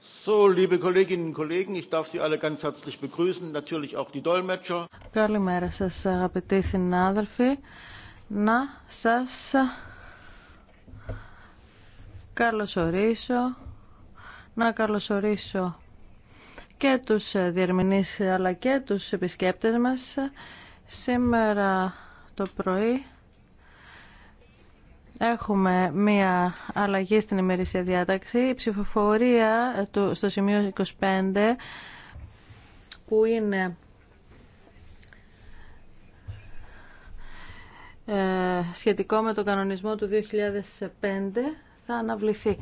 So, liebe Kolleginnen und Kollegen, ich darf Sie alle ganz herzlich begrüßen, natürlich auch die Dolmetscher. Καλημέρα σας αγαπητοί συνάδελφοι. Να σας καλωσορίσω, να καλωσορίσω και τους διερμηνείς αλλά και τους επισκέπτες μας σήμερα το πρωί. Έχουμε μία αλλαγή στην ημερήσια διάταξη. Η ψηφοφορία στο σημείο 25 που είναι ε, σχετικό με τον κανονισμό του 2005 θα αναβληθεί.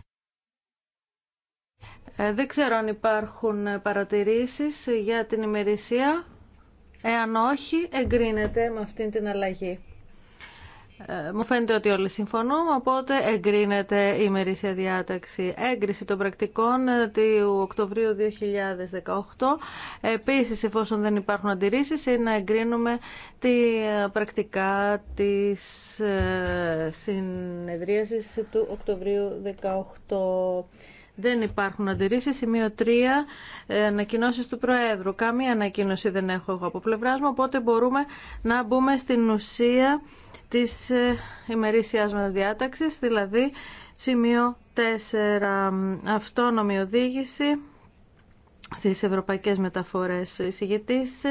Ε, δεν ξέρω αν υπάρχουν παρατηρήσεις για την ημερησία. Εάν όχι, εγκρίνεται με αυτήν την αλλαγή. Ε, μου φαίνεται ότι όλοι συμφωνούμε, οπότε εγκρίνεται η ημερήσια διάταξη. Έγκριση των πρακτικών ε, του Οκτωβρίου 2018. Επίσης, εφόσον δεν υπάρχουν αντιρρήσεις, είναι να εγκρίνουμε τη ε, πρακτικά της συνεδρίασης του Οκτωβρίου 2018. Δεν υπάρχουν αντιρρήσει. Σημείο 3. Ανακοινώσει του Προέδρου. Καμία ανακοίνωση δεν έχω εγώ από πλευρά μου, οπότε μπορούμε να μπούμε στην ουσία της ε, ημερήσιάς μας διάταξης, δηλαδή σημείο 4 αυτόνομη οδήγηση στις ευρωπαϊκές μεταφορές. Εισηγητής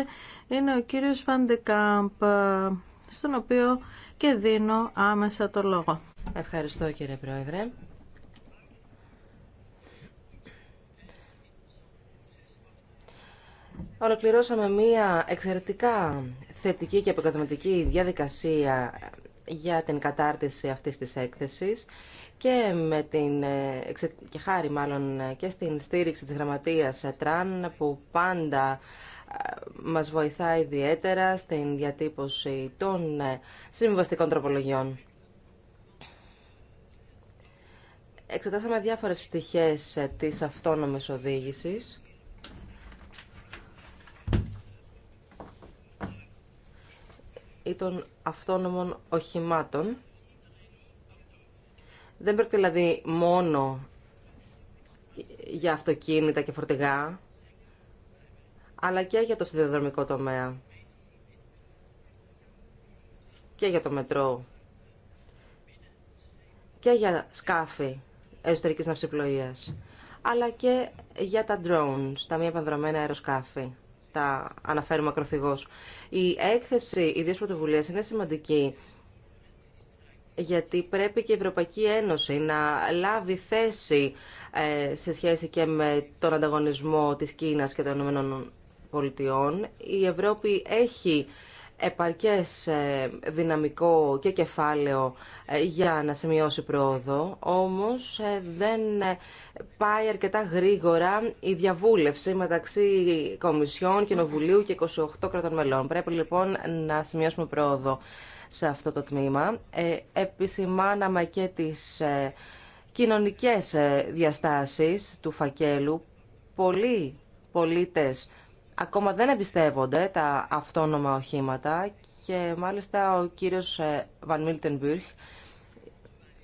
είναι ο κύριος Φαντεκάμπ, στον οποίο και δίνω άμεσα το λόγο. Ευχαριστώ κύριε Πρόεδρε. Ολοκληρώσαμε μία εξαιρετικά θετική και επικοδομητική διαδικασία για την κατάρτιση αυτής της έκθεσης και, με την, ε, και χάρη μάλλον ε, και στην στήριξη της γραμματείας ΕΤΡΑΝ που πάντα ε, μας βοηθά ιδιαίτερα στην διατύπωση των συμβιβαστικών τροπολογιών. Εξετάσαμε διάφορες πτυχές της αυτόνομης οδήγησης ή των αυτόνομων οχημάτων. Δεν πρέπει δηλαδή μόνο για αυτοκίνητα και φορτηγά, αλλά και για το σιδηροδρομικό τομέα και για το μετρό και για σκάφη εσωτερικής ναυσιπλοείας αλλά και για τα drones, τα μη επανδρομένα αεροσκάφη τα αναφέρουμε ακροθυγώς. Η έκθεση ιδίω πρωτοβουλία είναι σημαντική γιατί πρέπει και η Ευρωπαϊκή Ένωση να λάβει θέση ε, σε σχέση και με τον ανταγωνισμό της Κίνας και των Ηνωμένων Πολιτειών. Η Ευρώπη έχει επαρκές ε, δυναμικό και κεφάλαιο ε, για να σημειώσει πρόοδο, όμως ε, δεν πάει αρκετά γρήγορα η διαβούλευση μεταξύ Κομισιών, Κοινοβουλίου και 28 κρατών μελών. Πρέπει λοιπόν να σημειώσουμε πρόοδο σε αυτό το τμήμα. Επισημάναμε και τις κοινωνικές διαστάσεις του φακέλου. Πολλοί πολίτες ακόμα δεν εμπιστεύονται τα αυτόνομα οχήματα και μάλιστα ο κύριος Βαν ε, Μίλτενμπουργκ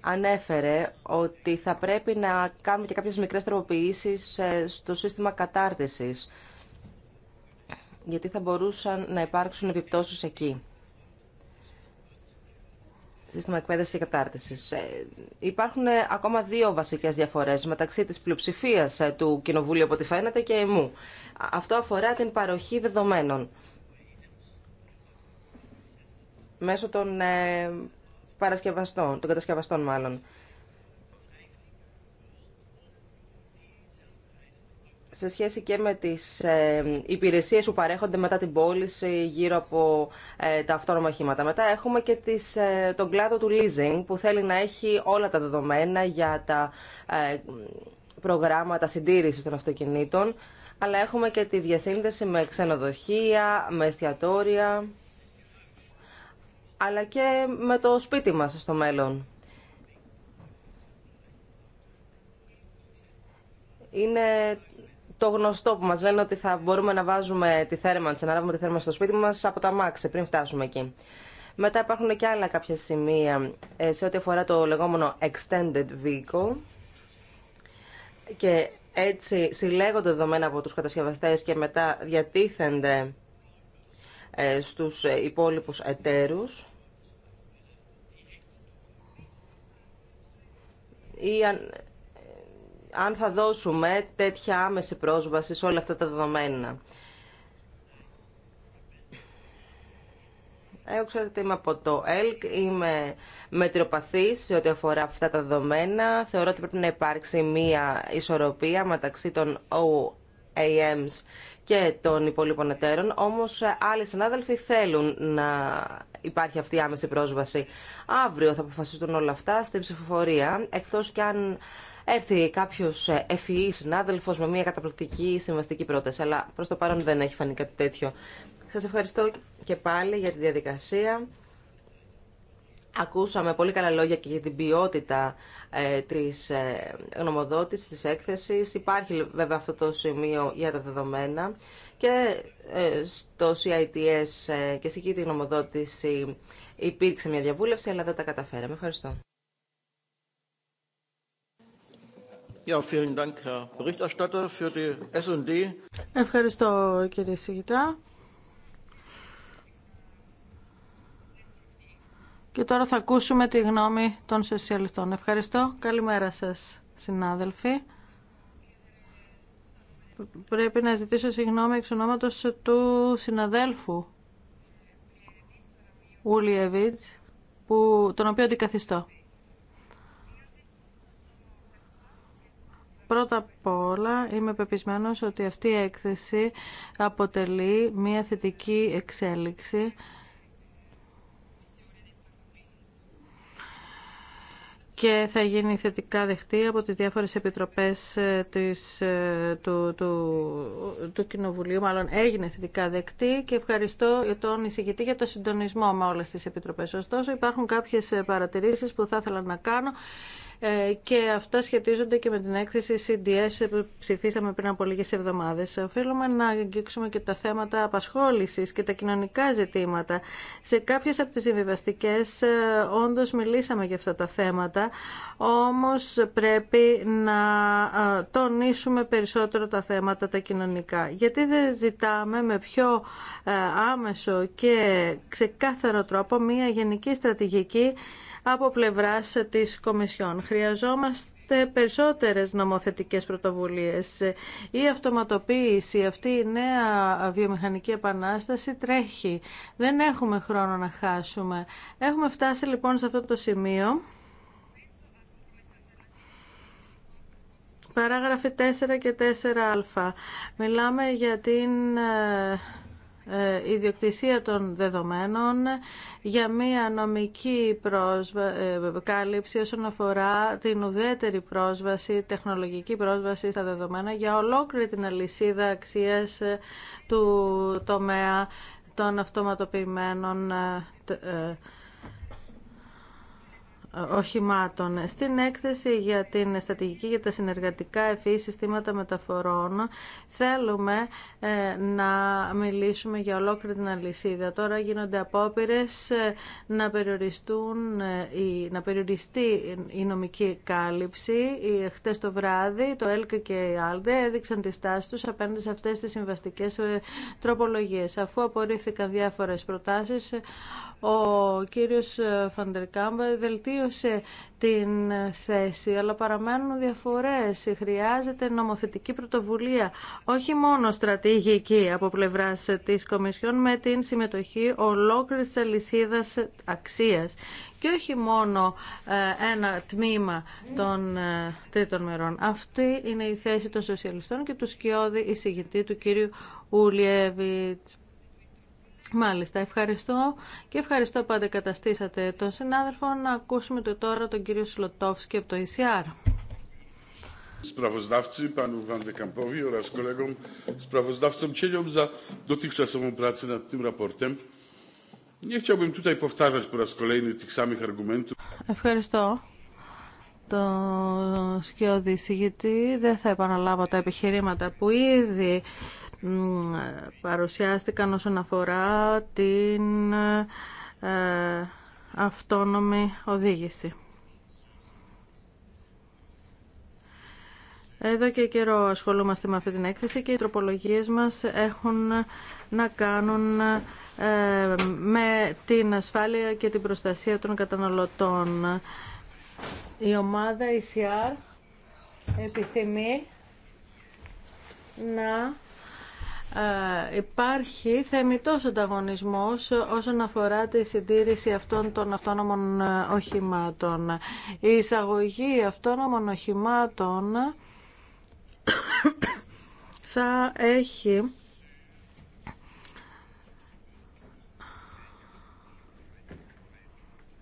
ανέφερε ότι θα πρέπει να κάνουμε και κάποιες μικρές τροποποιήσεις ε, στο σύστημα κατάρτισης γιατί θα μπορούσαν να υπάρξουν επιπτώσεις εκεί. Σύστημα εκπαίδευση και κατάρτιση. Ε, υπάρχουν ακόμα δύο βασικέ διαφορέ μεταξύ τη πλειοψηφία του κοινοβούλου, από ό,τι φαίνεται, και εμού. Αυτό αφορά την παροχή δεδομένων μέσω των ε, παρασκευαστών, των κατασκευαστών μάλλον. σε σχέση και με τις ε, υπηρεσίες που παρέχονται μετά την πώληση γύρω από ε, τα αυτόνομα Μετά έχουμε και τις, ε, τον κλάδο του leasing που θέλει να έχει όλα τα δεδομένα για τα προγράμματα συντήρησης των αυτοκινήτων αλλά έχουμε και τη διασύνδεση με ξενοδοχεία, με εστιατόρια, αλλά και με το σπίτι μας στο μέλλον. Είναι το γνωστό που μας λένε ότι θα μπορούμε να βάζουμε τη θέρμανση, να λάβουμε τη θέρμανση στο σπίτι μας από τα μάξι πριν φτάσουμε εκεί. Μετά υπάρχουν και άλλα κάποια σημεία ε, σε ό,τι αφορά το λεγόμενο extended vehicle και έτσι συλλέγονται δεδομένα από τους κατασκευαστές και μετά διατίθενται ε, στους ε, υπόλοιπους εταίρους. Ή ε, αν θα δώσουμε τέτοια άμεση πρόσβαση σε όλα αυτά τα δεδομένα. Εγώ ξέρετε είμαι από το ΕΛΚ, είμαι μετριοπαθή σε ό,τι αφορά αυτά τα δεδομένα. Θεωρώ ότι πρέπει να υπάρξει μία ισορροπία μεταξύ των OAMs και των υπολείπων εταίρων. Όμως άλλοι συνάδελφοι θέλουν να υπάρχει αυτή η άμεση πρόσβαση. Αύριο θα αποφασιστούν όλα αυτά στην ψηφοφορία, εκτός κι αν έρθει κάποιο ευφυή e e συνάδελφο με μια καταπληκτική συμβαστική πρόταση. Αλλά προ το παρόν δεν έχει φανεί κάτι τέτοιο. Σας ευχαριστώ και πάλι για τη διαδικασία. Ακούσαμε πολύ καλά λόγια και για την ποιότητα ε, της ε, γνωμοδότησης, της έκθεσης. Υπάρχει βέβαια αυτό το σημείο για τα δεδομένα και ε, στο CITS ε, και στη τη γνωμοδότηση υπήρξε μια διαβούλευση, αλλά δεν τα καταφέραμε. Ευχαριστώ. Ευχαριστώ κύριε Σιγητά. Και τώρα θα ακούσουμε τη γνώμη των σοσιαλιστών. Ευχαριστώ. Καλημέρα σας, συνάδελφοι. Πρέπει να ζητήσω συγγνώμη εξ ονόματος του συναδέλφου Ουλιεβίτς, που, τον οποίο αντικαθιστώ. Πρώτα απ' όλα είμαι πεπισμένος ότι αυτή η έκθεση αποτελεί μια θετική εξέλιξη και θα γίνει θετικά δεκτή από τις διάφορες επιτροπές ε, της, ε, του, του, του Κοινοβουλίου. Μάλλον έγινε θετικά δεκτή και ευχαριστώ τον εισηγητή για το συντονισμό με όλες τις επιτροπές. Ωστόσο υπάρχουν κάποιες ε, παρατηρήσεις που θα ήθελα να κάνω ε, και αυτά σχετίζονται και με την έκθεση CDS που ψηφίσαμε πριν από λίγες εβδομάδες. Οφείλουμε να αγγίξουμε και τα θέματα απασχόλησης και τα κοινωνικά ζητήματα. Σε κάποιες από τις ε, όντως μιλήσαμε για αυτά τα θέματα, όμως πρέπει να ε, τονίσουμε περισσότερο τα θέματα τα κοινωνικά. Γιατί δεν ζητάμε με πιο ε, άμεσο και ξεκάθαρο τρόπο μια γενική στρατηγική από πλευράς της Κομισιόν. Χρειαζόμαστε περισσότερες νομοθετικές πρωτοβουλίες. Η αυτοματοποίηση, αυτή η νέα βιομηχανική επανάσταση τρέχει. Δεν έχουμε χρόνο να χάσουμε. Έχουμε φτάσει λοιπόν σε αυτό το σημείο. Παράγραφοι 4 και 4α. Μιλάμε για την ε, ε, ιδιοκτησία των δεδομένων για μια νομική πρόσβα, ε, κάλυψη όσον αφορά την ουδέτερη πρόσβαση, τεχνολογική πρόσβαση στα δεδομένα για ολόκληρη την αλυσίδα αξίας ε, του τομέα των αυτοματοποιημένων οχημάτων. Στην έκθεση για την στρατηγική για τα συνεργατικά ευφύ συστήματα μεταφορών θέλουμε ε, να μιλήσουμε για ολόκληρη την αλυσίδα. Τώρα γίνονται απόπειρε ε, να, περιοριστούν, ε, να περιοριστεί η νομική κάλυψη. Χθε το βράδυ το ΕΛΚΑ και η ΑΛΔΕ έδειξαν τη στάση του απέναντι σε αυτές τις συμβαστικές τροπολογίε. Αφού απορρίφθηκαν διάφορες προτάσεις, ο κύριος ε, Φαντερκάμπα βελτίωσε την ε, θέση, αλλά παραμένουν διαφορές. Χρειάζεται νομοθετική πρωτοβουλία, όχι μόνο στρατηγική από πλευράς της Κομισιόν με την συμμετοχή ολόκληρης της αλυσίδας αξίας και όχι μόνο ε, ένα τμήμα των τρίτων μερών. Αυτή είναι η θέση των σοσιαλιστών και του σκιώδη εισηγητή του κύριου Ουλιεβιτς. Μάλιστα, ευχαριστώ και ευχαριστώ που αντεκαταστήσατε τον συνάδελφο να ακούσουμε το τώρα τον κύριο Σλοτόφσκι από το ECR. Sprawozdawcy, panu Van de Kampowi oraz kolegom sprawozdawcom cieniom za dotychczasową pracę nad tym raportem. Nie chciałbym tutaj powtarzać po raz kolejny tych samych argumentów. Ευχαριστώ τον σκιώδη συγητή. Δεν θα επαναλάβω τα επιχειρήματα που ήδη παρουσιάστηκαν όσον αφορά την ε, αυτόνομη οδήγηση. Εδώ και καιρό ασχολούμαστε με αυτή την έκθεση και οι τροπολογίες μας έχουν να κάνουν ε, με την ασφάλεια και την προστασία των καταναλωτών. Η ομάδα ECR επιθυμεί να ε, υπάρχει θεμητός ανταγωνισμός όσον αφορά τη συντήρηση αυτών των αυτόνομων ε, οχημάτων. Η εισαγωγή αυτόνομων οχημάτων θα έχει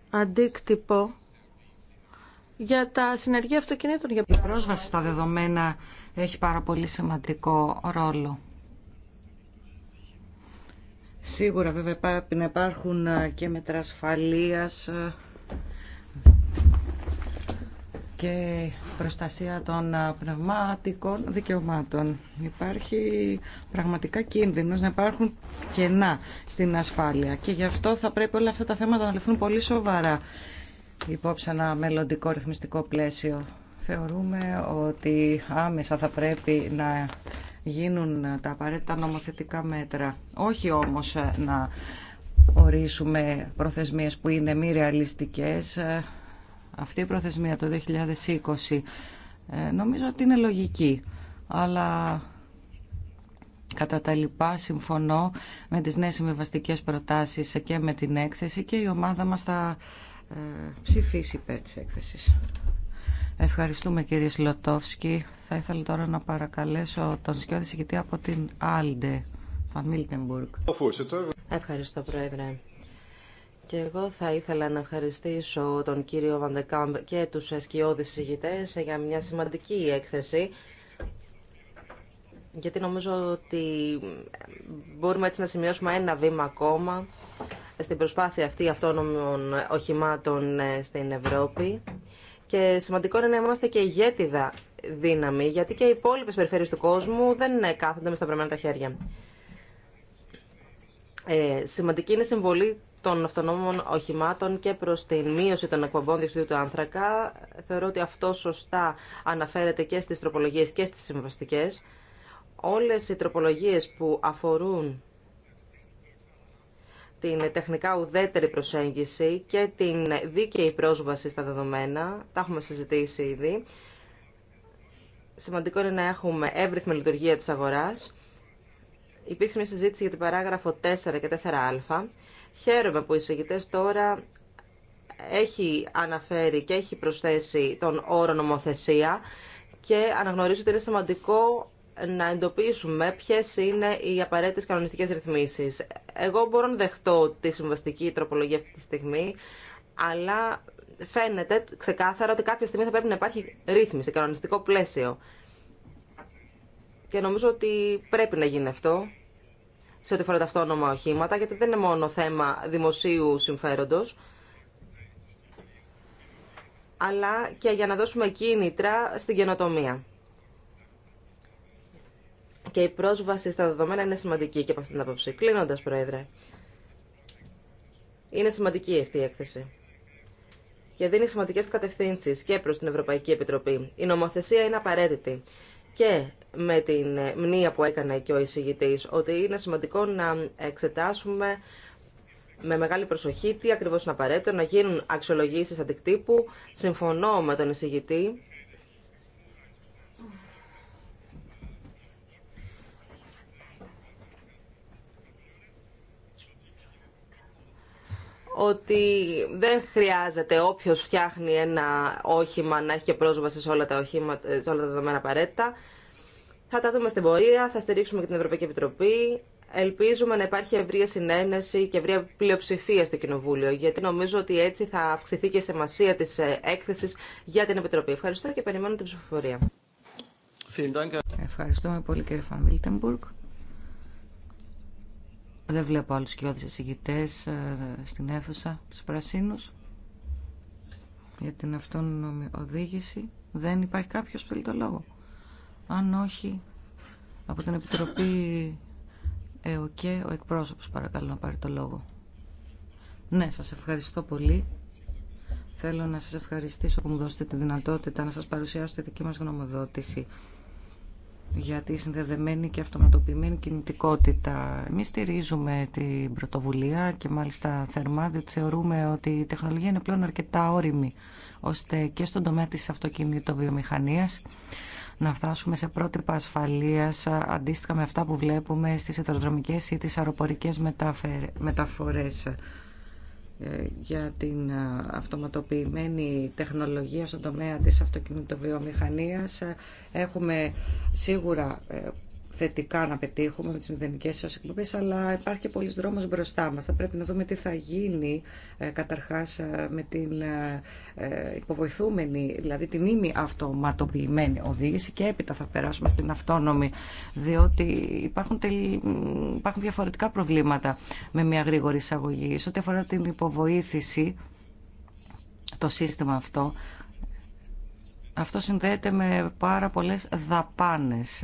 αντίκτυπο για τα συνεργεία αυτοκινήτων. Η πρόσβαση στα δεδομένα έχει πάρα πολύ σημαντικό ρόλο. Σίγουρα βέβαια πρέπει να υπάρχουν ε, και μέτρα ασφαλεία ε, και προστασία των ε, πνευματικών δικαιωμάτων. Υπάρχει πραγματικά κίνδυνος να υπάρχουν κενά στην ασφάλεια και γι' αυτό θα πρέπει όλα αυτά τα θέματα να λεφθούν πολύ σοβαρά υπόψη ένα μελλοντικό ρυθμιστικό πλαίσιο. Θεωρούμε ότι άμεσα θα πρέπει να γίνουν τα απαραίτητα νομοθετικά μέτρα. Όχι όμως να ορίσουμε προθεσμίες που είναι μη ρεαλιστικές. Αυτή η προθεσμία το 2020 ε, νομίζω ότι είναι λογική, αλλά κατά τα λοιπά συμφωνώ με τις νέες συμβιβαστικέ προτάσεις και με την έκθεση και η ομάδα μας θα ψηφίσει υπέρ της έκθεσης. Ευχαριστούμε κύριε Σιλωτόφσκι. Θα ήθελα τώρα να παρακαλέσω τον σκιώδη συγκητή από την Άλντε, Φαν Μίλτεμπουργκ. Ευχαριστώ πρόεδρε. Και εγώ θα ήθελα να ευχαριστήσω τον κύριο Βαντεκάμπ και τους σκιώδης συγητές για μια σημαντική έκθεση γιατί νομίζω ότι μπορούμε έτσι να σημειώσουμε ένα βήμα ακόμα στην προσπάθεια αυτή αυτόνομων οχημάτων ε, στην Ευρώπη. Και σημαντικό είναι να είμαστε και ηγέτιδα δύναμη, γιατί και οι υπόλοιπε περιφέρειε του κόσμου δεν ε, κάθονται με σταυρωμένα τα χέρια. Ε, σημαντική είναι η συμβολή των αυτονόμων οχημάτων και προ την μείωση των εκπομπών διοξιδίου του άνθρακα. Θεωρώ ότι αυτό σωστά αναφέρεται και στι τροπολογίε και στι συμβαστικέ. Όλε οι τροπολογίε που αφορούν την τεχνικά ουδέτερη προσέγγιση και την δίκαιη πρόσβαση στα δεδομένα. Τα έχουμε συζητήσει ήδη. Σημαντικό είναι να έχουμε εύρυθμη λειτουργία της αγοράς. Υπήρξε μια συζήτηση για την παράγραφο 4 και 4α. Χαίρομαι που οι εισηγητές τώρα έχει αναφέρει και έχει προσθέσει τον όρο νομοθεσία και αναγνωρίζει ότι είναι σημαντικό να εντοπίσουμε ποιε είναι οι απαραίτητε κανονιστικέ ρυθμίσεις. Εγώ μπορώ να δεχτώ τη συμβαστική τροπολογία αυτή τη στιγμή, αλλά φαίνεται ξεκάθαρα ότι κάποια στιγμή θα πρέπει να υπάρχει ρύθμιση, κανονιστικό πλαίσιο. Και νομίζω ότι πρέπει να γίνει αυτό σε ό,τι φορά τα αυτόνομα οχήματα, γιατί δεν είναι μόνο θέμα δημοσίου συμφέροντο. αλλά και για να δώσουμε κίνητρα στην καινοτομία και η πρόσβαση στα δεδομένα είναι σημαντική και από αυτήν την άποψη. Κλείνοντα, Πρόεδρε, είναι σημαντική αυτή η έκθεση και δίνει σημαντικέ κατευθύνσει και προ την Ευρωπαϊκή Επιτροπή. Η νομοθεσία είναι απαραίτητη και με την μνήα που έκανε και ο εισηγητή ότι είναι σημαντικό να εξετάσουμε με μεγάλη προσοχή τι ακριβώ είναι απαραίτητο, να γίνουν αξιολογήσει αντικτύπου. Συμφωνώ με τον εισηγητή ότι δεν χρειάζεται όποιος φτιάχνει ένα όχημα να έχει και πρόσβαση σε όλα τα, όχημα σε όλα τα δεδομένα απαραίτητα. Θα τα δούμε στην πορεία, θα στηρίξουμε και την Ευρωπαϊκή Επιτροπή. Ελπίζουμε να υπάρχει ευρία συνένεση και ευρία πλειοψηφία στο Κοινοβούλιο, γιατί νομίζω ότι έτσι θα αυξηθεί και η σημασία της ε, έκθεσης για την Επιτροπή. Ευχαριστώ και περιμένω την ψηφοφορία. Ευχαριστούμε πολύ κύριε δεν βλέπω άλλους κοιόδης εισηγητές ε, στην αίθουσα τους πρασίνους για την αυτόνομη οδήγηση. Δεν υπάρχει κάποιος που το λόγο. Αν όχι, από την Επιτροπή ΕΟΚΕ, ο εκπρόσωπος παρακαλώ να πάρει το λόγο. Ναι, σας ευχαριστώ πολύ. Θέλω να σας ευχαριστήσω που μου δώσετε τη δυνατότητα να σας παρουσιάσω τη δική μας γνωμοδότηση για τη συνδεδεμένη και αυτοματοποιημένη κινητικότητα. Εμείς στηρίζουμε την πρωτοβουλία και μάλιστα θερμά, διότι θεωρούμε ότι η τεχνολογία είναι πλέον αρκετά όρημη, ώστε και στον τομέα της αυτοκινητοβιομηχανίας να φτάσουμε σε πρότυπα ασφαλείας αντίστοιχα με αυτά που βλέπουμε στις αεροδρομικές ή τις αεροπορικές μεταφορές. Ε, για την ε, αυτοματοποιημένη τεχνολογία στον τομέα της αυτοκινητοβιομηχανίας. Έχουμε σίγουρα ε, θετικά να πετύχουμε με τις μηδενικές έως εκπομπές, αλλά υπάρχει και πολλή δρόμος μπροστά μας. Θα πρέπει να δούμε τι θα γίνει ε, καταρχάς ε, με την ε, υποβοηθούμενη, δηλαδή την ήμι αυτοματοποιημένη οδήγηση και έπειτα θα περάσουμε στην αυτόνομη, διότι υπάρχουν, τελ... υπάρχουν διαφορετικά προβλήματα με μια γρήγορη εισαγωγή. Σε ό,τι αφορά την υποβοήθηση, το σύστημα αυτό, αυτό συνδέεται με πάρα πολλές δαπάνες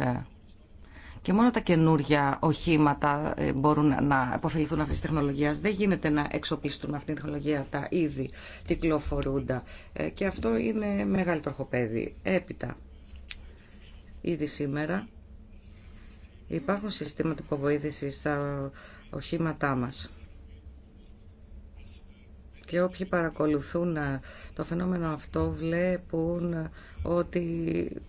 και μόνο τα καινούργια οχήματα ε, μπορούν να αποφεληθούν αυτή τη τεχνολογία. Δεν γίνεται να εξοπλιστούν αυτή την τεχνολογία τα ήδη κυκλοφορούντα. Ε, και αυτό είναι μεγάλο τροχοπέδι. Έπειτα, ήδη σήμερα υπάρχουν συστήματα υποβοήθησης στα οχήματά μας και όποιοι παρακολουθούν ε, το φαινόμενο αυτό βλέπουν ε, ότι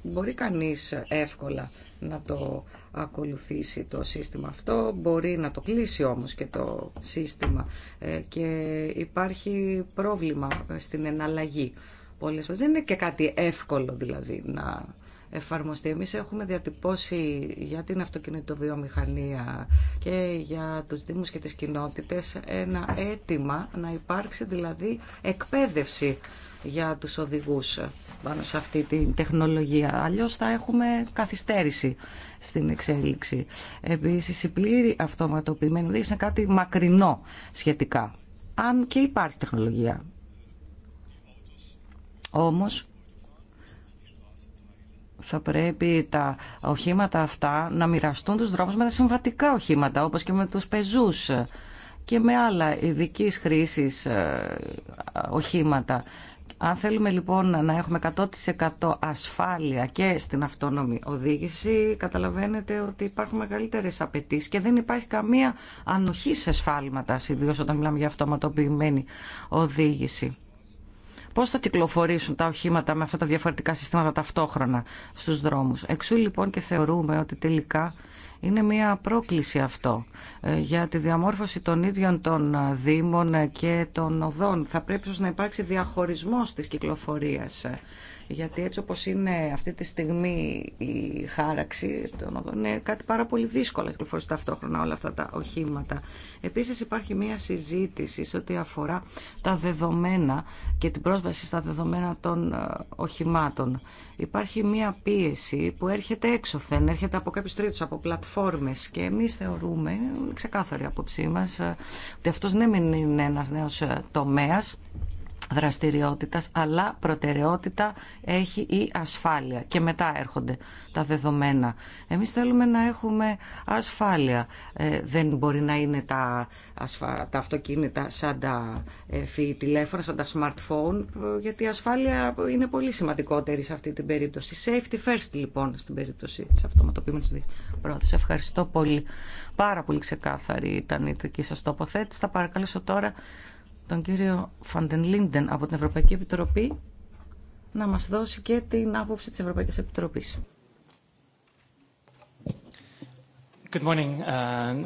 μπορεί κανείς εύκολα να το ακολουθήσει το σύστημα αυτό, μπορεί να το κλείσει όμως και το σύστημα ε, και υπάρχει πρόβλημα στην εναλλαγή πολλές φορές. Δεν είναι και κάτι εύκολο δηλαδή να εφαρμοστεί. Εμείς έχουμε διατυπώσει για την αυτοκινητοβιομηχανία και για τους δήμους και τις κοινότητες ένα αίτημα να υπάρξει δηλαδή εκπαίδευση για τους οδηγούς πάνω σε αυτή την τεχνολογία. Αλλιώς θα έχουμε καθυστέρηση στην εξέλιξη. Επίσης η πλήρη αυτοματοποιημένη οδήγηση είναι κάτι μακρινό σχετικά. Αν και υπάρχει τεχνολογία. Όμως θα πρέπει τα οχήματα αυτά να μοιραστούν τους δρόμους με τα συμβατικά οχήματα, όπως και με τους πεζούς και με άλλα ειδική χρήση ε, οχήματα. Αν θέλουμε λοιπόν να έχουμε 100% ασφάλεια και στην αυτόνομη οδήγηση, καταλαβαίνετε ότι υπάρχουν μεγαλύτερε απαιτήσει και δεν υπάρχει καμία ανοχή σε σφάλματα, ιδίω όταν μιλάμε για αυτοματοποιημένη οδήγηση. Πώς θα κυκλοφορήσουν τα οχήματα με αυτά τα διαφορετικά συστήματα ταυτόχρονα στους δρόμους. Εξού λοιπόν και θεωρούμε ότι τελικά είναι μια πρόκληση αυτό ε, για τη διαμόρφωση των ίδιων των ε, δήμων και των οδών. Θα πρέπει να υπάρξει διαχωρισμός της κυκλοφορίας ε, γιατί έτσι όπως είναι αυτή τη στιγμή η χάραξη των οδών είναι κάτι πάρα πολύ δύσκολο να ταυτόχρονα όλα αυτά τα οχήματα. Επίσης υπάρχει μια συζήτηση σε ό,τι αφορά τα δεδομένα και την πρόσβαση στα δεδομένα των ε, οχημάτων. Υπάρχει μια πίεση που έρχεται έξωθεν, έρχεται από κάποιους τρίτους, από πλατφόρμες και εμείς θεωρούμε, ξεκάθαρη απόψή μας, ε, ότι αυτός ναι μην είναι ένας νέος ε, τομέας, δραστηριότητας, αλλά προτεραιότητα έχει η ασφάλεια και μετά έρχονται τα δεδομένα. Εμείς θέλουμε να έχουμε ασφάλεια. Ε, δεν μπορεί να είναι τα, τα αυτοκίνητα σαν τα ε, τηλέφωνα, σαν τα smartphone, γιατί η ασφάλεια είναι πολύ σημαντικότερη σε αυτή την περίπτωση. Safety first λοιπόν στην περίπτωση της αυτοματοποιημένης πρώτης. Ευχαριστώ πολύ. Πάρα πολύ ξεκάθαρη ήταν η δική σας τοποθέτηση. Θα παρακαλέσω τώρα τον κύριο Φαντεν Λίντεν από την Ευρωπαϊκή Επιτροπή να μας δώσει και την άποψη της Ευρωπαϊκής Επιτροπής. Good morning. Uh,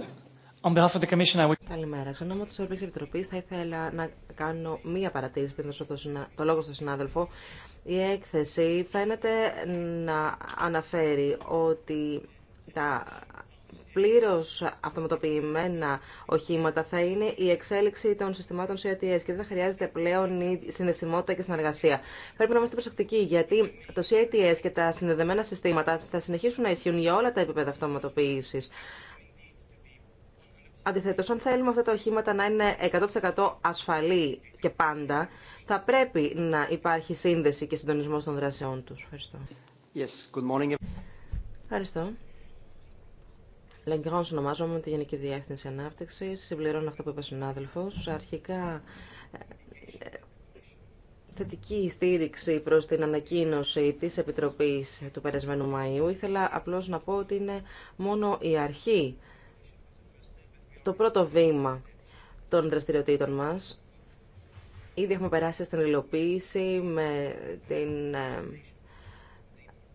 on behalf of the Commission, I would... Καλημέρα. Στον όμορφο τη Ευρωπαϊκή Επιτροπή, θα ήθελα να κάνω μία παρατήρηση πριν δώσω το, το λόγο στον συνάδελφο. Η έκθεση φαίνεται να αναφέρει ότι τα Πλήρω αυτοματοποιημένα οχήματα θα είναι η εξέλιξη των συστημάτων CITS και δεν χρειάζεται πλέον η συνδεσιμότητα και συνεργασία. Πρέπει να είμαστε προσεκτικοί γιατί το CITS και τα συνδεδεμένα συστήματα θα συνεχίσουν να ισχύουν για όλα τα επίπεδα αυτοματοποίηση. Αντιθέτω, αν θέλουμε αυτά τα οχήματα να είναι 100% ασφαλή και πάντα, θα πρέπει να υπάρχει σύνδεση και συντονισμό των δράσεών του. Yes, good morning. Ευχαριστώ. Λαγκιόν ονομάζομαι τη Γενική Διεύθυνση Ανάπτυξη. Συμπληρώνω αυτό που είπε ο συνάδελφο. Αρχικά, ε, θετική στήριξη προ την ανακοίνωση τη Επιτροπή του περασμένου Μαΐου. Ήθελα απλώ να πω ότι είναι μόνο η αρχή, το πρώτο βήμα των δραστηριοτήτων μα. Ήδη έχουμε περάσει στην υλοποίηση με την ε,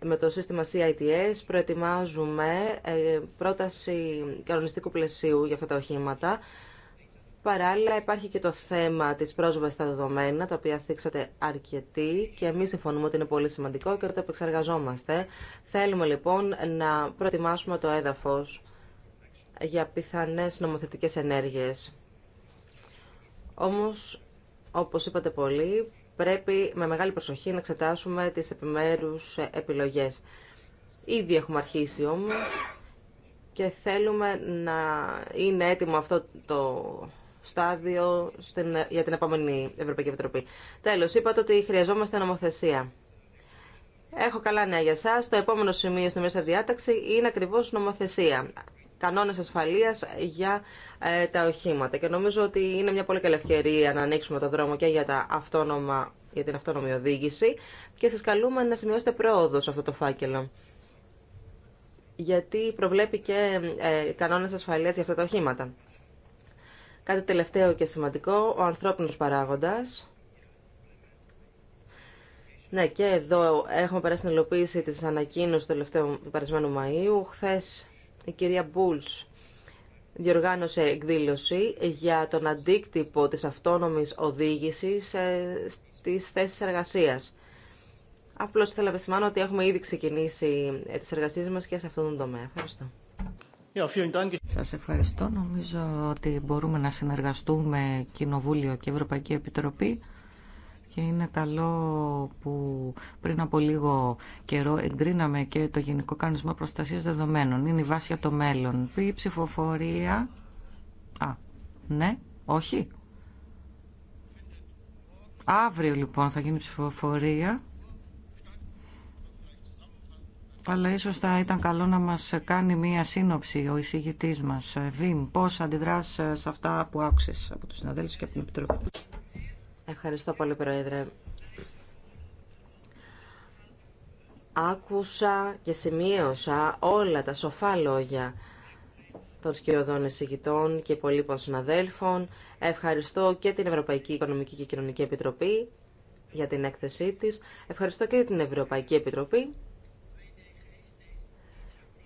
με το σύστημα CITS προετοιμάζουμε ε, πρόταση κανονιστικού πλαισίου για αυτά τα οχήματα. Παράλληλα υπάρχει και το θέμα της πρόσβασης στα δεδομένα, τα οποία θίξατε αρκετή και εμείς συμφωνούμε ότι είναι πολύ σημαντικό και το επεξεργαζόμαστε. Θέλουμε λοιπόν να προετοιμάσουμε το έδαφος για πιθανές νομοθετικές ενέργειες. Όμως, όπως είπατε πολύ, πρέπει με μεγάλη προσοχή να εξετάσουμε τις επιμέρους επιλογές. Ήδη έχουμε αρχίσει όμως και θέλουμε να είναι έτοιμο αυτό το στάδιο στην, για την επόμενη Ευρωπαϊκή Επιτροπή. Τέλος, είπατε ότι χρειαζόμαστε νομοθεσία. Έχω καλά νέα για εσά. Το επόμενο σημείο στην μέσα διάταξη είναι ακριβώς νομοθεσία κανόνες ασφαλείας για ε, τα οχήματα. Και νομίζω ότι είναι μια πολύ καλή ευκαιρία να ανοίξουμε το δρόμο και για, τα αυτόνομα, για την αυτόνομη οδήγηση και σας καλούμε να σημειώσετε πρόοδο σε αυτό το φάκελο. Γιατί προβλέπει και ε, κανόνες ασφαλείας για αυτά τα οχήματα. Κάτι τελευταίο και σημαντικό, ο ανθρώπινος παράγοντας. Ναι, και εδώ έχουμε περάσει την υλοποίηση της ανακοίνωσης του τελευταίου περασμένου Μαΐου. Χθες η κυρία Μπούλς διοργάνωσε εκδήλωση για τον αντίκτυπο της αυτόνομης οδήγησης ε, στις θέσεις εργασίας. Απλώς θέλω να επισημάνω ότι έχουμε ήδη ξεκινήσει ε, τις εργασίες μας και σε αυτόν τον τομέα. Ευχαριστώ. Σας ευχαριστώ. Νομίζω ότι μπορούμε να συνεργαστούμε Κοινοβούλιο και Ευρωπαϊκή Επιτροπή και είναι καλό που πριν από λίγο καιρό εγκρίναμε και το Γενικό Κανονισμό Προστασίας Δεδομένων. Είναι η βάση για το μέλλον. Η ψηφοφορία... Α, ναι, όχι. Αύριο λοιπόν θα γίνει ψηφοφορία. Αλλά ίσως θα ήταν καλό να μας κάνει μία σύνοψη ο εισηγητής μας. Βίμ, πώς αντιδράς σε αυτά που άκουσες από τους συναδέλφους και από την Επιτροπή. Ευχαριστώ πολύ, Πρόεδρε. Άκουσα και σημείωσα όλα τα σοφά λόγια των σκιωδών εισηγητών και υπολείπων συναδέλφων. Ευχαριστώ και την Ευρωπαϊκή Οικονομική και Κοινωνική Επιτροπή για την έκθεσή της. Ευχαριστώ και την Ευρωπαϊκή Επιτροπή.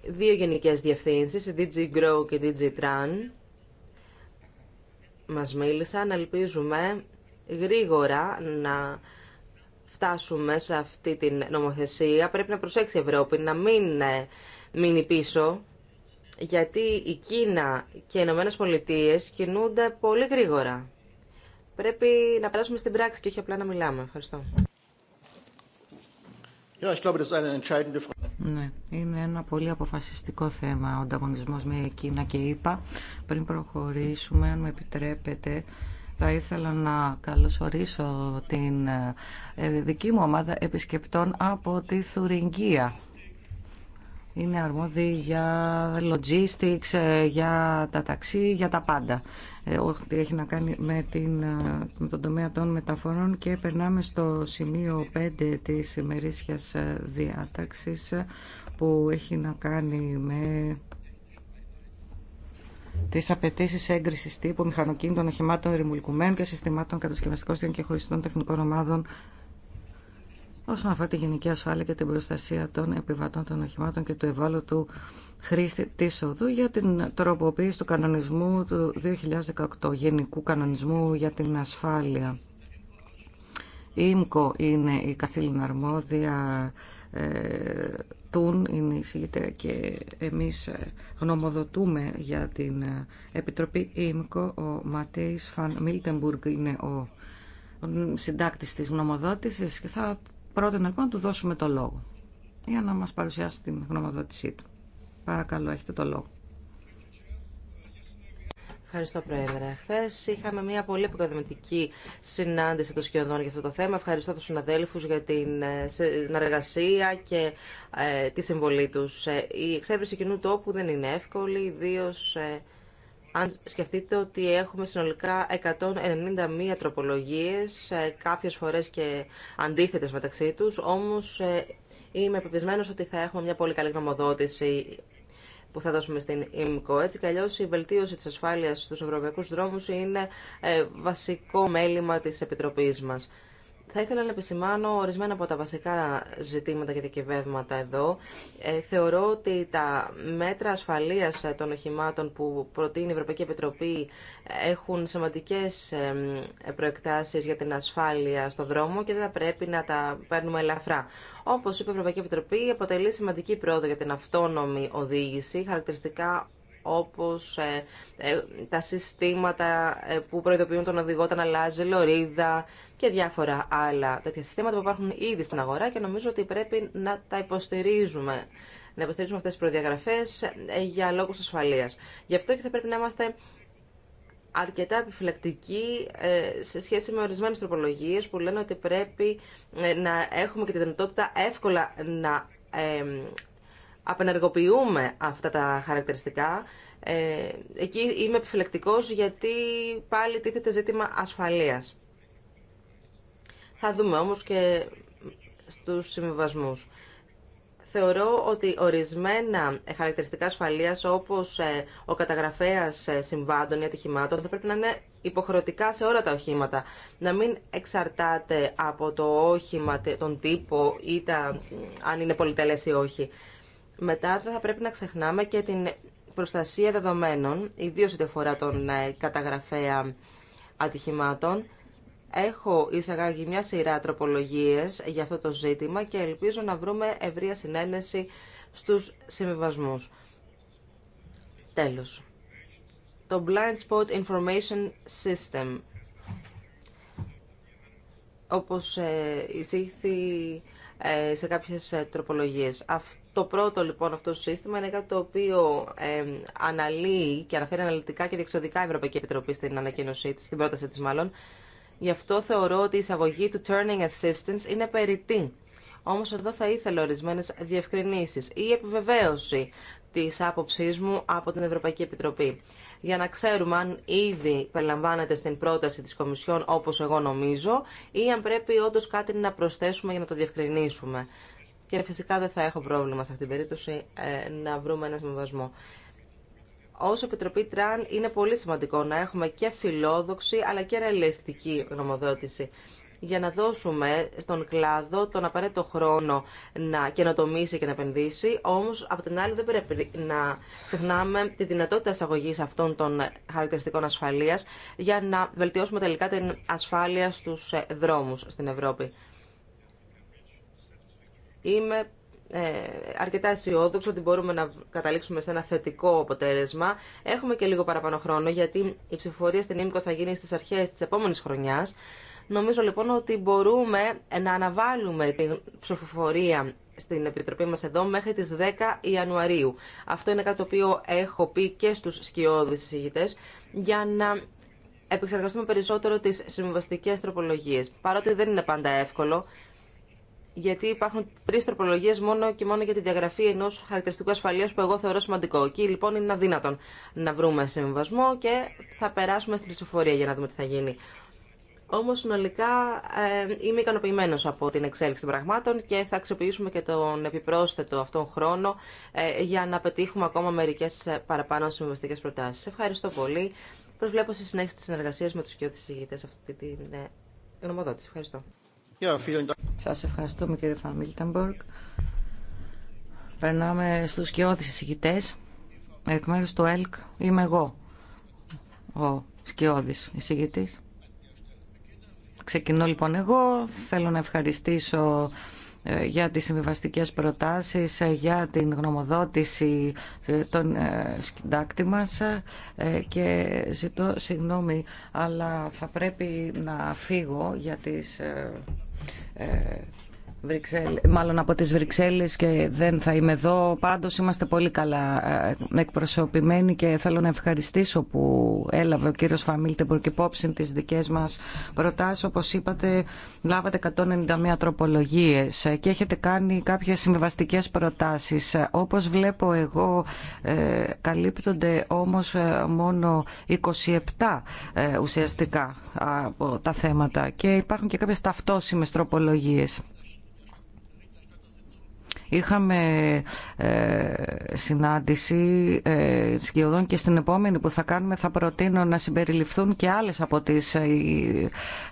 Δύο γενικές διευθύνσεις, η DG Grow και η DG Tran, μας μίλησαν. Ελπίζουμε γρήγορα να φτάσουμε σε αυτή την νομοθεσία. Πρέπει να προσέξει η Ευρώπη να μην ε, μείνει πίσω, γιατί η Κίνα και οι Ηνωμένε Πολιτείε κινούνται πολύ γρήγορα. Πρέπει να περάσουμε στην πράξη και όχι απλά να μιλάμε. Ευχαριστώ. Ναι, είναι ένα πολύ αποφασιστικό θέμα ο ανταγωνισμός με Κίνα και είπα. Πριν προχωρήσουμε, αν με επιτρέπετε, θα ήθελα να καλωσορίσω την ε, δική μου ομάδα επισκεπτών από τη Θουριγγία. Είναι αρμόδιοι για logistics, ε, για τα ταξί, για τα πάντα. Ε, ό,τι έχει να κάνει με, την, με τον τομέα των μεταφορών και περνάμε στο σημείο 5 της ημερήσιας διάταξης που έχει να κάνει με τι απαιτήσει έγκριση τύπου μηχανοκίνητων οχημάτων ρημουλκουμένων και συστημάτων κατασκευαστικών και χωριστών τεχνικών ομάδων όσον αφορά τη γενική ασφάλεια και την προστασία των επιβατών των οχημάτων και του ευάλωτου χρήστη τη οδού για την τροποποίηση του κανονισμού του 2018, Γενικού Κανονισμού για την Ασφάλεια. Η είναι η καθήλυνα αρμόδια ε, Τούν είναι η και εμείς ε, γνωμοδοτούμε για την ε, Επιτροπή ΙΜΚΟ. Ο Ματέις Φαν Μίλτεμπουργκ είναι ο συντάκτης της γνωμοδότησης και θα πρότεινα λοιπόν να του δώσουμε το λόγο για να μας παρουσιάσει την γνωμοδότησή του. Παρακαλώ, έχετε το λόγο. Ευχαριστώ, Πρόεδρε. Χθε είχαμε μια πολύ επικοδομητική συνάντηση των σκιωδών για αυτό το θέμα. Ευχαριστώ του συναδέλφου για την ε, συνεργασία και ε, τη συμβολή του. Ε, η εξέβριση κοινού τόπου δεν είναι εύκολη, ιδίω ε, αν σκεφτείτε ότι έχουμε συνολικά 191 τροπολογίε, ε, κάποιε φορέ και αντίθετε μεταξύ του. Όμω είμαι πεπισμένο ότι θα έχουμε μια πολύ καλή γνωμοδότηση που θα δώσουμε στην ΙΜΚΟ. Έτσι κι η βελτίωση τη ασφάλεια στου Ευρωπαϊκού Δρόμου είναι ε, βασικό μέλημα τη επιτροπή μα. Θα ήθελα να επισημάνω ορισμένα από τα βασικά ζητήματα και δικαιβεύματα εδώ. Ε, θεωρώ ότι τα μέτρα ασφαλείας των οχημάτων που προτείνει η Ευρωπαϊκή Επιτροπή έχουν σημαντικές προεκτάσεις για την ασφάλεια στο δρόμο και δεν θα πρέπει να τα παίρνουμε ελαφρά. Όπως είπε η Ευρωπαϊκή Επιτροπή, αποτελεί σημαντική πρόοδο για την αυτόνομη οδήγηση, χαρακτηριστικά όπως ε, ε, τα συστήματα ε, που προειδοποιούν τον οδηγό όταν αλλάζει λωρίδα και διάφορα άλλα τέτοια συστήματα που υπάρχουν ήδη στην αγορά και νομίζω ότι πρέπει να τα υποστηρίζουμε να υποστηρίζουμε αυτές τις προδιαγραφές για λόγους ασφαλείας. Γι' αυτό και θα πρέπει να είμαστε αρκετά επιφυλακτικοί σε σχέση με ορισμένες τροπολογίες που λένε ότι πρέπει να έχουμε και τη δυνατότητα εύκολα να απενεργοποιούμε αυτά τα χαρακτηριστικά. Ε, εκεί είμαι επιφυλακτικός γιατί πάλι τίθεται ζήτημα ασφαλείας. Θα δούμε όμως και στους συμβιβασμούς. Θεωρώ ότι ορισμένα χαρακτηριστικά ασφαλείας όπως ε, ο καταγραφέας ε, συμβάντων ή ατυχημάτων θα πρέπει να είναι υποχρεωτικά σε όλα τα οχήματα. Να μην εξαρτάται από το όχημα, τον τύπο ή τα, αν είναι πολυτελές ή όχι. Μετά θα πρέπει να ξεχνάμε και την προστασία δεδομένων, ιδίω ό,τι αφορά τον ε, καταγραφέα ατυχημάτων. Έχω εισαγάγει μια σειρά τροπολογίες για αυτό το ζήτημα και ελπίζω να βρούμε ευρεία συνένεση στους συμβιβασμού. Τέλος. Το Blind Spot Information System. Όπως ε, εισήχθη ε, σε κάποιες τροπολογίες. Αυτό το πρώτο λοιπόν αυτό το σύστημα είναι κάτι το οποίο αναλύει και αναφέρει αναλυτικά και διεξοδικά η Ευρωπαϊκή Επιτροπή στην ανακοίνωσή της, στην πρόταση της μάλλον. Γι' αυτό θεωρώ ότι η εισαγωγή του Turning Assistance είναι περιττή. Όμως εδώ θα ήθελα ορισμένες διευκρινήσεις ή επιβεβαίωση της άποψής μου από την Ευρωπαϊκή Επιτροπή. Για να ξέρουμε αν ήδη περιλαμβάνεται στην πρόταση της Κομισιόν όπως εγώ νομίζω ή αν πρέπει όντω κάτι να προσθέσουμε για να το διευκρινίσουμε και φυσικά δεν θα έχω πρόβλημα σε αυτήν την περίπτωση ε, να βρούμε ένα συμβασμό. Ω Επιτροπή Τραν είναι πολύ σημαντικό να έχουμε και φιλόδοξη αλλά και ρεαλιστική γνωμοδότηση για να δώσουμε στον κλάδο τον απαραίτητο χρόνο να καινοτομήσει και να επενδύσει. Όμως, από την άλλη, δεν πρέπει να ξεχνάμε τη δυνατότητα εισαγωγή αυτών των χαρακτηριστικών ασφαλείας για να βελτιώσουμε τελικά την ασφάλεια στους ε, δρόμους στην Ευρώπη. Είμαι ε, αρκετά αισιόδοξο ότι μπορούμε να καταλήξουμε σε ένα θετικό αποτέλεσμα. Έχουμε και λίγο παραπάνω χρόνο γιατί η ψηφοφορία στην ΕΜΚΟ θα γίνει στις αρχές της επόμενης χρονιάς. Νομίζω λοιπόν ότι μπορούμε να αναβάλουμε την ψηφοφορία στην Επιτροπή μας εδώ μέχρι τις 10 Ιανουαρίου. Αυτό είναι κάτι το οποίο έχω πει και στους σκιώδεις εισηγητές για να επεξεργαστούμε περισσότερο τις συμβαστικές τροπολογίες. Παρότι δεν είναι πάντα εύκολο, γιατί υπάρχουν τρει τροπολογίε μόνο και μόνο για τη διαγραφή ενό χαρακτηριστικού ασφαλεία που εγώ θεωρώ σημαντικό. Εκεί λοιπόν είναι αδύνατον να βρούμε συμβασμό και θα περάσουμε στην ψηφοφορία για να δούμε τι θα γίνει. Όμω συνολικά ε, είμαι ικανοποιημένο από την εξέλιξη των πραγμάτων και θα αξιοποιήσουμε και τον επιπρόσθετο αυτόν χρόνο ε, για να πετύχουμε ακόμα μερικέ ε, παραπάνω συμβαστικέ προτάσει. Ευχαριστώ πολύ. Προσβλέπω στη συνέχιση τη συνεργασία με του κοιότητε αυτή την ε, Ευχαριστώ. Σας ευχαριστούμε κύριε Φαμίλτεμπορκ. Περνάμε στους σκιώδεις εισηγητές. Εκ μέρους του ΕΛΚ είμαι εγώ, ο σκιώδης εισηγητής. Ξεκινώ λοιπόν εγώ. Θέλω να ευχαριστήσω ε, για τις συμβιβαστικές προτάσεις, ε, για την γνωμοδότηση ε, των συντάκτη μας και ζητώ συγγνώμη, αλλά θα πρέπει να φύγω για τις ε, Βρυξέλ, μάλλον από τις Βρυξέλλες και δεν θα είμαι εδώ. Πάντως είμαστε πολύ καλά ε, εκπροσωπημένοι και θέλω να ευχαριστήσω που έλαβε ο κύριος Φαμίλτεμπορ και υπόψη τις δικές μας προτάσεις. Όπως είπατε, λάβατε 191 τροπολογίες ε, και έχετε κάνει κάποιες συμβαστικές προτάσεις. Ε, όπως βλέπω εγώ, καλύπτονται όμως μόνο 27 ουσιαστικά από τα θέματα και υπάρχουν και κάποιες ταυτόσιμες τροπολογίες. Είχαμε ε, συνάντηση ε, σχεδόν και στην επόμενη που θα κάνουμε θα προτείνω να συμπεριληφθούν και άλλες από τις ε,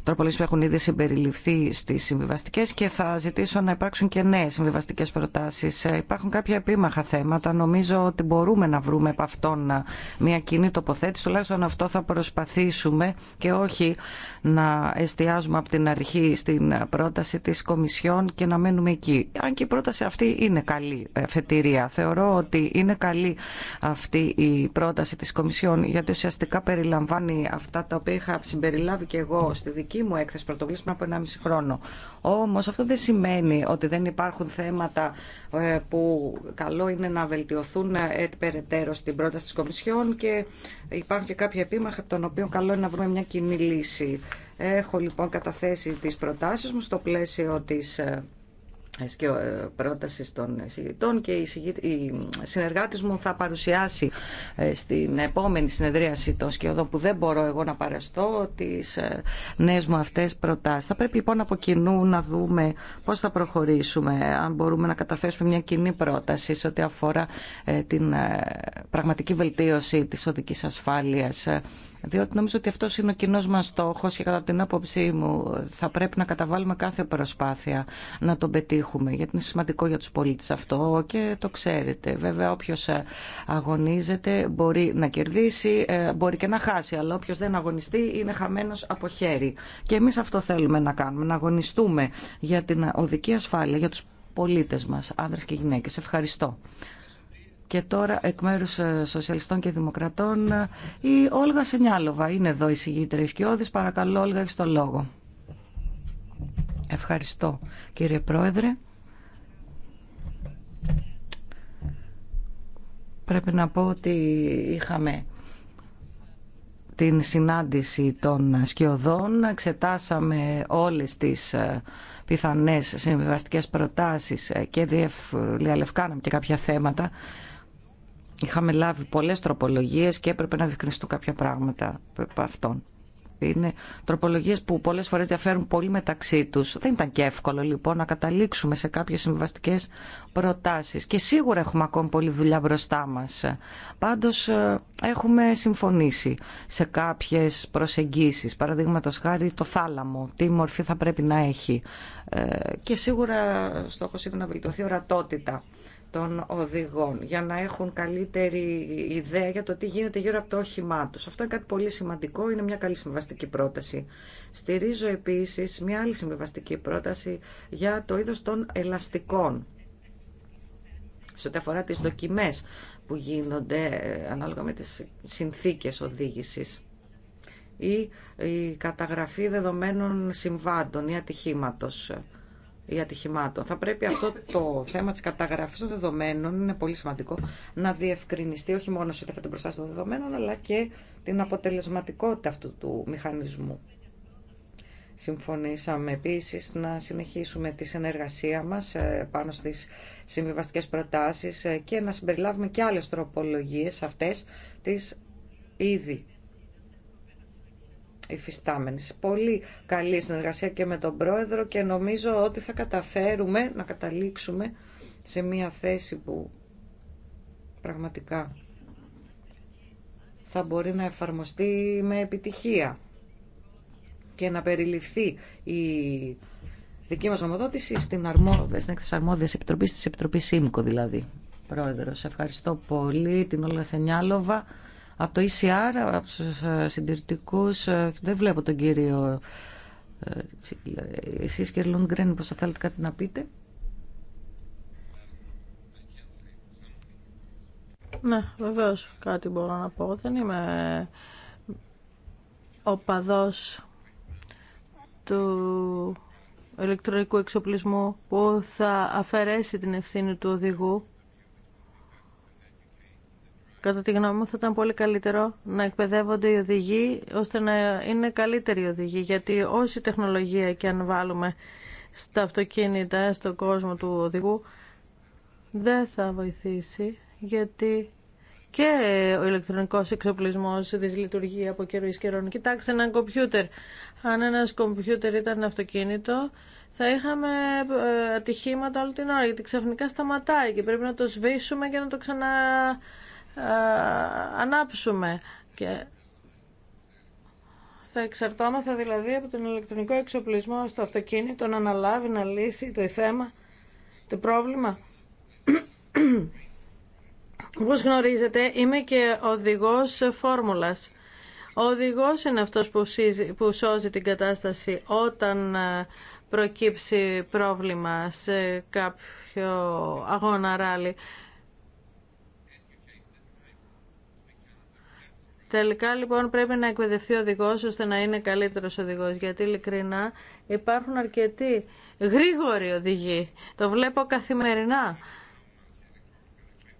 τροπολίες που έχουν ήδη συμπεριληφθεί στις συμβιβαστικέ και θα ζητήσω να υπάρξουν και νέες συμβιβαστικέ προτάσεις. Ε, υπάρχουν κάποια επίμαχα θέματα. Νομίζω ότι μπορούμε να βρούμε από αυτόν ε, μια κοινή τοποθέτηση. Τουλάχιστον αυτό θα προσπαθήσουμε και όχι να εστιάζουμε από την αρχή στην πρόταση της Κομισιόν και να μένουμε εκεί. Αν και η πρόταση αυτή είναι καλή φετηρία. Θεωρώ ότι είναι καλή αυτή η πρόταση της Κομισιόν γιατί ουσιαστικά περιλαμβάνει αυτά τα οποία είχα συμπεριλάβει και εγώ στη δική μου έκθεση πρωτοβουλίας πριν από 1,5 χρόνο. Όμως αυτό δεν σημαίνει ότι δεν υπάρχουν θέματα ε, που καλό είναι να βελτιωθούν ε, περαιτέρω στην πρόταση της Κομισιόν και υπάρχουν και κάποια επίμαχα από τον οποίο καλό είναι να βρούμε μια κοινή λύση. Έχω λοιπόν καταθέσει τις προτάσεις μου στο πλαίσιο της ε, και ε, πρόταση των συγητών και η συνεργάτη μου θα παρουσιάσει ε, στην επόμενη συνεδρίαση των σκιωδών που δεν μπορώ εγώ να παραστώ τις ε, νέε μου αυτές προτάσει. Θα πρέπει λοιπόν από κοινού να δούμε πώς θα προχωρήσουμε, αν μπορούμε να καταθέσουμε μια κοινή πρόταση σε ό,τι αφορά την πραγματική βελτίωση της οδικής ασφάλειας διότι νομίζω ότι αυτό είναι ο κοινό μα στόχο και κατά την άποψή μου θα πρέπει να καταβάλουμε κάθε προσπάθεια να τον πετύχουμε, γιατί είναι σημαντικό για του πολίτε αυτό και το ξέρετε. Βέβαια, όποιο ε, αγωνίζεται μπορεί να κερδίσει, ε, μπορεί και να χάσει, αλλά όποιο δεν αγωνιστεί είναι χαμένο από χέρι. Και εμεί αυτό θέλουμε να κάνουμε, να αγωνιστούμε για την οδική ασφάλεια, για του πολίτε μα, άνδρε και γυναίκε. Ευχαριστώ. Και τώρα εκ μέρους ε, Σοσιαλιστών και Δημοκρατών ε, η Όλγα Σενιάλοβα είναι εδώ η συγγήτρια Ισκιώδης. Παρακαλώ Όλγα έχει το λόγο. Ευχαριστώ κύριε Πρόεδρε. Πρέπει να πω ότι είχαμε την συνάντηση των σκιωδών. Εξετάσαμε όλες τις ε, πιθανές συμβιβαστικές προτάσεις και διαλευκάναμε και κάποια θέματα Είχαμε λάβει πολλές τροπολογίες και έπρεπε να διευκρινιστούν κάποια πράγματα από αυτόν. Είναι τροπολογίες που πολλές φορές διαφέρουν πολύ μεταξύ τους. Δεν ήταν και εύκολο λοιπόν να καταλήξουμε σε κάποιες συμβαστικέ προτάσεις. Και σίγουρα έχουμε ακόμη πολλή δουλειά μπροστά μας. Πάντως ε, έχουμε συμφωνήσει σε κάποιες προσεγγίσεις. Παραδείγματος χάρη το θάλαμο, τι μορφή θα πρέπει να έχει. Ε, και σίγουρα στόχος είναι να βελτιωθεί ορατότητα των οδηγών για να έχουν καλύτερη ιδέα για το τι γίνεται γύρω από το όχημά τους. Αυτό είναι κάτι πολύ σημαντικό, είναι μια καλή συμβαστική πρόταση. Στηρίζω επίσης μια άλλη συμβαστική πρόταση για το είδος των ελαστικών. Σε ό,τι αφορά τις δοκιμές που γίνονται ε, ανάλογα με τις συνθήκες οδήγησης ή η καταγραφή δεδομένων συμβάντων ή ατυχήματος ή ατυχημάτων. Θα πρέπει αυτό το θέμα τη καταγραφή των δεδομένων, είναι πολύ σημαντικό, να διευκρινιστεί όχι μόνο σε την προστάση των δεδομένων, αλλά και την αποτελεσματικότητα αυτού του μηχανισμού. Συμφωνήσαμε επίσης να συνεχίσουμε τη συνεργασία μας ε, πάνω στις συμβιβαστικές προτάσεις ε, και να συμπεριλάβουμε και άλλες τροπολογίες αυτές τις ήδη σε Πολύ καλή συνεργασία και με τον Πρόεδρο και νομίζω ότι θα καταφέρουμε να καταλήξουμε σε μια θέση που πραγματικά θα μπορεί να εφαρμοστεί με επιτυχία και να περιληφθεί η δική μας νομοδότηση στην, αρμόδια, στην έκθεση αρμόδιας επιτροπής της Επιτροπής ΣΥΜΚΟ δηλαδή. Πρόεδρος, ευχαριστώ πολύ την Όλα Σενιάλοβα. Από το ECR, από του ε, συντηρητικού ε, δεν βλέπω τον κύριο ε, εσείς κύριε Λούντγκρεν, πως θα θέλετε κάτι να πείτε. Ναι, βεβαίω, κάτι μπορώ να πω. Δεν είμαι οπαδός του ηλεκτρονικού εξοπλισμού που θα αφαιρέσει την ευθύνη του οδηγού Κατά τη γνώμη μου θα ήταν πολύ καλύτερο να εκπαιδεύονται οι οδηγοί ώστε να είναι καλύτεροι οι οδηγοί γιατί όση τεχνολογία και αν βάλουμε στα αυτοκίνητα, στον κόσμο του οδηγού δεν θα βοηθήσει γιατί και ο ηλεκτρονικός εξοπλισμός δυσλειτουργεί από καιρό εις καιρόν. Κοιτάξτε έναν κομπιούτερ. Αν ένας κομπιούτερ ήταν αυτοκίνητο θα είχαμε ε, ατυχήματα όλη την ώρα γιατί ξαφνικά σταματάει και πρέπει να το σβήσουμε και να το ξανα ε, ανάψουμε και θα εξαρτώμεθα δηλαδή από τον ηλεκτρονικό εξοπλισμό στο αυτοκίνητο να αναλάβει να λύσει το θέμα, το πρόβλημα. Όπως γνωρίζετε είμαι και οδηγός φόρμουλας. Ο οδηγός είναι αυτός που, που σώζει την κατάσταση όταν ε, προκύψει πρόβλημα σε κάποιο αγώνα ράλι. Τελικά λοιπόν πρέπει να εκπαιδευτεί ο οδηγό ώστε να είναι καλύτερο οδηγό. Γιατί ειλικρινά υπάρχουν αρκετοί γρήγοροι οδηγοί. Το βλέπω καθημερινά.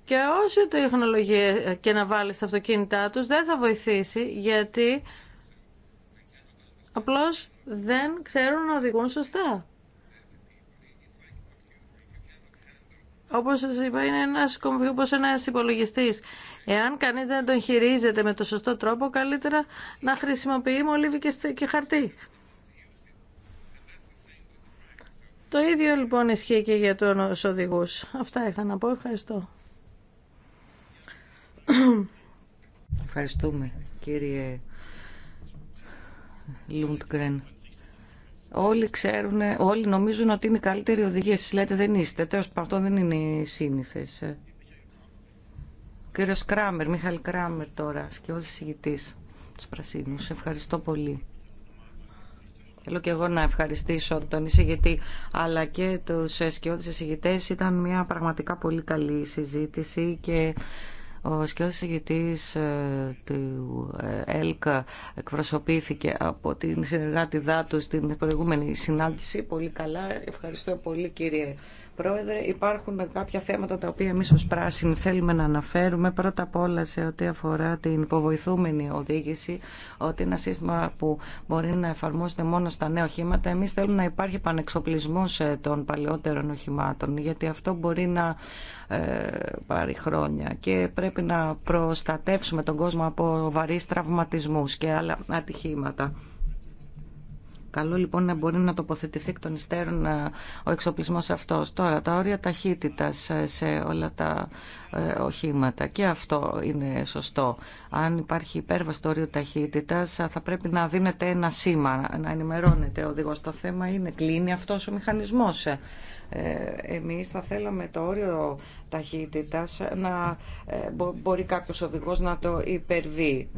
Και όση τεχνολογία και να βάλει στα αυτοκίνητά τους δεν θα βοηθήσει γιατί απλώς δεν ξέρουν να οδηγούν σωστά. Όπως σας είπα είναι ένας, όπως ένας υπολογιστής. Εάν κανείς δεν τον χειρίζεται με το σωστό τρόπο, καλύτερα να χρησιμοποιεί μολύβι και χαρτί. Το ίδιο λοιπόν ισχύει και για τους οδηγούς. Αυτά είχα να πω. Ευχαριστώ. Ευχαριστούμε κύριε Λούντγκρεν. Όλοι ξέρουν, όλοι νομίζουν ότι είναι οι καλύτεροι οδηγίες. Λέτε δεν είστε. Τέλος πάντων δεν είναι σύνηθες κύριος Κράμερ, Μιχαλ Κράμερ τώρα, σκιώδης του Πρασίνου. Πρασίνους. Ευχαριστώ πολύ. Θέλω και εγώ να ευχαριστήσω τον εισηγητή αλλά και τους σκιώδης εισηγητές. Ήταν μια πραγματικά πολύ καλή συζήτηση και ο σκιώδης εισηγητής ε, του ε, ΕΛΚΑ εκπροσωπήθηκε από την συνεργάτη δάτου στην προηγούμενη συνάντηση. Πολύ καλά. Ευχαριστώ πολύ κύριε Πρόεδρε, υπάρχουν κάποια θέματα τα οποία εμεί ω πράσινοι θέλουμε να αναφέρουμε. Πρώτα απ' όλα σε ό,τι αφορά την υποβοηθούμενη οδήγηση, ότι είναι ένα σύστημα που μπορεί να εφαρμόζεται μόνο στα νέα οχήματα. Εμεί θέλουμε να υπάρχει πανεξοπλισμό ε, των παλαιότερων οχημάτων, γιατί αυτό μπορεί να ε, πάρει χρόνια και πρέπει να προστατεύσουμε τον κόσμο από βαρύ τραυματισμού και άλλα ατυχήματα. Καλό λοιπόν να μπορεί να τοποθετηθεί εκ των υστέρων ε, ο εξοπλισμός αυτός. Τώρα τα όρια ταχύτητας ε, σε όλα τα ε, οχήματα και αυτό είναι σωστό. Αν υπάρχει υπέρβαση του όριο ταχύτητας θα πρέπει να δίνεται ένα σήμα, να ενημερώνεται ο οδηγός. Το θέμα είναι κλείνει αυτός ο μηχανισμός. Εμείς θα θέλαμε το όριο ταχύτητας να μπορεί κάποιος οδηγός να το υπερβεί.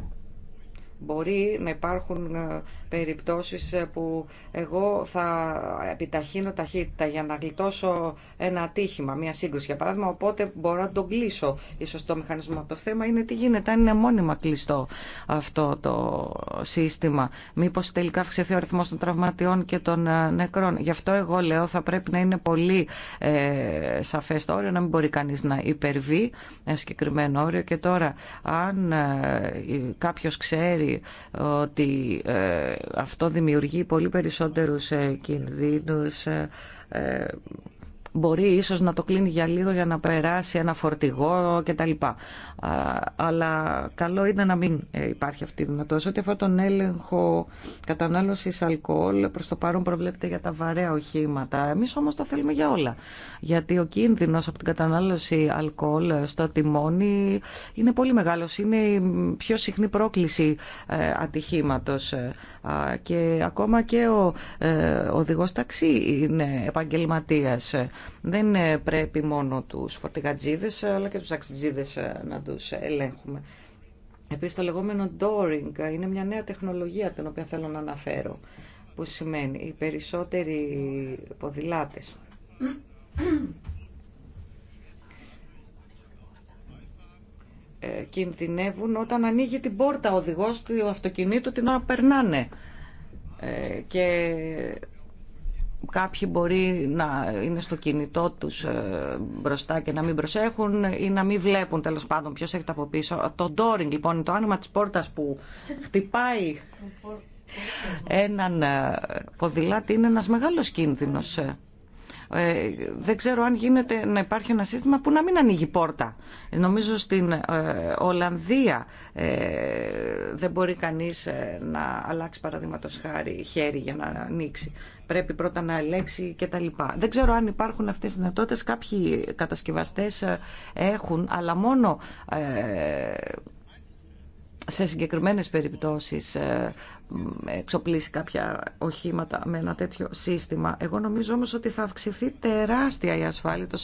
Μπορεί να υπάρχουν ε, περιπτώσεις ε, που εγώ θα επιταχύνω ταχύτητα για να γλιτώσω ένα ατύχημα, μια σύγκρουση για παράδειγμα, οπότε μπορώ να τον κλείσω ίσως το μηχανισμό. Το θέμα είναι τι γίνεται αν είναι μόνιμα κλειστό αυτό το σύστημα. Μήπως τελικά αυξηθεί ο αριθμός των τραυματιών και των ε, νεκρών. Γι' αυτό εγώ λέω θα πρέπει να είναι πολύ ε, σαφές το όριο, να μην μπορεί κανείς να υπερβεί ένα συγκεκριμένο όριο και τώρα αν ε, ξέρει ότι ε, αυτό δημιουργεί πολύ περισσότερους ε, κινδύνους ε, μπορεί ίσως να το κλείνει για λίγο για να περάσει ένα φορτηγό κτλ. Αλλά καλό είναι να μην ε, υπάρχει αυτή η δυνατότητα. Ό,τι αφορά τον έλεγχο κατανάλωσης αλκοόλ, προς το παρόν προβλέπεται για τα βαρέα οχήματα. Εμείς όμως το θέλουμε για όλα. Γιατί ο κίνδυνος από την κατανάλωση αλκοόλ στο τιμόνι είναι πολύ μεγάλος. Είναι η πιο συχνή πρόκληση ε, ατυχήματος. Ε, και ακόμα και ο οδηγός ταξί είναι επαγγελματίας δεν ε, πρέπει μόνο τους φορτηγατζίδες αλλά και τους αξιτζίδες ε, να τους ελέγχουμε. Επίσης το λεγόμενο Doring είναι μια νέα τεχνολογία την οποία θέλω να αναφέρω που σημαίνει οι περισσότεροι ποδηλάτες ε, κινδυνεύουν όταν ανοίγει την πόρτα ο οδηγός του αυτοκινήτου την ώρα περνάνε. και Κάποιοι μπορεί να είναι στο κινητό τους ε, μπροστά και να μην προσέχουν ή να μην βλέπουν τέλος πάντων ποιος έχει από πίσω. Το ντόρινγκ λοιπόν το άνοιγμα της πόρτας που χτυπάει έναν ε, ποδηλάτη είναι ένας μεγάλος κίνδυνος ε. Ε, δεν ξέρω αν γίνεται να υπάρχει ένα σύστημα που να μην ανοίγει πόρτα. Νομίζω στην ε, Ολλανδία ε, δεν μπορεί κανείς να αλλάξει παραδείγματο χάρη χέρι για να ανοίξει. Πρέπει πρώτα να ελέγξει κτλ. Δεν ξέρω αν υπάρχουν αυτές οι δυνατότητες. Κάποιοι κατασκευαστές έχουν, αλλά μόνο σε συγκεκριμένες περιπτώσεις ε, εξοπλίσει κάποια οχήματα με ένα τέτοιο σύστημα. Εγώ νομίζω όμως ότι θα αυξηθεί τεράστια η ασφάλεια. Το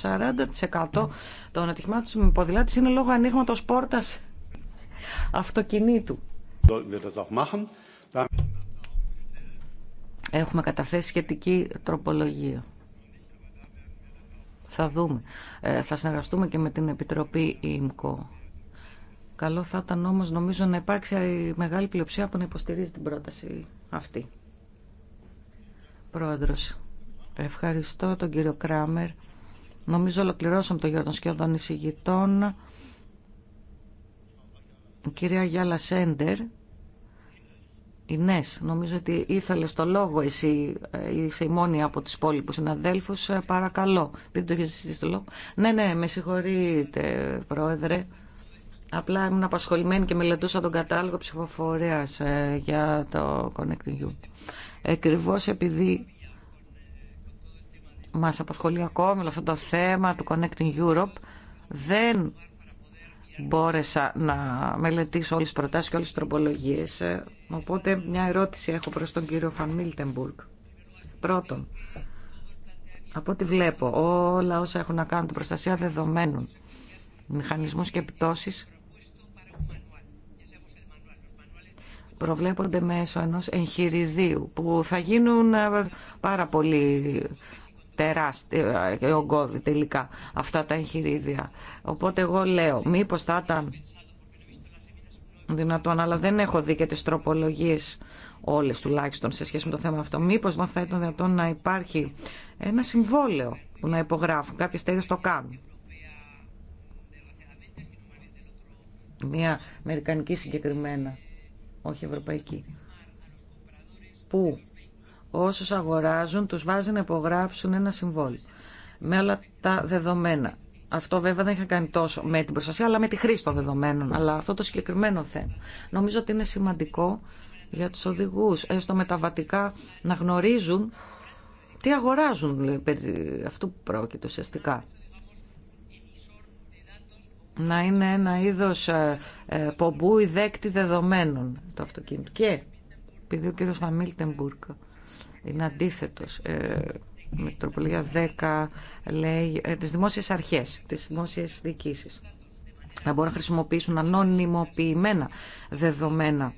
40% των ατυχημάτων με ποδηλάτης είναι λόγω ανοίγματο πόρτας αυτοκινήτου. Έχουμε καταθέσει σχετική τροπολογία. Θα δούμε. Ε, θα συνεργαστούμε και με την Επιτροπή ΙΜΚΟ Καλό θα ήταν όμως νομίζω να υπάρξει μεγάλη πλειοψηφία που να υποστηρίζει την πρόταση αυτή. Πρόεδρο. ευχαριστώ τον κύριο Κράμερ. Νομίζω ολοκληρώσαμε το γύρο των σχεδόν εισηγητών. κυρία Γιάλα Σέντερ, ΝΕΣ, νομίζω ότι ήθελε το λόγο εσύ, ε, είσαι η μόνη από τους υπόλοιπους συναδέλφους, ε, παρακαλώ. πείτε το έχει ζητήσει το λόγο. Ναι, ναι, με συγχωρείτε, Πρόεδρε. Απλά ήμουν απασχολημένη και μελετούσα τον κατάλογο ψηφοφορία ε, για το Connecting Europe. Ακριβώ επειδή μας απασχολεί ακόμη αυτό το θέμα του Connecting Europe, δεν μπόρεσα να μελετήσω όλες τις προτάσεις και όλες τις τροπολογίες. Ε, οπότε μια ερώτηση έχω προς τον κύριο Φαν Μίλτεμπουργκ. Πρώτον, από ό,τι βλέπω, όλα όσα έχουν να κάνουν την προστασία δεδομένων, μηχανισμούς και επιπτώσεις, προβλέπονται μέσω ενός εγχειριδίου που θα γίνουν ε, πάρα πολύ τεράστια ε, ογκώδη τελικά αυτά τα εγχειρίδια. Οπότε εγώ λέω μήπως θα ήταν δυνατόν, αλλά δεν έχω δει και τις τροπολογίες όλες τουλάχιστον σε σχέση με το θέμα αυτό. Μήπως θα ήταν δυνατόν να υπάρχει ένα συμβόλαιο που να υπογράφουν. Κάποιες τέτοιες το κάνουν. Μία Αμερικανική συγκεκριμένα όχι ευρωπαϊκή, που όσους αγοράζουν τους βάζει να υπογράψουν ένα συμβόλαιο με όλα τα δεδομένα. Αυτό βέβαια δεν είχα κάνει τόσο με την προστασία, αλλά με τη χρήση των δεδομένων. Αλλά αυτό το συγκεκριμένο θέμα. Νομίζω ότι είναι σημαντικό για τους οδηγούς, έστω ε, μεταβατικά, να γνωρίζουν τι αγοράζουν, περί αυτού που πρόκειται ουσιαστικά να είναι ένα είδος ε, ε, πομπού ή δέκτη δεδομένων το αυτοκίνητο. Και επειδή ο κύριος Φαμίλτεμπουργκ είναι αντίθετος ε, με τροπολογία 10 λέει ε, τις δημόσιες αρχές, τις δημόσιες διοικήσεις να μπορούν να χρησιμοποιήσουν ανώνυμοποιημένα δεδομένα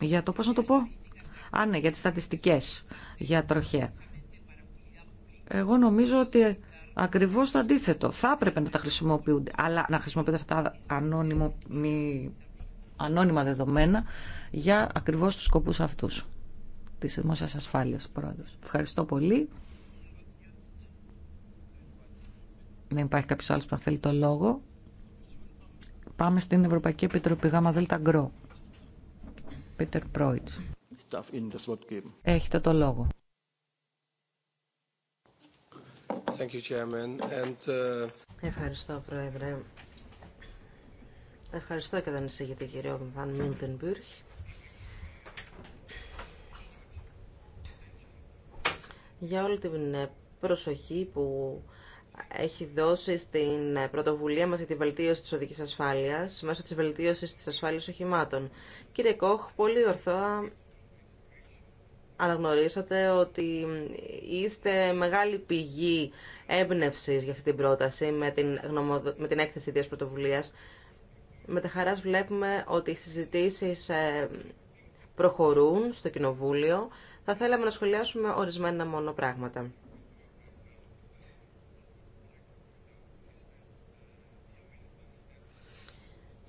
για το πώς να το πω Α, ναι, για τις στατιστικές, για τροχέα. Εγώ νομίζω ότι Ακριβώς το αντίθετο. Θα έπρεπε να τα χρησιμοποιούνται, αλλά να χρησιμοποιούνται αυτά ανώνυμο, ανώνυμα δεδομένα για ακριβώς τους σκοπούς αυτούς της δημόσιας ασφάλειας, πρόεδρος. Ευχαριστώ πολύ. Δεν υπάρχει κάποιος άλλος που να θέλει το λόγο. Πάμε στην Ευρωπαϊκή Επιτροπή Γάμα Δέλτα ΓΡΟ. Πίτερ Πρόιτς. Έχετε το λόγο. Uh, Ευχαριστώ, Πρόεδρε. Ευχαριστώ και τον εισηγητή κύριο Βαν Μούντενμπουργκ. για όλη την προσοχή που έχει δώσει στην πρωτοβουλία μας για την βελτίωση της οδικής ασφάλειας μέσω της βελτίωσης της ασφάλειας οχημάτων. Κύριε Κόχ, πολύ ορθά αναγνωρίσατε ότι είστε μεγάλη πηγή έμπνευση για αυτή την πρόταση με την, με την έκθεση της πρωτοβουλίας. Με τα χαράς βλέπουμε ότι οι συζητήσεις ε, προχωρούν στο Κοινοβούλιο. Θα θέλαμε να σχολιάσουμε ορισμένα μόνο πράγματα.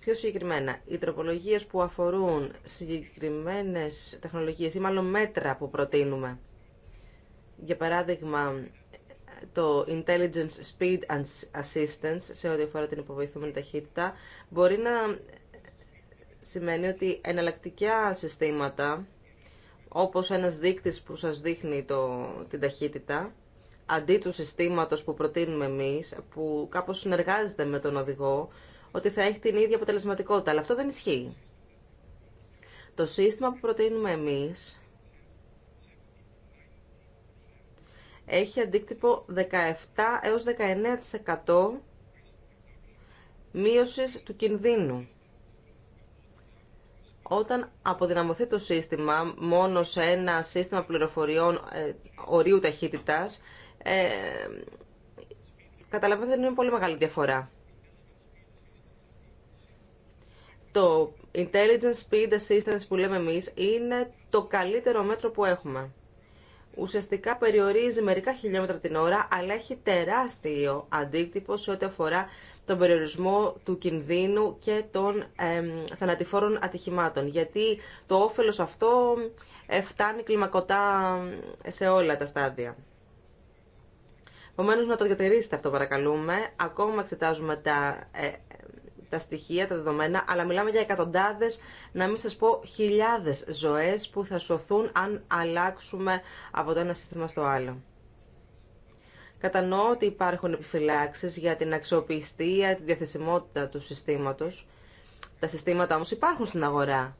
Πιο συγκεκριμένα, οι τροπολογίε που αφορούν συγκεκριμένες τεχνολογίες ή μάλλον μέτρα που προτείνουμε, για παράδειγμα το Intelligence Speed and Assistance σε ό,τι αφορά την υποβοηθούμενη ταχύτητα, μπορεί να σημαίνει ότι εναλλακτικά συστήματα, όπως ένας δείκτης που σας δείχνει το, την ταχύτητα, αντί του συστήματος που προτείνουμε εμείς, που κάπως συνεργάζεται με τον οδηγό, ότι θα έχει την ίδια αποτελεσματικότητα, αλλά αυτό δεν ισχύει. Το σύστημα που προτείνουμε εμείς έχει αντίκτυπο 17 έως 19% μείωσης του κινδύνου. Όταν αποδυναμωθεί το σύστημα μόνο σε ένα σύστημα πληροφοριών ε, ορίου ταχύτητας, ε, καταλαβαίνετε ότι είναι πολύ μεγάλη διαφορά. Το Intelligence Speed Assistance που λέμε εμείς είναι το καλύτερο μέτρο που έχουμε. Ουσιαστικά περιορίζει μερικά χιλιόμετρα την ώρα, αλλά έχει τεράστιο αντίκτυπο σε ό,τι αφορά τον περιορισμό του κινδύνου και των ε, θανατηφόρων ατυχημάτων. Γιατί το όφελος αυτό ε, φτάνει κλιμακωτά σε όλα τα στάδια. Επομένω, να το διατηρήσετε αυτό, παρακαλούμε. Ακόμα εξετάζουμε τα ε, τα στοιχεία, τα δεδομένα, αλλά μιλάμε για εκατοντάδες, να μην σας πω χιλιάδες ζωές που θα σωθούν αν αλλάξουμε από το ένα σύστημα στο άλλο. Κατανοώ ότι υπάρχουν επιφυλάξει για την αξιοπιστία, τη διαθεσιμότητα του συστήματος. Τα συστήματα όμω υπάρχουν στην αγορά.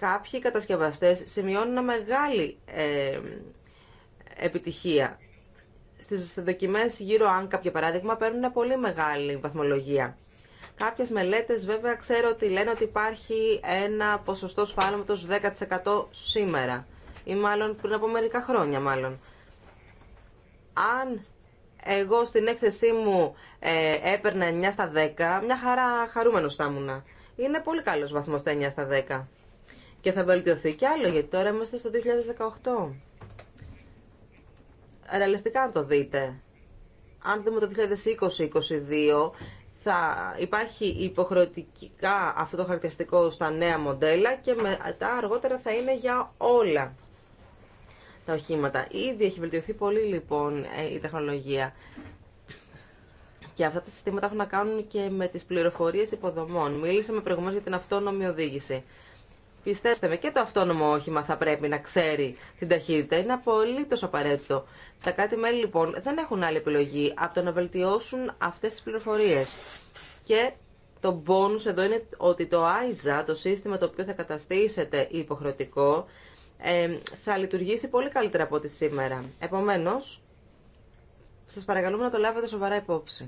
Κάποιοι κατασκευαστές σημειώνουν μεγάλη ε, επιτυχία Στι δοκιμέ γύρω αν κάποιο παράδειγμα παίρνουν πολύ μεγάλη βαθμολογία. Κάποιε μελέτε, βέβαια ξέρω ότι λένε ότι υπάρχει ένα ποσοστό σφάλματος 10% σήμερα ή μάλλον πριν από μερικά χρόνια μάλλον. Αν εγώ στην έκθεσή μου ε, έπαιρνα 9 στα 10, μια χαρά χαρούμενος θα ήμουν. Είναι πολύ καλός βαθμός τα 9 στα 10. Και θα βελτιωθεί κι άλλο γιατί τώρα είμαστε στο 2018 ρεαλιστικά αν το δείτε. Αν δούμε το 2020-2022, θα υπάρχει υποχρεωτικά αυτό το χαρακτηριστικό στα νέα μοντέλα και μετά αργότερα θα είναι για όλα τα οχήματα. Ήδη έχει βελτιωθεί πολύ λοιπόν ε, η τεχνολογία. Και αυτά τα συστήματα έχουν να κάνουν και με τις πληροφορίες υποδομών. Μίλησαμε προηγουμένως για την αυτόνομη οδήγηση. Πιστέψτε με, και το αυτόνομο όχημα θα πρέπει να ξέρει την ταχύτητα. Είναι απολύτω απαραίτητο. Τα κάτι μελη λοιπόν δεν έχουν άλλη επιλογή από το να βελτιώσουν αυτέ τι πληροφορίε. Και το bonus εδώ είναι ότι το ΆΙΖΑ, το σύστημα το οποίο θα καταστήσετε υποχρεωτικό, θα λειτουργήσει πολύ καλύτερα από ό,τι σήμερα. Επομένως, σας παρακαλούμε να το λάβετε σοβαρά υπόψη.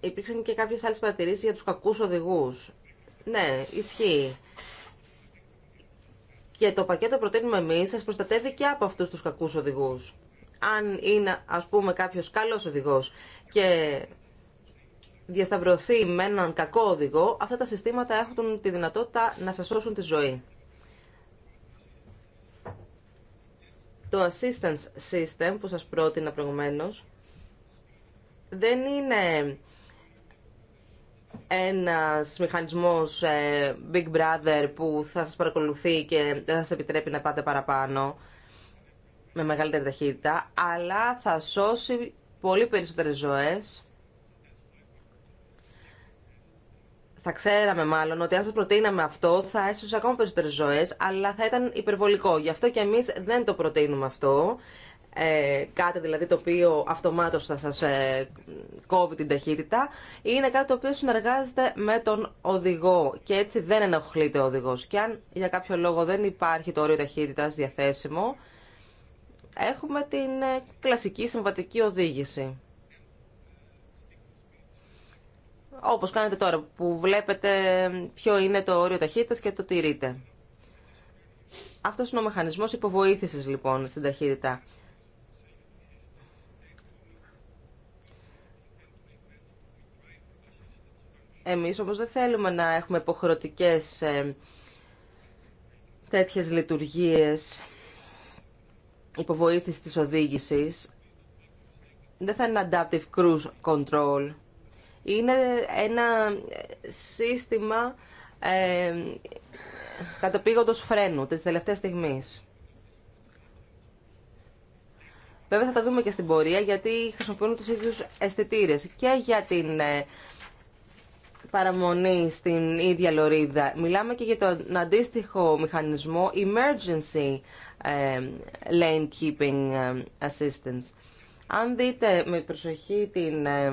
υπήρξαν και κάποιες άλλες παρατηρήσεις για τους κακούς οδηγούς. Ναι, ισχύει. Και το πακέτο που προτείνουμε εμεί σα προστατεύει και από αυτούς τους κακούς οδηγούς. Αν είναι, ας πούμε, κάποιος καλός οδηγός και διασταυρωθεί με έναν κακό οδηγό, αυτά τα συστήματα έχουν τη δυνατότητα να σας σώσουν τη ζωή. Το assistance system που σας πρότεινα προηγουμένως δεν είναι ένας μηχανισμός ε, Big Brother που θα σας παρακολουθεί και δεν θα σας επιτρέπει να πάτε παραπάνω με μεγαλύτερη ταχύτητα, αλλά θα σώσει πολύ περισσότερες ζωές. Θα ξέραμε μάλλον ότι αν σας προτείναμε αυτό θα έσωσε ακόμα περισσότερες ζωές, αλλά θα ήταν υπερβολικό. Γι' αυτό και εμείς δεν το προτείνουμε αυτό ε, κάτι δηλαδή το οποίο αυτομάτως θα σας ε, κόβει την ταχύτητα, είναι κάτι το οποίο συνεργάζεται με τον οδηγό και έτσι δεν ενοχλείται ο οδηγός. Και αν για κάποιο λόγο δεν υπάρχει το όριο ταχύτητας διαθέσιμο, έχουμε την ε, κλασική συμβατική οδήγηση. Όπως κάνετε τώρα, που βλέπετε ε, ποιο είναι το όριο ταχύτητας και το τηρείτε. αυτός είναι ο μηχανισμό υποβοήθησης λοιπόν στην ταχύτητα. Εμείς όμως δεν θέλουμε να έχουμε υποχρεωτικές ε, τέτοιες λειτουργίες υποβοήθηση της οδήγησης. Δεν θα είναι adaptive cruise control. Είναι ένα σύστημα ε, καταπήγοντος φρένου της τελευταίας στιγμής. Βέβαια θα τα δούμε και στην πορεία γιατί χρησιμοποιούν τους ίδιους αισθητήρε και για την ε, παραμονή στην ίδια λωρίδα. Μιλάμε και για τον αντίστοιχο μηχανισμό emergency ε, lane keeping ε, assistance. Αν δείτε με προσοχή την ε,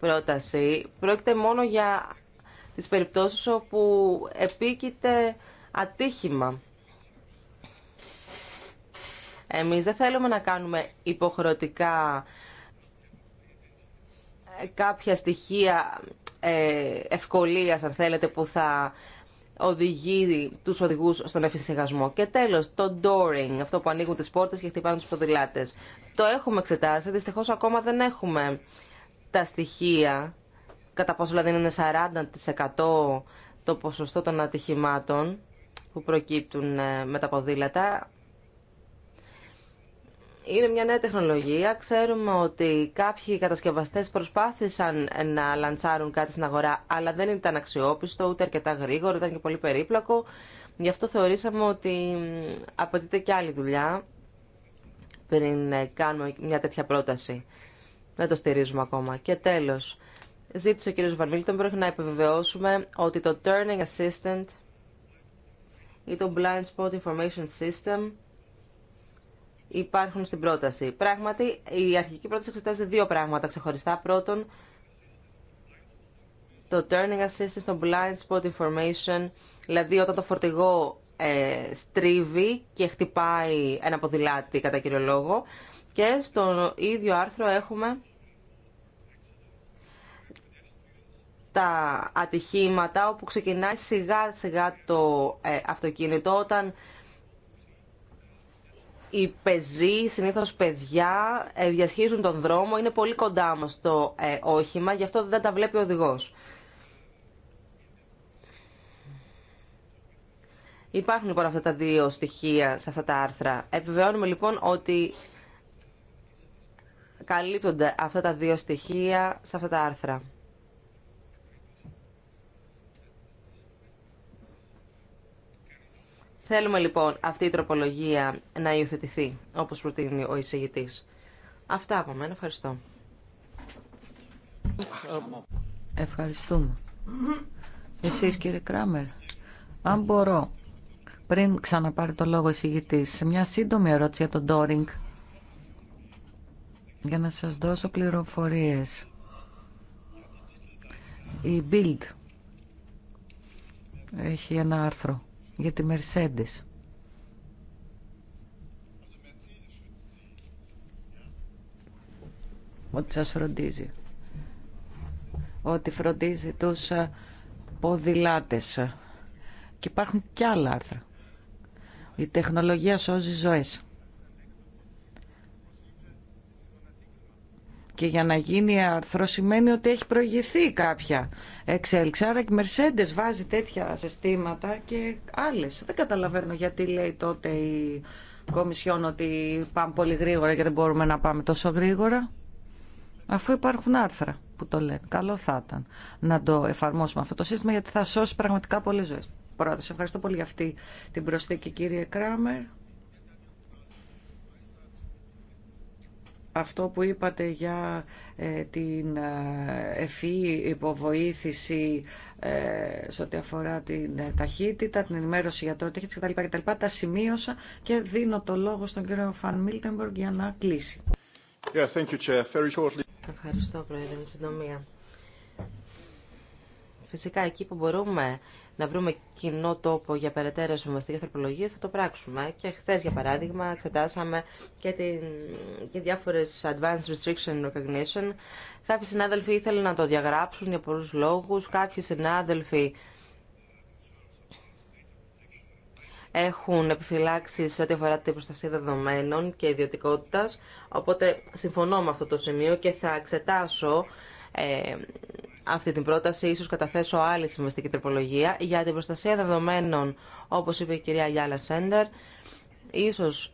πρόταση, πρόκειται μόνο για τις περιπτώσεις όπου επίκειται ατύχημα. Εμείς δεν θέλουμε να κάνουμε υποχρεωτικά κάποια στοιχεία ε, ευκολίας, αν θέλετε, που θα οδηγεί τους οδηγούς στον εφησυχασμό. Και τέλος, το dooring, αυτό που ανοίγουν τις πόρτες και χτυπάνε τους ποδηλάτες. Το έχουμε εξετάσει, δυστυχώς ακόμα δεν έχουμε τα στοιχεία, κατά πόσο δηλαδή είναι 40% το ποσοστό των ατυχημάτων που προκύπτουν ε, με τα ποδήλατα είναι μια νέα τεχνολογία. Ξέρουμε ότι κάποιοι κατασκευαστές προσπάθησαν να λαντσάρουν κάτι στην αγορά, αλλά δεν ήταν αξιόπιστο, ούτε αρκετά γρήγορο, ήταν και πολύ περίπλοκο. Γι' αυτό θεωρήσαμε ότι απαιτείται και άλλη δουλειά πριν ε, κάνουμε μια τέτοια πρόταση. Δεν το στηρίζουμε ακόμα. Και τέλος, ζήτησε ο κ. Βαρμίλτον να επιβεβαιώσουμε ότι το Turning Assistant ή το Blind Spot Information System υπάρχουν στην πρόταση. Πράγματι, η αρχική πρόταση εξετάζεται δύο πράγματα ξεχωριστά. Πρώτον, το turning assistance, το blind spot information, δηλαδή όταν το φορτηγό ε, στρίβει και χτυπάει ένα ποδηλάτι κατά κύριο λόγο. Και στο ίδιο άρθρο έχουμε τα ατυχήματα όπου ξεκινάει σιγά σιγά το ε, αυτοκίνητο όταν οι πεζοί, συνήθω παιδιά, ε, διασχίζουν τον δρόμο, είναι πολύ κοντά μας το ε, όχημα, γι' αυτό δεν τα βλέπει ο οδηγό. Υπάρχουν λοιπόν αυτά τα δύο στοιχεία σε αυτά τα άρθρα. Επιβεβαιώνουμε λοιπόν ότι καλύπτονται αυτά τα δύο στοιχεία σε αυτά τα άρθρα. Θέλουμε λοιπόν αυτή η τροπολογία να υιοθετηθεί, όπως προτείνει ο εισηγητής. Αυτά από μένα. Ευχαριστώ. Ευχαριστούμε. Εσείς κύριε Κράμερ, αν μπορώ, πριν ξαναπάρει το λόγο εισηγητής, μια σύντομη ερώτηση για τον Ντόρινγκ, για να σας δώσω πληροφορίες. Η Bild έχει ένα άρθρο για τη Mercedes. Ότι σας φροντίζει. Ότι φροντίζει τους ε, ποδηλάτες. Και υπάρχουν και άλλα άρθρα. Η τεχνολογία σώζει ζωές. Και για να γίνει αρθρό σημαίνει ότι έχει προηγηθεί κάποια εξέλιξη. Άρα και η Mercedes βάζει τέτοια συστήματα και άλλε. Δεν καταλαβαίνω γιατί λέει τότε η Κομισιόν ότι πάμε πολύ γρήγορα και δεν μπορούμε να πάμε τόσο γρήγορα. Αφού υπάρχουν άρθρα που το λένε. Καλό θα ήταν να το εφαρμόσουμε αυτό το σύστημα γιατί θα σώσει πραγματικά ζωέ. Πρώτα, σε ευχαριστώ πολύ για αυτή την προσθήκη κύριε Κράμερ. αυτό που είπατε για ε, την ε, ευφύ υποβοήθηση ε, σε ό,τι αφορά την ταχύτητα, την ενημέρωση για το ότι κτλ. κτλ. Τα σημείωσα και δίνω το λόγο στον κύριο Φαν Μίλτεμποργκ για να κλείσει. Yeah, thank you, Chair. Very shortly. Ευχαριστώ, Πρόεδρε, με συντομία. Φυσικά, εκεί που μπορούμε να βρούμε κοινό τόπο για περαιτέρω συμβαστικέ τροπολογίε, θα το πράξουμε. Και χθε, για παράδειγμα, εξετάσαμε και, την... και διάφορε advanced restriction recognition. Κάποιοι συνάδελφοι ήθελαν να το διαγράψουν για πολλού λόγου. Κάποιοι συνάδελφοι έχουν επιφυλάξει σε ό,τι αφορά την προστασία δεδομένων και ιδιωτικότητα. Οπότε συμφωνώ με αυτό το σημείο και θα εξετάσω ε, αυτή την πρόταση, ίσως καταθέσω άλλη συμβαστική τροπολογία για την προστασία δεδομένων, όπως είπε η κυρία Γιάλα Σέντερ. Ίσως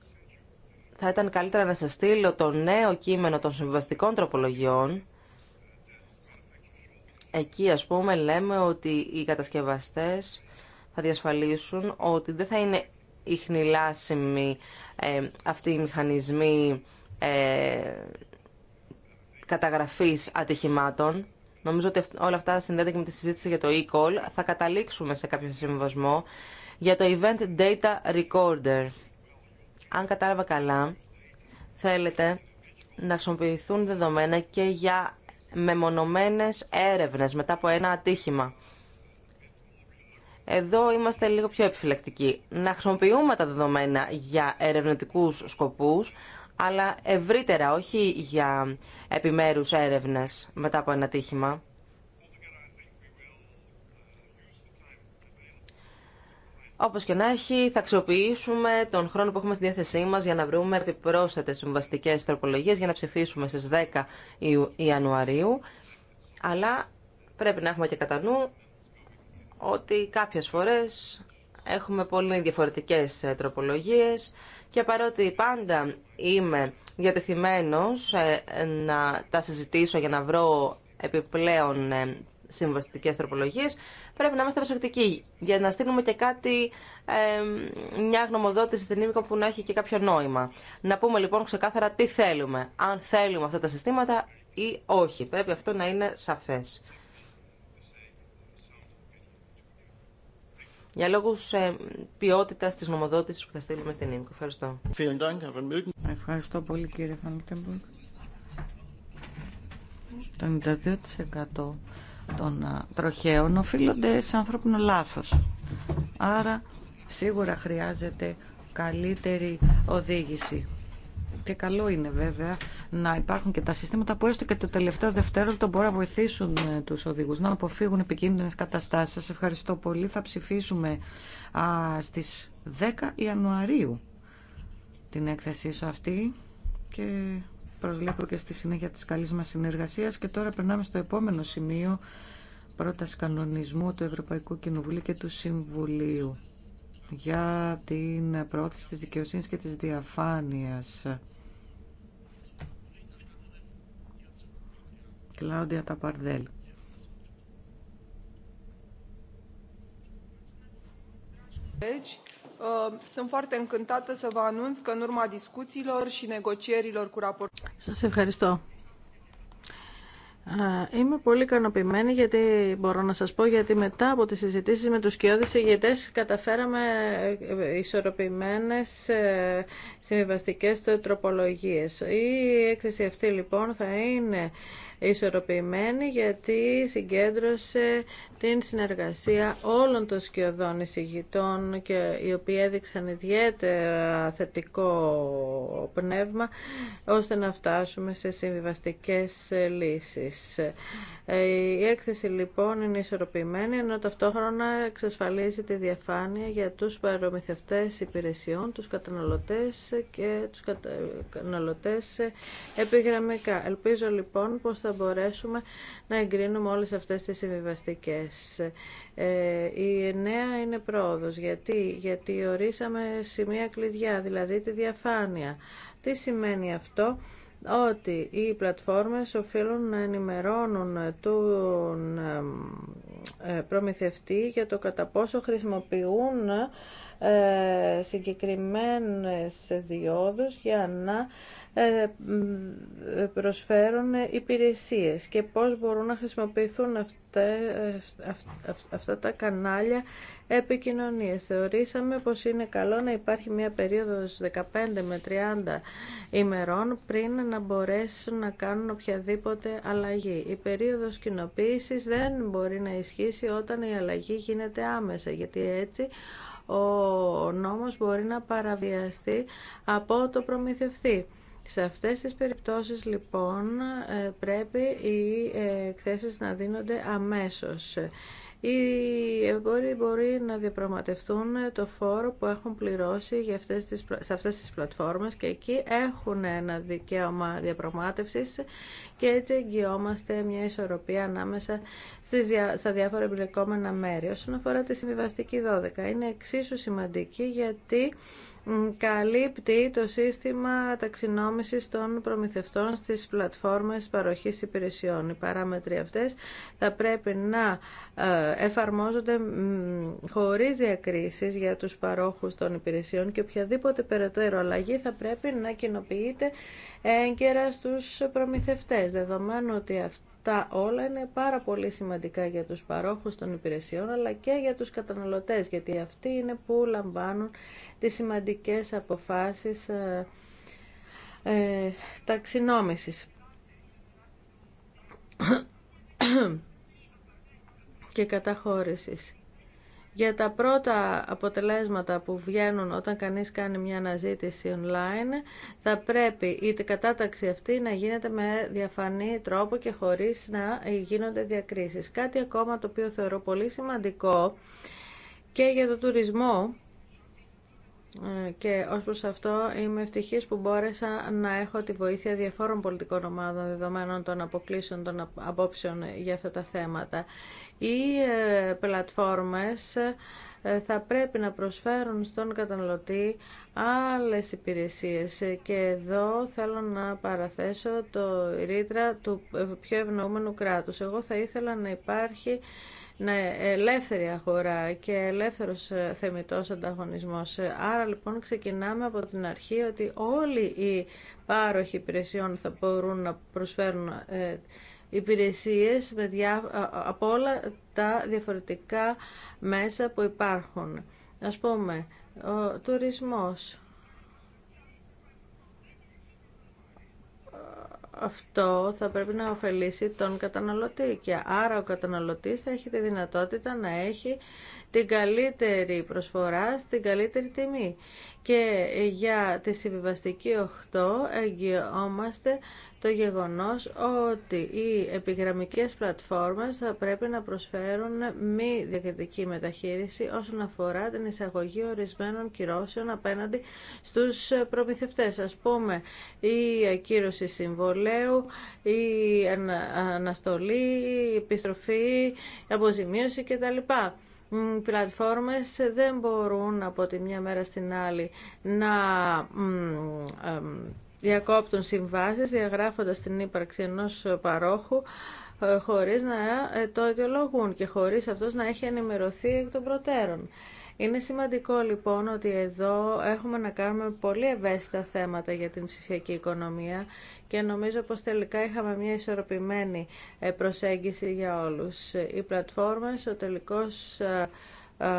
θα ήταν καλύτερα να σας στείλω το νέο κείμενο των συμβαστικών τροπολογιών. Εκεί, α πούμε, λέμε ότι οι κατασκευαστές θα διασφαλίσουν ότι δεν θα είναι ιχνηλάσιμοι αυτή ε, αυτοί οι μηχανισμοί ε, καταγραφής ατυχημάτων Νομίζω ότι όλα αυτά συνδέονται και με τη συζήτηση για το e-call. Θα καταλήξουμε σε κάποιο συμβασμό για το event data recorder. Αν κατάλαβα καλά, θέλετε να χρησιμοποιηθούν δεδομένα και για μεμονωμένες έρευνες μετά από ένα ατύχημα. Εδώ είμαστε λίγο πιο επιφυλακτικοί. Να χρησιμοποιούμε τα δεδομένα για ερευνητικούς σκοπούς, αλλά ευρύτερα, όχι για επιμέρους έρευνες μετά από ένα τύχημα. Όπως και να έχει, θα αξιοποιήσουμε τον χρόνο που έχουμε στη διάθεσή μας για να βρούμε επιπρόσθετες συμβαστικές τροπολογίες για να ψηφίσουμε στις 10 Ιανουαρίου. Αλλά πρέπει να έχουμε και κατά νου ότι κάποιες φορές Έχουμε πολύ διαφορετικές ε, τροπολογίες και παρότι πάντα είμαι διατεθειμένος ε, να τα συζητήσω για να βρω επιπλέον ε, συμβαστικές τροπολογίες, πρέπει να είμαστε προσεκτικοί για να στείλουμε και κάτι, μια γνωμοδότηση στην Ήμικο που να έχει και κάποιο νόημα. Να πούμε λοιπόν ξεκάθαρα τι θέλουμε, αν θέλουμε αυτά τα συστήματα ή όχι. Πρέπει αυτό να είναι σαφές. για λόγους ε, ποιότητα της νομοδότησης που θα στείλουμε στην ΕΜΚΟ. Ευχαριστώ. Ευχαριστώ πολύ κύριε Φανλούκεμπουργκ. Το 92% των τροχαίων οφείλονται σε ανθρώπινο λάθο. Άρα σίγουρα χρειάζεται καλύτερη οδήγηση. Και καλό είναι βέβαια να υπάρχουν και τα συστήματα που έστω και το τελευταίο δευτερόλεπτο μπορούν να βοηθήσουν ε, τους οδηγούς να αποφύγουν επικίνδυνες καταστάσεις. Σας ευχαριστώ πολύ. Θα ψηφίσουμε α, στις 10 Ιανουαρίου την έκθεσή σου αυτή και προσβλέπω και στη συνέχεια της καλής μας συνεργασίας και τώρα περνάμε στο επόμενο σημείο πρόταση κανονισμού του Ευρωπαϊκού Κοινοβουλίου και του Συμβουλίου για την πρόθεση της δικαιοσύνης και της διαφάνειας. Κλάουντια Ταπαρδέλ. Σας ευχαριστώ. Είμαι πολύ ικανοποιημένη γιατί μπορώ να σας πω γιατί μετά από τις συζητήσεις με τους σκιώδεις ηγετές καταφέραμε ε, ε, ισορροπημένες ε, συμβιβαστικές τροπολογίες. Η έκθεση αυτή λοιπόν θα είναι ισορροπημένη γιατί συγκέντρωσε την συνεργασία όλων των σκιωδών εισηγητών και οι οποίοι έδειξαν ιδιαίτερα θετικό πνεύμα ώστε να φτάσουμε σε συμβιβαστικές λύσεις. Ε, η έκθεση λοιπόν είναι ισορροπημένη, ενώ ταυτόχρονα εξασφαλίζει τη διαφάνεια για τους παρομηθευτές υπηρεσιών, τους καταναλωτές και τους καταναλωτές επιγραμμικά. Ελπίζω λοιπόν πως θα μπορέσουμε να εγκρίνουμε όλες αυτές τις συμβιβαστικέ. Ε, η νέα είναι πρόοδος. Γιατί? Γιατί ορίσαμε σημεία κλειδιά, δηλαδή τη διαφάνεια. Τι σημαίνει αυτό? ότι οι πλατφόρμες οφείλουν να ενημερώνουν τον ε, προμηθευτή για το κατά πόσο χρησιμοποιούν ε, συγκεκριμένες διόδους για να ε, προσφέρουν υπηρεσίες και πώς μπορούν να χρησιμοποιηθούν αυτά, ε, αυτά τα κανάλια επικοινωνίες. Θεωρήσαμε πως είναι καλό να χρησιμοποιηθουν αυτα τα καναλια επικοινωνιας θεωρησαμε πως ειναι καλο να υπαρχει μια περίοδος 15 με 30 ημερών πριν να μπορέσουν να κάνουν οποιαδήποτε αλλαγή. Η περίοδος κοινοποίησης δεν μπορεί να ισχύσει όταν η αλλαγή γίνεται άμεσα, γιατί έτσι ο νόμος μπορεί να παραβιαστεί από το προμηθευτή. Σε αυτές τις περιπτώσεις λοιπόν ε, πρέπει οι ε, εκθέσεις να δίνονται αμέσως. Οι εμπόροι μπορεί να διαπραγματευτούν το φόρο που έχουν πληρώσει για αυτές τις, σε αυτές τις πλατφόρμες και εκεί έχουν ένα δικαίωμα διαπραγμάτευσης και έτσι εγγυόμαστε μια ισορροπία ανάμεσα στις, στα διάφορα εμπλεκόμενα μέρη. Όσον αφορά τη συμβιβαστική 12, είναι εξίσου σημαντική γιατί καλύπτει το σύστημα ταξινόμησης των προμηθευτών στις πλατφόρμες παροχής υπηρεσιών. Οι παράμετροι αυτές θα πρέπει να ε, εφαρμόζονται χωρίς διακρίσεις για τους παρόχους των υπηρεσιών και οποιαδήποτε περαιτέρω αλλαγή θα πρέπει να κοινοποιείται έγκαιρα στους προμηθευτές, δεδομένου ότι αυτό τα όλα είναι πάρα πολύ σημαντικά για τους παρόχους των υπηρεσιών αλλά και για τους καταναλωτές γιατί αυτοί είναι που λαμβάνουν τις σημαντικές αποφάσεις ε, ε ταξινόμησης. και καταχώρησης. Για τα πρώτα αποτελέσματα που βγαίνουν όταν κανείς κάνει μια αναζήτηση online, θα πρέπει η κατάταξη αυτή να γίνεται με διαφανή τρόπο και χωρίς να γίνονται διακρίσεις. Κάτι ακόμα το οποίο θεωρώ πολύ σημαντικό και για το τουρισμό, ε, και ως προς αυτό είμαι ευτυχής που μπόρεσα να έχω τη βοήθεια διαφόρων πολιτικών ομάδων δεδομένων των αποκλήσεων των απόψεων για αυτά τα θέματα. Οι ε, πλατφόρμες ε, θα πρέπει να προσφέρουν στον καταναλωτή άλλες υπηρεσίες και εδώ θέλω να παραθέσω το ρήτρα του πιο ευνοούμενου κράτους. Εγώ θα ήθελα να υπάρχει να ελεύθερη αγορά και ελεύθερος ε, θεμητός ανταγωνισμός. Ε, άρα λοιπόν ξεκινάμε από την αρχή ότι όλοι οι πάροχοι υπηρεσιών θα μπορούν να προσφέρουν ε, υπηρεσίες με διά... από όλα τα διαφορετικά μέσα που υπάρχουν. Ας πούμε, ο τουρισμός αυτό θα πρέπει να ωφελήσει τον καταναλωτή και άρα ο καταναλωτής θα έχει τη δυνατότητα να έχει την καλύτερη προσφορά στην καλύτερη τιμή. Και για τη συμβιβαστική 8 εγγυόμαστε το γεγονός ότι οι επιγραμμικές πλατφόρμες θα πρέπει να προσφέρουν μη διακριτική μεταχείριση όσον αφορά την εισαγωγή ορισμένων κυρώσεων απέναντι στους προμηθευτές. Ας πούμε, η ακύρωση συμβολέου, η αναστολή, η επιστροφή, η αποζημίωση κτλ. Οι πλατφόρμες δεν μπορούν από τη μια μέρα στην άλλη να διακόπτουν συμβάσεις διαγράφοντας την ύπαρξη ενός παρόχου ε, χωρίς να ε, το αιτιολογούν και χωρίς αυτός να έχει ενημερωθεί εκ των προτέρων. Είναι σημαντικό λοιπόν ότι εδώ έχουμε να κάνουμε πολύ ευαίσθητα θέματα για την ψηφιακή οικονομία και νομίζω πως τελικά είχαμε μια ισορροπημένη ε, προσέγγιση για όλους. Οι πλατφόρμες, ο ε, ε,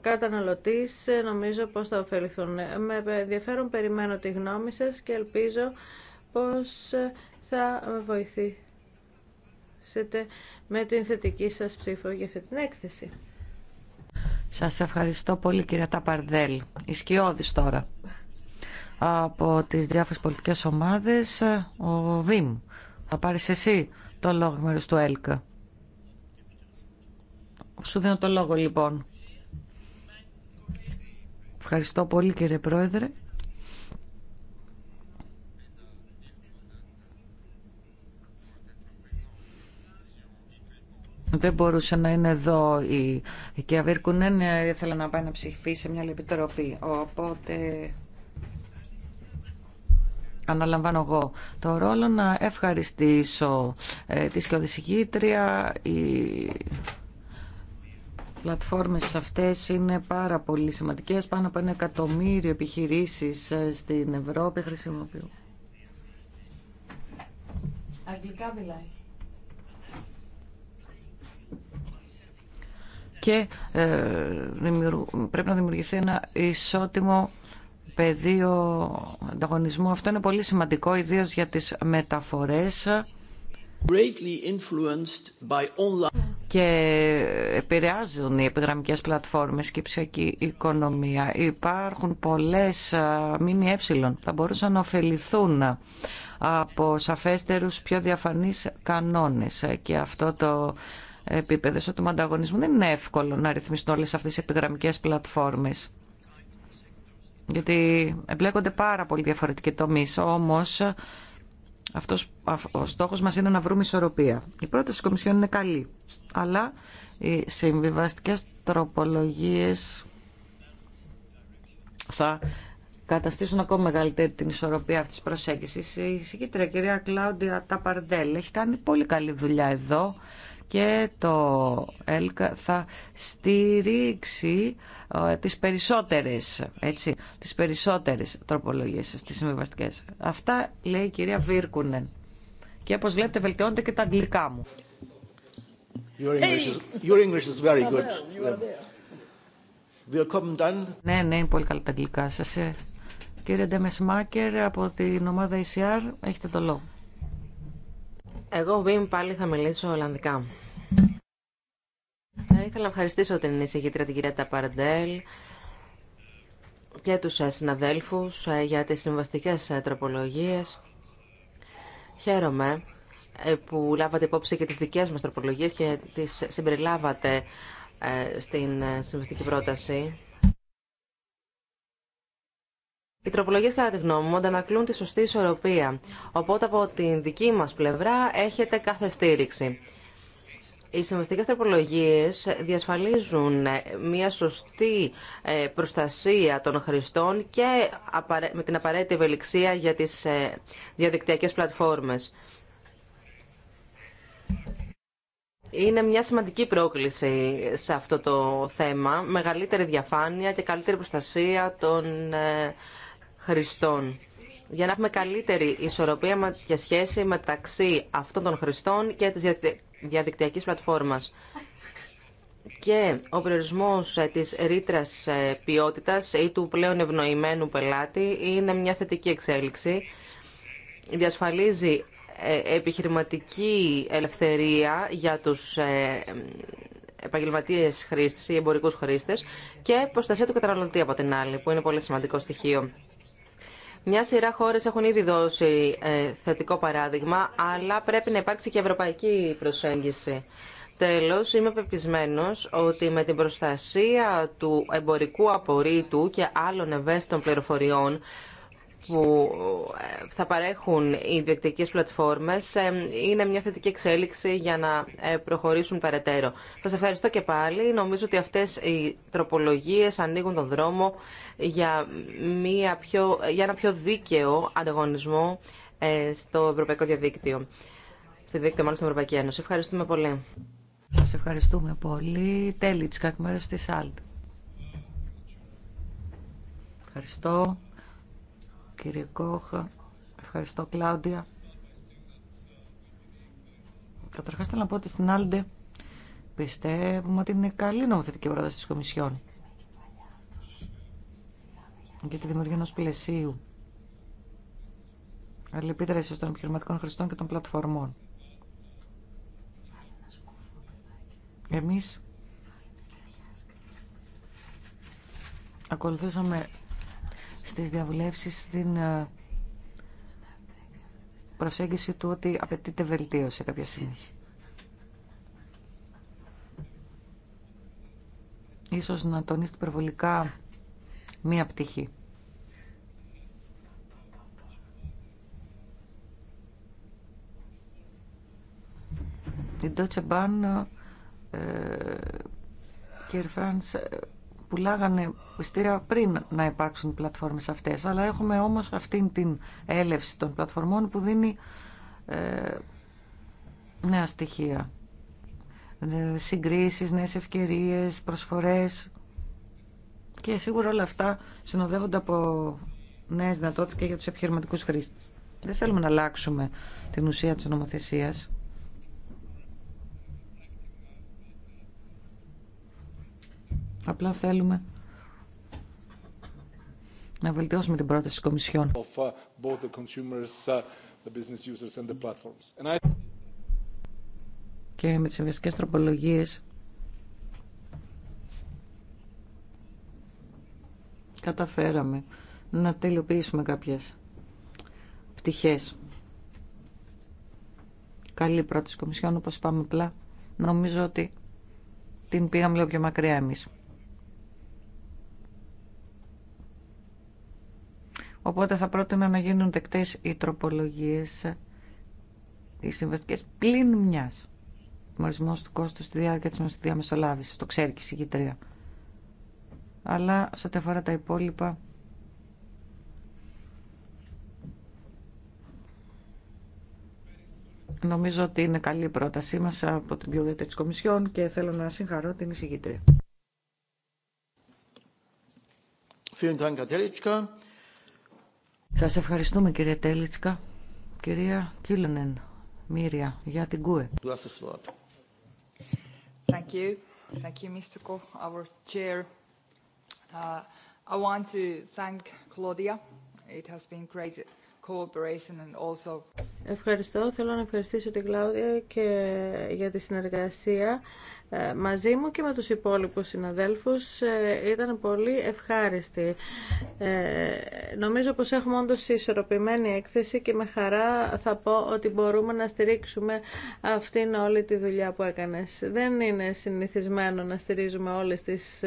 καταναλωτής ε, νομίζω πως θα ωφεληθούν. Με ενδιαφέρον περιμένω τη γνώμη σας και ελπίζω πως θα βοηθήσετε με την θετική σας ψήφο για αυτή την έκθεση. Σας ευχαριστώ πολύ κυρία Ταπαρδέλ. Ισκιώδης τώρα. Από τις διάφορες πολιτικές ομάδες, ο Βίμ. Θα πάρεις εσύ το λόγο μέρος του ΕΛΚΑ. Σου δίνω το λόγο λοιπόν. Ευχαριστώ πολύ κύριε Πρόεδρε. Δεν μπορούσε να είναι εδώ η, η να πάει να ψηφίσει σε μια επιτροπή. Οπότε αναλαμβάνω εγώ το ρόλο να ευχαριστήσω ε, τη σκιοδησηγήτρια η πλατφόρμες αυτές είναι πάρα πολύ σημαντικές. Πάνω από ένα εκατομμύριο επιχειρήσεις ε, στην Ευρώπη χρησιμοποιούν. Και ε, πρέπει να δημιουργηθεί ένα ισότιμο πεδίο ανταγωνισμού. Αυτό είναι πολύ σημαντικό, ιδίως για τις μεταφορές. By online και επηρεάζουν οι επιγραμμικές πλατφόρμες και η ψηφιακή οικονομία. Υπάρχουν πολλές ΜΜΕ που θα μπορούσαν να ωφεληθούν από σαφέστερους πιο διαφανείς κανόνες και αυτό το επίπεδο του ανταγωνισμού δεν είναι εύκολο να ρυθμιστούν όλες αυτές οι επιγραμμικές πλατφόρμες γιατί εμπλέκονται πάρα πολύ διαφορετικοί τομείς όμως αυτός, ο στόχος μας είναι να βρούμε ισορροπία. Η πρόταση της Κομισιόν είναι καλή, αλλά οι συμβιβαστικές τροπολογίες θα καταστήσουν ακόμα μεγαλύτερη την ισορροπία αυτής της προσέγγισης. Η συγκίτρια κυρία Κλάουντια Ταπαρδέλ έχει κάνει πολύ καλή δουλειά εδώ και το ΕΛΚΑ θα στηρίξει ε, τις περισσότερες, έτσι, τις περισσότερες τροπολογίες στις συμβιβαστικές. Αυτά λέει η κυρία Βίρκουνεν. Και όπως βλέπετε βελτιώνεται και τα αγγλικά μου. Your English is, very good. Ναι, ναι, είναι πολύ καλά τα αγγλικά σας. Ε. Κύριε Ντεμεσμάκερ από την ομάδα ECR, έχετε το λόγο. Εγώ, Βίμ, πάλι θα μιλήσω Ολλανδικά. Θα ήθελα να ευχαριστήσω την εισηγήτρια την κυρία Ταπαρντέλ και τους ε, συναδέλφου ε, για τις συμβαστικέ ε, τροπολογίες. Χαίρομαι που λάβατε υπόψη και τις δικές μας τροπολογίες και τις συμπεριλάβατε στην συμβαστική πρόταση. Οι τροπολογίε, κατά τη γνώμη μου, αντανακλούν τη σωστή ισορροπία. Οπότε από την δική μα πλευρά έχετε κάθε στήριξη. Οι συμβαστικές τροπολογίες διασφαλίζουν μια σωστή ε, προστασία των χρηστών και με την απαραίτητη ευελιξία για τις ε, διαδικτυακές πλατφόρμες. Είναι μια σημαντική πρόκληση σε αυτό το θέμα. Μεγαλύτερη διαφάνεια και καλύτερη προστασία των ε, χρηστών. Για να έχουμε καλύτερη ισορροπία και σχέση μεταξύ αυτών των χρηστών και της διαδικτυακής πλατφόρμας. Και ο περιορισμός ε, της ρήτρα ε, ποιότητας ή του πλέον ευνοημένου πελάτη είναι μια θετική εξέλιξη. Διασφαλίζει ε, επιχειρηματική ελευθερία για τους επαγγελματίες χρήστες ή εμπορικούς χρήστες και προστασία του καταναλωτή από την άλλη, που είναι πολύ σημαντικό στοιχείο. Μια σειρά χώρε έχουν ήδη δώσει ε, θετικό παράδειγμα, αλλά πρέπει να υπάρξει και ευρωπαϊκή προσέγγιση. Τέλος, είμαι πεπισμένο ότι με την προστασία του εμπορικού απορρίτου και άλλων ευαίσθητων πληροφοριών που ε, θα παρέχουν οι διεκτικές πλατφόρμες ε, είναι μια θετική εξέλιξη για να ε, προχωρήσουν περαιτέρω. Σας ευχαριστώ και πάλι. Νομίζω ότι αυτές οι τροπολογίες ανοίγουν τον δρόμο για, μια πιο, για ένα πιο δίκαιο ανταγωνισμό στο Ευρωπαϊκό Διαδίκτυο. Στο μάλλον στην Ευρωπαϊκή Ένωση. Ευχαριστούμε πολύ. Σας ευχαριστούμε πολύ. Τέλη της της ΑΛΤ. Ευχαριστώ κύριε Κόχα. Ευχαριστώ, Κλάουντια. Καταρχάς, θέλω να πω ότι στην Άλντε πιστεύουμε ότι είναι καλή νομοθετική πρόταση της Κομισιόν για τη δημιουργία ενός πλαισίου αλληλεπίδρασης των επιχειρηματικών χρηστών και των πλατφορμών. Εμείς ακολουθήσαμε στις διαβουλεύσεις στην ε, προσέγγιση του ότι απαιτείται βελτίωση σε κάποια στιγμή. Ίσως να τονίσει υπερβολικά μία πτυχή. Η Deutsche Bahn ε, κύριε ε, πουλάγανε πιστήρια πριν να υπάρξουν πλατφόρμες αυτές. Αλλά έχουμε όμως αυτήν την έλευση των πλατφορμών που δίνει ε, νέα στοιχεία. Ε, συγκρίσεις, νέες ευκαιρίες, προσφορές. Και σίγουρα όλα αυτά συνοδεύονται από νέες δυνατότητες και για τους επιχειρηματικούς χρήστες. Δεν θέλουμε να αλλάξουμε την ουσία της νομοθεσίας. Απλά θέλουμε να βελτιώσουμε την πρόταση της Κομισιόν. Και με τις ευαισθητικές τροπολογίες καταφέραμε να τελειοποιήσουμε κάποιες πτυχές. Καλή πρόταση Κομισιόν, όπως είπαμε απλά. Νομίζω ότι την πήγαμε λίγο πιο μακριά εμείς. Οπότε θα πρότεινα να γίνουν δεκτές οι τροπολογίες, οι συμβαστικέ πλην μια μορισμό του κόστου στη διάρκεια της διαμεσολάβησης, το ξέρει και η συγκητρία. Αλλά σε ό,τι αφορά τα υπόλοιπα, Νομίζω ότι είναι καλή η πρότασή μας από την ποιότητα της Κομισιόν και θέλω να συγχαρώ την εισηγήτρια. Σας ευχαριστούμε κύριε Τέλιτσκα. Κυρία Κίλενεν, Μύρια, για την ΚΟΕ. Thank you. Thank you, Mr. Koch, our chair. Uh, I want to thank Claudia. It has been great cooperation and also... Ευχαριστώ. Θέλω να ευχαριστήσω την Κλάουδια και για τη συνεργασία ε, μαζί μου και με τους υπόλοιπους συναδέλφους. Ε, ήταν πολύ ευχάριστη. Ε, νομίζω πως έχουμε όντως ισορροπημένη έκθεση και με χαρά θα πω ότι μπορούμε να στηρίξουμε αυτήν όλη τη δουλειά που έκανες. Δεν είναι συνηθισμένο να στηρίζουμε όλες τις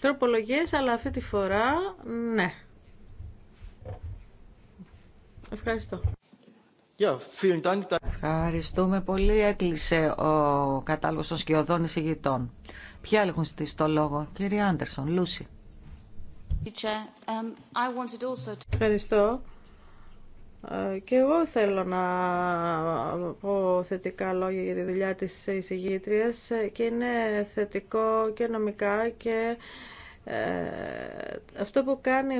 τροπολογίες, αλλά αυτή τη φορά ναι. Ευχαριστώ. Ευχαριστούμε πολύ. Έκλεισε ο κατάλογος των σκιωδών εισηγητών. Ποια άλλη έχουν στήσει το λόγο. Κύριε Άντερσον, Λούση. Um, Ευχαριστώ. Ε, και εγώ θέλω να πω θετικά λόγια για τη δουλειά της εισηγήτριας ε, και είναι θετικό και νομικά και ε, αυτό που κάνει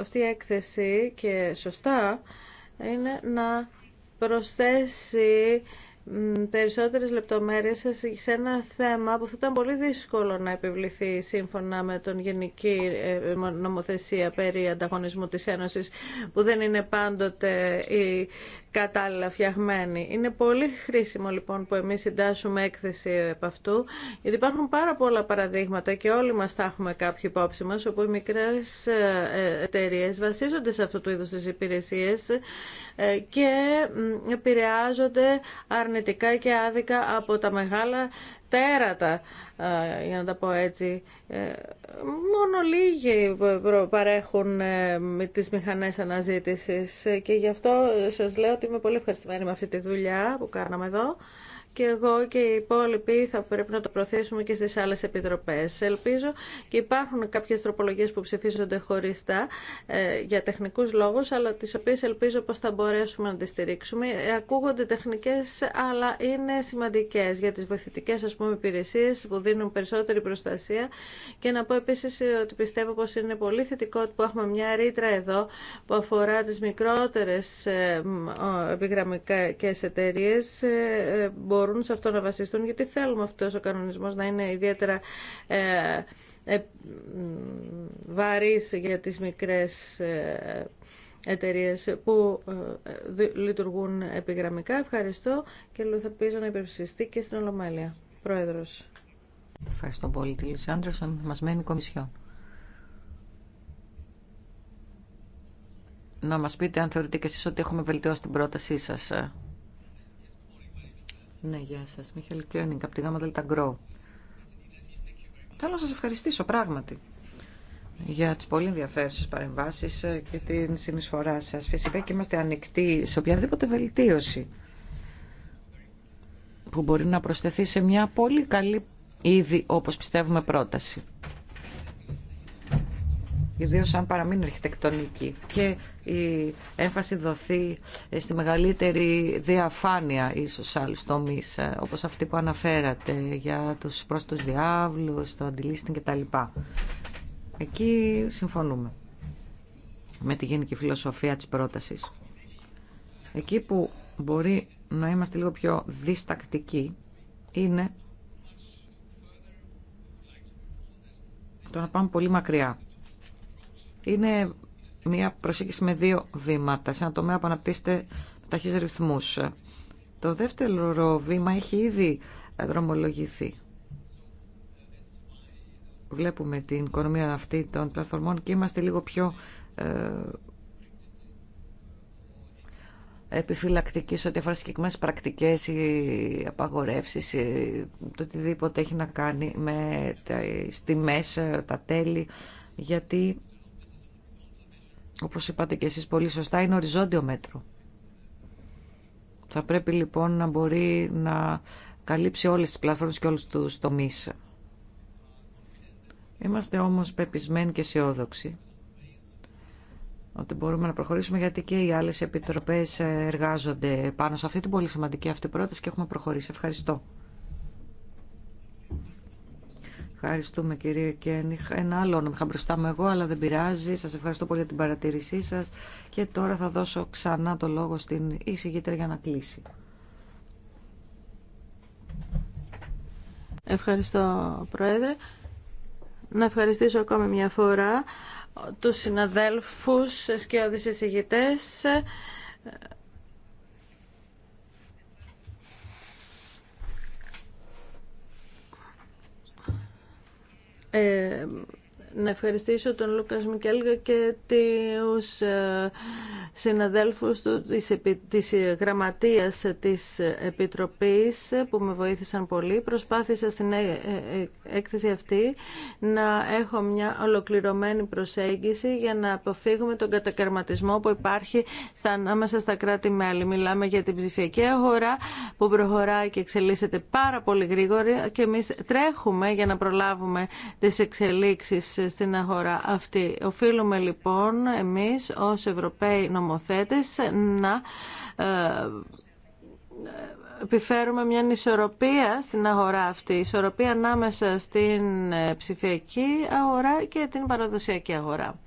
αυτή η έκθεση και σωστά είναι να προσθέσει περισσότερες λεπτομέρειες σε ένα θέμα που θα ήταν πολύ δύσκολο να επιβληθεί σύμφωνα με τον γενική ε, νομοθεσία περί ανταγωνισμού της Ένωσης που δεν είναι πάντοτε η κατάλληλα φτιαγμένη. Είναι πολύ χρήσιμο λοιπόν που εμείς συντάσσουμε έκθεση από αυτού, γιατί υπάρχουν πάρα πολλά παραδείγματα και όλοι μας θα έχουμε κάποιοι υπόψη μας, όπου οι μικρές ε, εταιρείε βασίζονται σε αυτού του είδους τις υπηρεσίες ε, και επηρεάζονται αρνητικά και άδικα από τα μεγάλα τέρατα, για να τα πω έτσι. Ε, μόνο λίγοι παρέχουν ε, τις μηχανές αναζήτησης ε, και γι' αυτό σας λέω ότι είμαι πολύ ευχαριστημένη με αυτή τη δουλειά που κάναμε εδώ και εγώ και οι υπόλοιποι θα πρέπει να το προθέσουμε και στις άλλες επιτροπές. Ελπίζω και υπάρχουν κάποιες τροπολογίες που ψηφίζονται χωριστά ε, για τεχνικούς λόγους, αλλά τις οποίες ελπίζω πως θα μπορέσουμε να τις στηρίξουμε. Ε, ακούγονται τεχνικές, αλλά είναι σημαντικές για τις βοηθητικές ας πούμε, υπηρεσίες που δίνουν περισσότερη προστασία. Και να πω επίσης ότι πιστεύω πως είναι πολύ θετικό που έχουμε μια ρήτρα εδώ που αφορά τις μικρότερες ε, επιγραμμικές εταιρείε μπορούν σε αυτό να βασιστούν, γιατί θέλουμε αυτός ο κανονισμός να είναι ιδιαίτερα ε, ε, για τις μικρές ε, εταιρείε που ε, λειτουργούν επιγραμμικά. Ευχαριστώ και θα ελπίζω να υπερψηφιστεί και στην Ολομέλεια. Πρόεδρος. Ευχαριστώ πολύ τη Σάντρεσον Μας μένει η Κομισιόν. Να μας πείτε αν θεωρείτε και εσείς ότι έχουμε βελτιώσει την πρότασή σας. Ε. Ναι, γεια σας. Μιχαήλ Κιόνιγκ από τη Γάμα Δελτα Γκρό. Θέλω να σας ευχαριστήσω πράγματι για τις πολύ ενδιαφέρουσες παρεμβάσεις ε, και την συνεισφορά σας. Φυσικά και είμαστε ανοιχτοί σε οποιαδήποτε βελτίωση που μπορεί να προσθεθεί σε μια πολύ καλή ήδη, όπως πιστεύουμε, πρόταση ιδίως αν παραμείνει αρχιτεκτονική και η έμφαση δοθεί ε, στη μεγαλύτερη διαφάνεια ίσως σε άλλους τομείς, ε, όπως αυτή που αναφέρατε για τους πρόστους διάβλους, το αντιλίστην κτλ. Εκεί συμφωνούμε με τη γενική φιλοσοφία της πρότασης. Εκεί που μπορεί να είμαστε λίγο πιο διστακτικοί είναι το να πάμε πολύ μακριά είναι μια προσέγγιση με δύο βήματα, σε ένα τομέα που αναπτύσσεται με ταχύς Το δεύτερο βήμα έχει ήδη δρομολογηθεί. Βλέπουμε την οικονομία αυτή των πλατφορμών και είμαστε λίγο πιο ε, επιφυλακτικοί σε ό,τι αφορά συγκεκριμένε πρακτικέ ή απαγορεύσει ή το οτιδήποτε έχει να κάνει με τι τιμέ, ε, τα τέλη, γιατί όπως είπατε και εσείς πολύ σωστά, είναι οριζόντιο μέτρο. Θα πρέπει λοιπόν να μπορεί να καλύψει όλες τις πλατφόρμες και όλους τους τομείς. Είμαστε όμως πεπισμένοι και αισιόδοξοι ότι μπορούμε να προχωρήσουμε γιατί και οι άλλες επιτροπές εργάζονται πάνω σε αυτή την πολύ σημαντική αυτή πρόταση και έχουμε προχωρήσει. Ευχαριστώ. Ευχαριστούμε κύριε Κένιχ. Ένα άλλο όνομα είχα μπροστά μου εγώ, αλλά δεν πειράζει. Σας ευχαριστώ πολύ για την παρατήρησή σας. Και τώρα θα δώσω ξανά το λόγο στην εισηγήτρια για να κλείσει. Ευχαριστώ Πρόεδρε. Να ευχαριστήσω ακόμη μια φορά τους συναδέλφους, σκιώδεις εισηγητές, ε, να ευχαριστήσω τον Λούκας Μικέλγα και τους ε, συναδέλφους του, της, της γραμματείας της Επιτροπής που με βοήθησαν πολύ. Προσπάθησα στην ε, ε, έκθεση αυτή να έχω μια ολοκληρωμένη προσέγγιση για να αποφύγουμε τον κατακαρματισμό που υπάρχει στα, ανάμεσα στα κράτη-μέλη. Μιλάμε για την ψηφιακή αγορά που προχωράει και εξελίσσεται πάρα πολύ γρήγορα και εμείς τρέχουμε για να προλάβουμε τις εξελίξεις στην αγορά αυτή. Οφείλουμε λοιπόν εμείς ως Ευρωπαίοι νομοθέτες να ε, επιφέρουμε μια ισορροπία στην αγορά αυτή, ισορροπία ανάμεσα στην ε, ψηφιακή αγορά και την παραδοσιακή αγορά.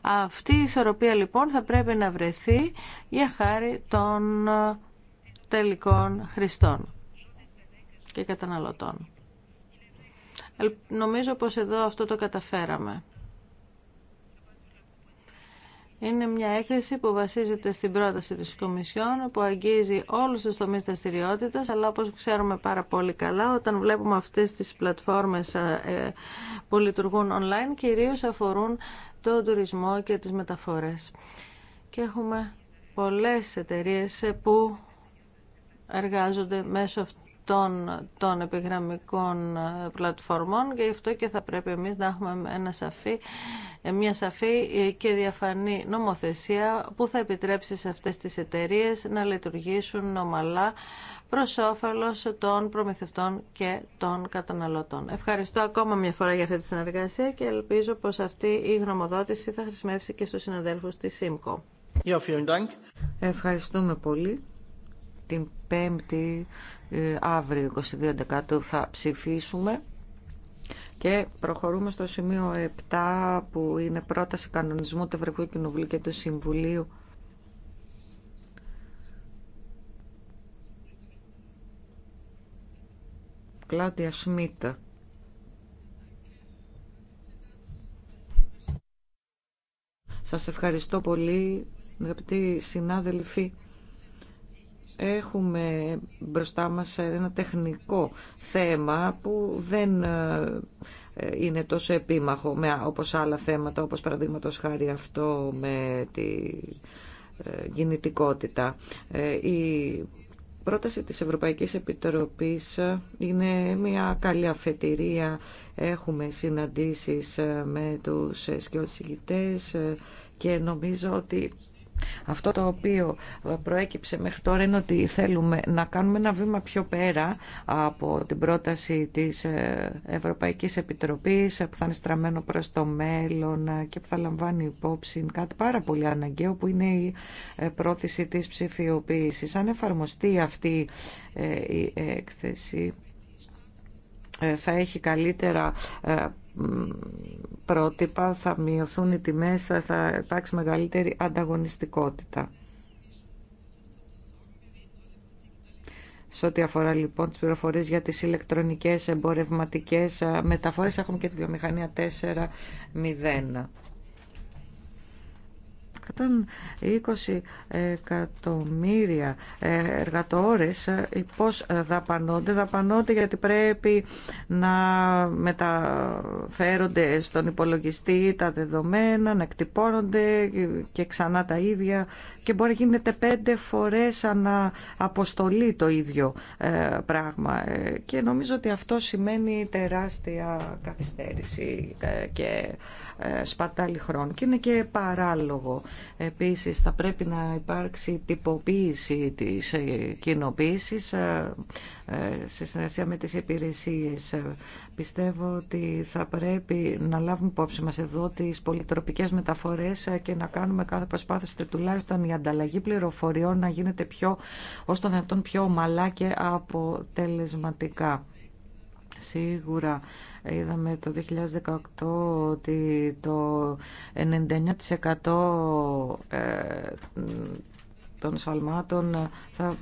Αυτή η ισορροπία λοιπόν θα πρέπει να βρεθεί για χάρη των ε, τελικών χρηστών και καταναλωτών. Νομίζω πως εδώ αυτό το καταφέραμε. Είναι μια έκθεση που βασίζεται στην πρόταση της Κομισιόν, που αγγίζει όλους τους τομείς δραστηριότητα, αλλά όπως ξέρουμε πάρα πολύ καλά, όταν βλέπουμε αυτές τις πλατφόρμες ε, ε, που λειτουργούν online, κυρίως αφορούν τον τουρισμό και τις μεταφορές. Και έχουμε πολλές εταιρείες που εργάζονται μέσω των επιγραμμικών ε, πλατφορμών και γι' αυτό και θα πρέπει εμείς να έχουμε σαφή, ε, μια σαφή ε, και διαφανή νομοθεσία που θα επιτρέψει σε αυτές τις εταιρείες να λειτουργήσουν ομαλά προς όφελος των προμηθευτών και των καταναλωτών. Ευχαριστώ ακόμα μια φορά για αυτή τη συνεργασία και ελπίζω πως αυτή η γνωμοδότηση θα χρησιμεύσει και στους συναδέλφους της ΣΥΜΚΟ. Ευχαριστούμε πολύ την Πέμπτη ε, αύριο 22 θα ψηφίσουμε και προχωρούμε στο σημείο 7 που είναι πρόταση κανονισμού του Ευρωπαϊκού Κοινοβουλίου και του Συμβουλίου Κλάντια Σμίτα Σας ευχαριστώ πολύ αγαπητοί συνάδελφοι έχουμε μπροστά μας ένα τεχνικό θέμα που δεν ε, είναι τόσο επίμαχο με, όπως άλλα θέματα, όπως παραδείγματο χάρη αυτό με τη κινητικότητα. Ε, ε, η πρόταση της Ευρωπαϊκής Επιτροπής είναι μια καλή αφετηρία. Έχουμε συναντήσεις με τους σκιοδησηγητές και νομίζω ότι αυτό το οποίο ε, προέκυψε μέχρι τώρα είναι ότι θέλουμε να κάνουμε ένα βήμα πιο πέρα από την πρόταση της ε, Ευρωπαϊκής Επιτροπής ε, που θα είναι στραμμένο προς το μέλλον και που θα λαμβάνει υπόψη κάτι πάρα πολύ αναγκαίο που είναι η πρόθεση της ψηφιοποίησης. Αν εφαρμοστεί αυτή η έκθεση ε, θα έχει καλύτερα ε, πρότυπα, θα μειωθούν οι τιμές, θα υπάρξει μεγαλύτερη ανταγωνιστικότητα. Σε ό,τι αφορά λοιπόν τις πληροφορίες για τις ηλεκτρονικές εμπορευματικές ε, μεταφορές, έχουμε και τη βιομηχανία 4.0. 20 εκατομμύρια ε, εργατόρες ε, πώς ε, δαπανώνται. Δαπανώνται γιατί πρέπει να μεταφέρονται στον υπολογιστή τα δεδομένα, να εκτυπώνονται και ξανά τα ίδια και μπορεί να γίνεται πέντε φορές ανα αποστολή το ίδιο πράγμα. Και νομίζω ότι αυτό σημαίνει τεράστια καθυστέρηση και σπατάλη χρόνου και είναι και παράλογο Επίσης θα πρέπει να υπάρξει τυποποίηση της ε, κοινοποίηση ε, ε, σε συνεργασία με τις υπηρεσίες. Πιστεύω ότι θα πρέπει να λάβουμε υπόψη μας εδώ τις πολυτροπικές μεταφορές και να κάνουμε κάθε προσπάθεια ώστε τουλάχιστον η ανταλλαγή πληροφοριών να γίνεται πιο, ως το δυνατόν πιο ομαλά και αποτελεσματικά. Σίγουρα είδαμε το 2018 ότι το 99% ε, των σφαλμάτων θα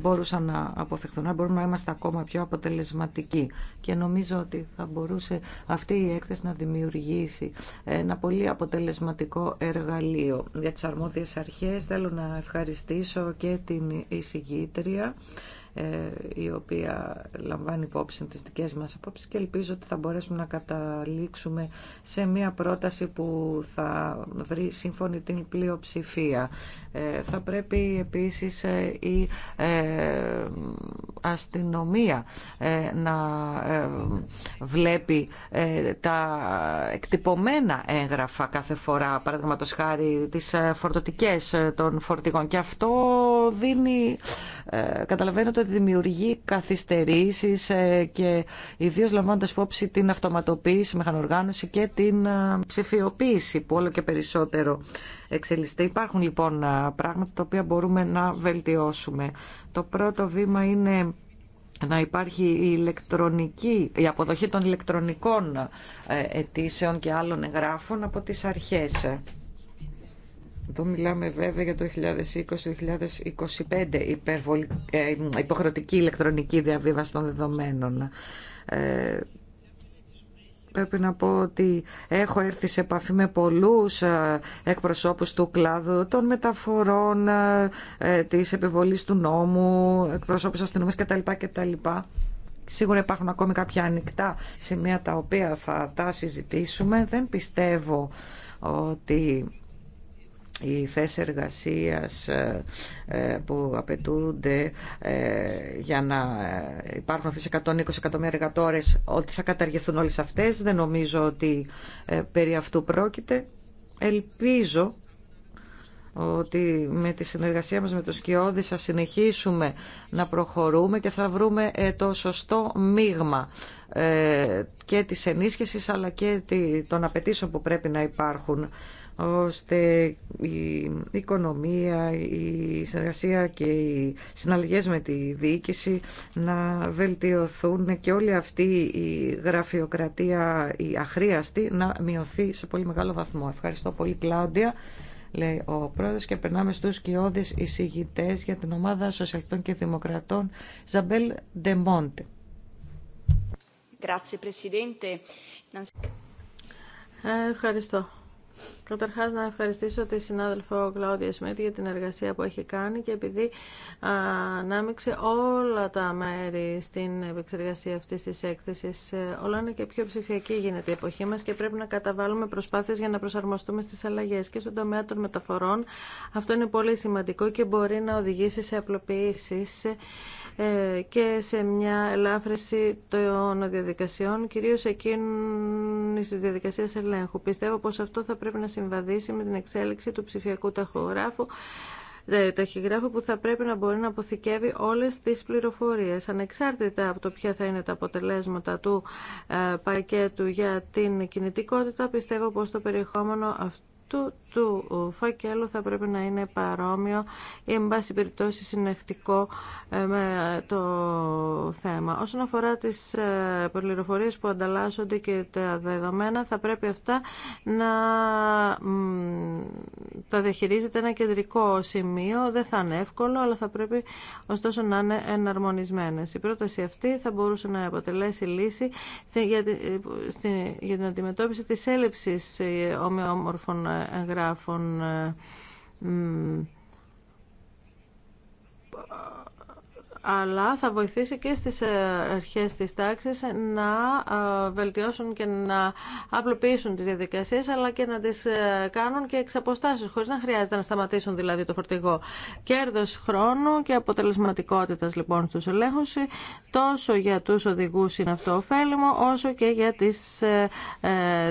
μπορούσαν να αποφευχθούν, αν μπορούμε να είμαστε ακόμα πιο αποτελεσματικοί. Και νομίζω ότι θα μπορούσε αυτή η έκθεση να δημιουργήσει ένα πολύ αποτελεσματικό εργαλείο. Για τις αρμόδιες αρχές θέλω να ευχαριστήσω και την εισηγήτρια ε, η οποία λαμβάνει υπόψη τις δικές μας απόψεις και ελπίζω ότι θα μπορέσουμε να καταλήξουμε σε μια πρόταση που θα βρει σύμφωνη την πλειοψηφία. Ε, θα πρέπει επίσης ε, η ε, αστυνομία να βλέπει τα εκτυπωμένα έγγραφα κάθε φορά, παραδείγματος χάρη τις φορτωτικές των φορτηγών και αυτό δίνει, καταλαβαίνετε ότι δημιουργεί καθυστερήσεις και ιδίως λαμβάνοντας υπόψη την αυτοματοποίηση, μηχανοργάνωση και την ψηφιοποίηση που όλο και περισσότερο εξελιστεί. Υπάρχουν λοιπόν πράγματα τα οποία μπορούμε να βελτιώσουμε. Το πρώτο βήμα είναι να υπάρχει η, ηλεκτρονική, η αποδοχή των ηλεκτρονικών ε, αιτήσεων και άλλων εγγράφων από τις αρχές. Εδώ μιλάμε βέβαια για το 2020-2025 ε, ε, υποχρεωτική ηλεκτρονική διαβίβαση των δεδομένων. Πρέπει να πω ότι έχω έρθει σε επαφή με πολλούς ε, εκπροσώπους του κλάδου των μεταφορών, ε, ε, της επιβολής του νόμου, εκπροσώπους αστυνομίας κτλ. κτλ. Σίγουρα υπάρχουν ακόμη κάποια ανοιχτά σημεία τα οποία θα τα συζητήσουμε. Δεν πιστεύω ότι οι θέσει εργασίας ε, ε, που απαιτούνται ε, για να υπάρχουν αυτές 120 εκατομμύρια εργατόρες ότι θα καταργηθούν όλες αυτές δεν νομίζω ότι περί αυτού πρόκειται ελπίζω ότι με τη συνεργασία μας με το Σκιώδη θα συνεχίσουμε να προχωρούμε και θα βρούμε το σωστό μείγμα και της ενίσχυσης αλλά και των απαιτήσεων που πρέπει να υπάρχουν ώστε η οικονομία, η συνεργασία και οι συναλλαγές με τη διοίκηση να βελτιωθούν και όλη αυτή η γραφειοκρατία, η αχρίαστη, να μειωθεί σε πολύ μεγάλο βαθμό. Ευχαριστώ πολύ, Κλάουντια λέει ο πρόεδρο, και περνάμε στου κοιόδε εισηγητέ για την ομάδα Σοσιαλιστών και Δημοκρατών, Ζαμπέλ Ντεμόντε. Ε, ευχαριστώ. Καταρχάς να ευχαριστήσω τη συνάδελφο Κλάουδια Σμίτ για την εργασία που έχει κάνει και επειδή ανάμειξε όλα τα μέρη στην επεξεργασία αυτής της έκθεσης. Ε, όλα είναι και πιο ψηφιακή γίνεται η εποχή μας και πρέπει να καταβάλουμε προσπάθειες για να προσαρμοστούμε στις αλλαγές και στον τομέα των μεταφορών. Αυτό είναι πολύ σημαντικό και μπορεί να οδηγήσει σε απλοποιήσεις ε, και σε μια ελάφρυνση των διαδικασιών, κυρίως εκείνης της διαδικασίας ελέγχου. Πιστεύω πως αυτό θα πρέπει να συμβαδίσει με την εξέλιξη του ψηφιακού ταχογράφου ε, ταχυγράφου που θα πρέπει να μπορεί να αποθηκεύει όλες τις πληροφορίες ανεξάρτητα από το ποια θα είναι τα αποτελέσματα του ε, πακέτου για την κινητικότητα πιστεύω πως το περιεχόμενο αυτού του φακέλου θα πρέπει να είναι παρόμοιο ή εν πάση περιπτώσει συνεχτικό ε, με το θέμα. Όσον αφορά τις ε, πληροφορίες που ανταλλάσσονται και τα δεδομένα θα πρέπει αυτά να τα διαχειρίζεται ένα κεντρικό σημείο. Δεν θα είναι εύκολο αλλά θα πρέπει ωστόσο να είναι εναρμονισμένες. Η πρόταση αυτή θα μπορούσε να αποτελέσει λύση για την αντιμετώπιση της έλλειψης ε, ομοιόμορφων εγγράφων εγγράφων ε, αλλά θα βοηθήσει και στις ε, αρχές της τάξης να ε, βελτιώσουν και να απλοποιήσουν τις διαδικασίες, αλλά και να τις ε, κάνουν και εξ αποστάσεως, χωρίς να χρειάζεται να σταματήσουν δηλαδή το φορτηγό. Κέρδος χρόνου και αποτελεσματικότητας λοιπόν στους ελέγχους, τόσο για τους οδηγούς είναι αυτό ωφέλιμο, όσο και για τις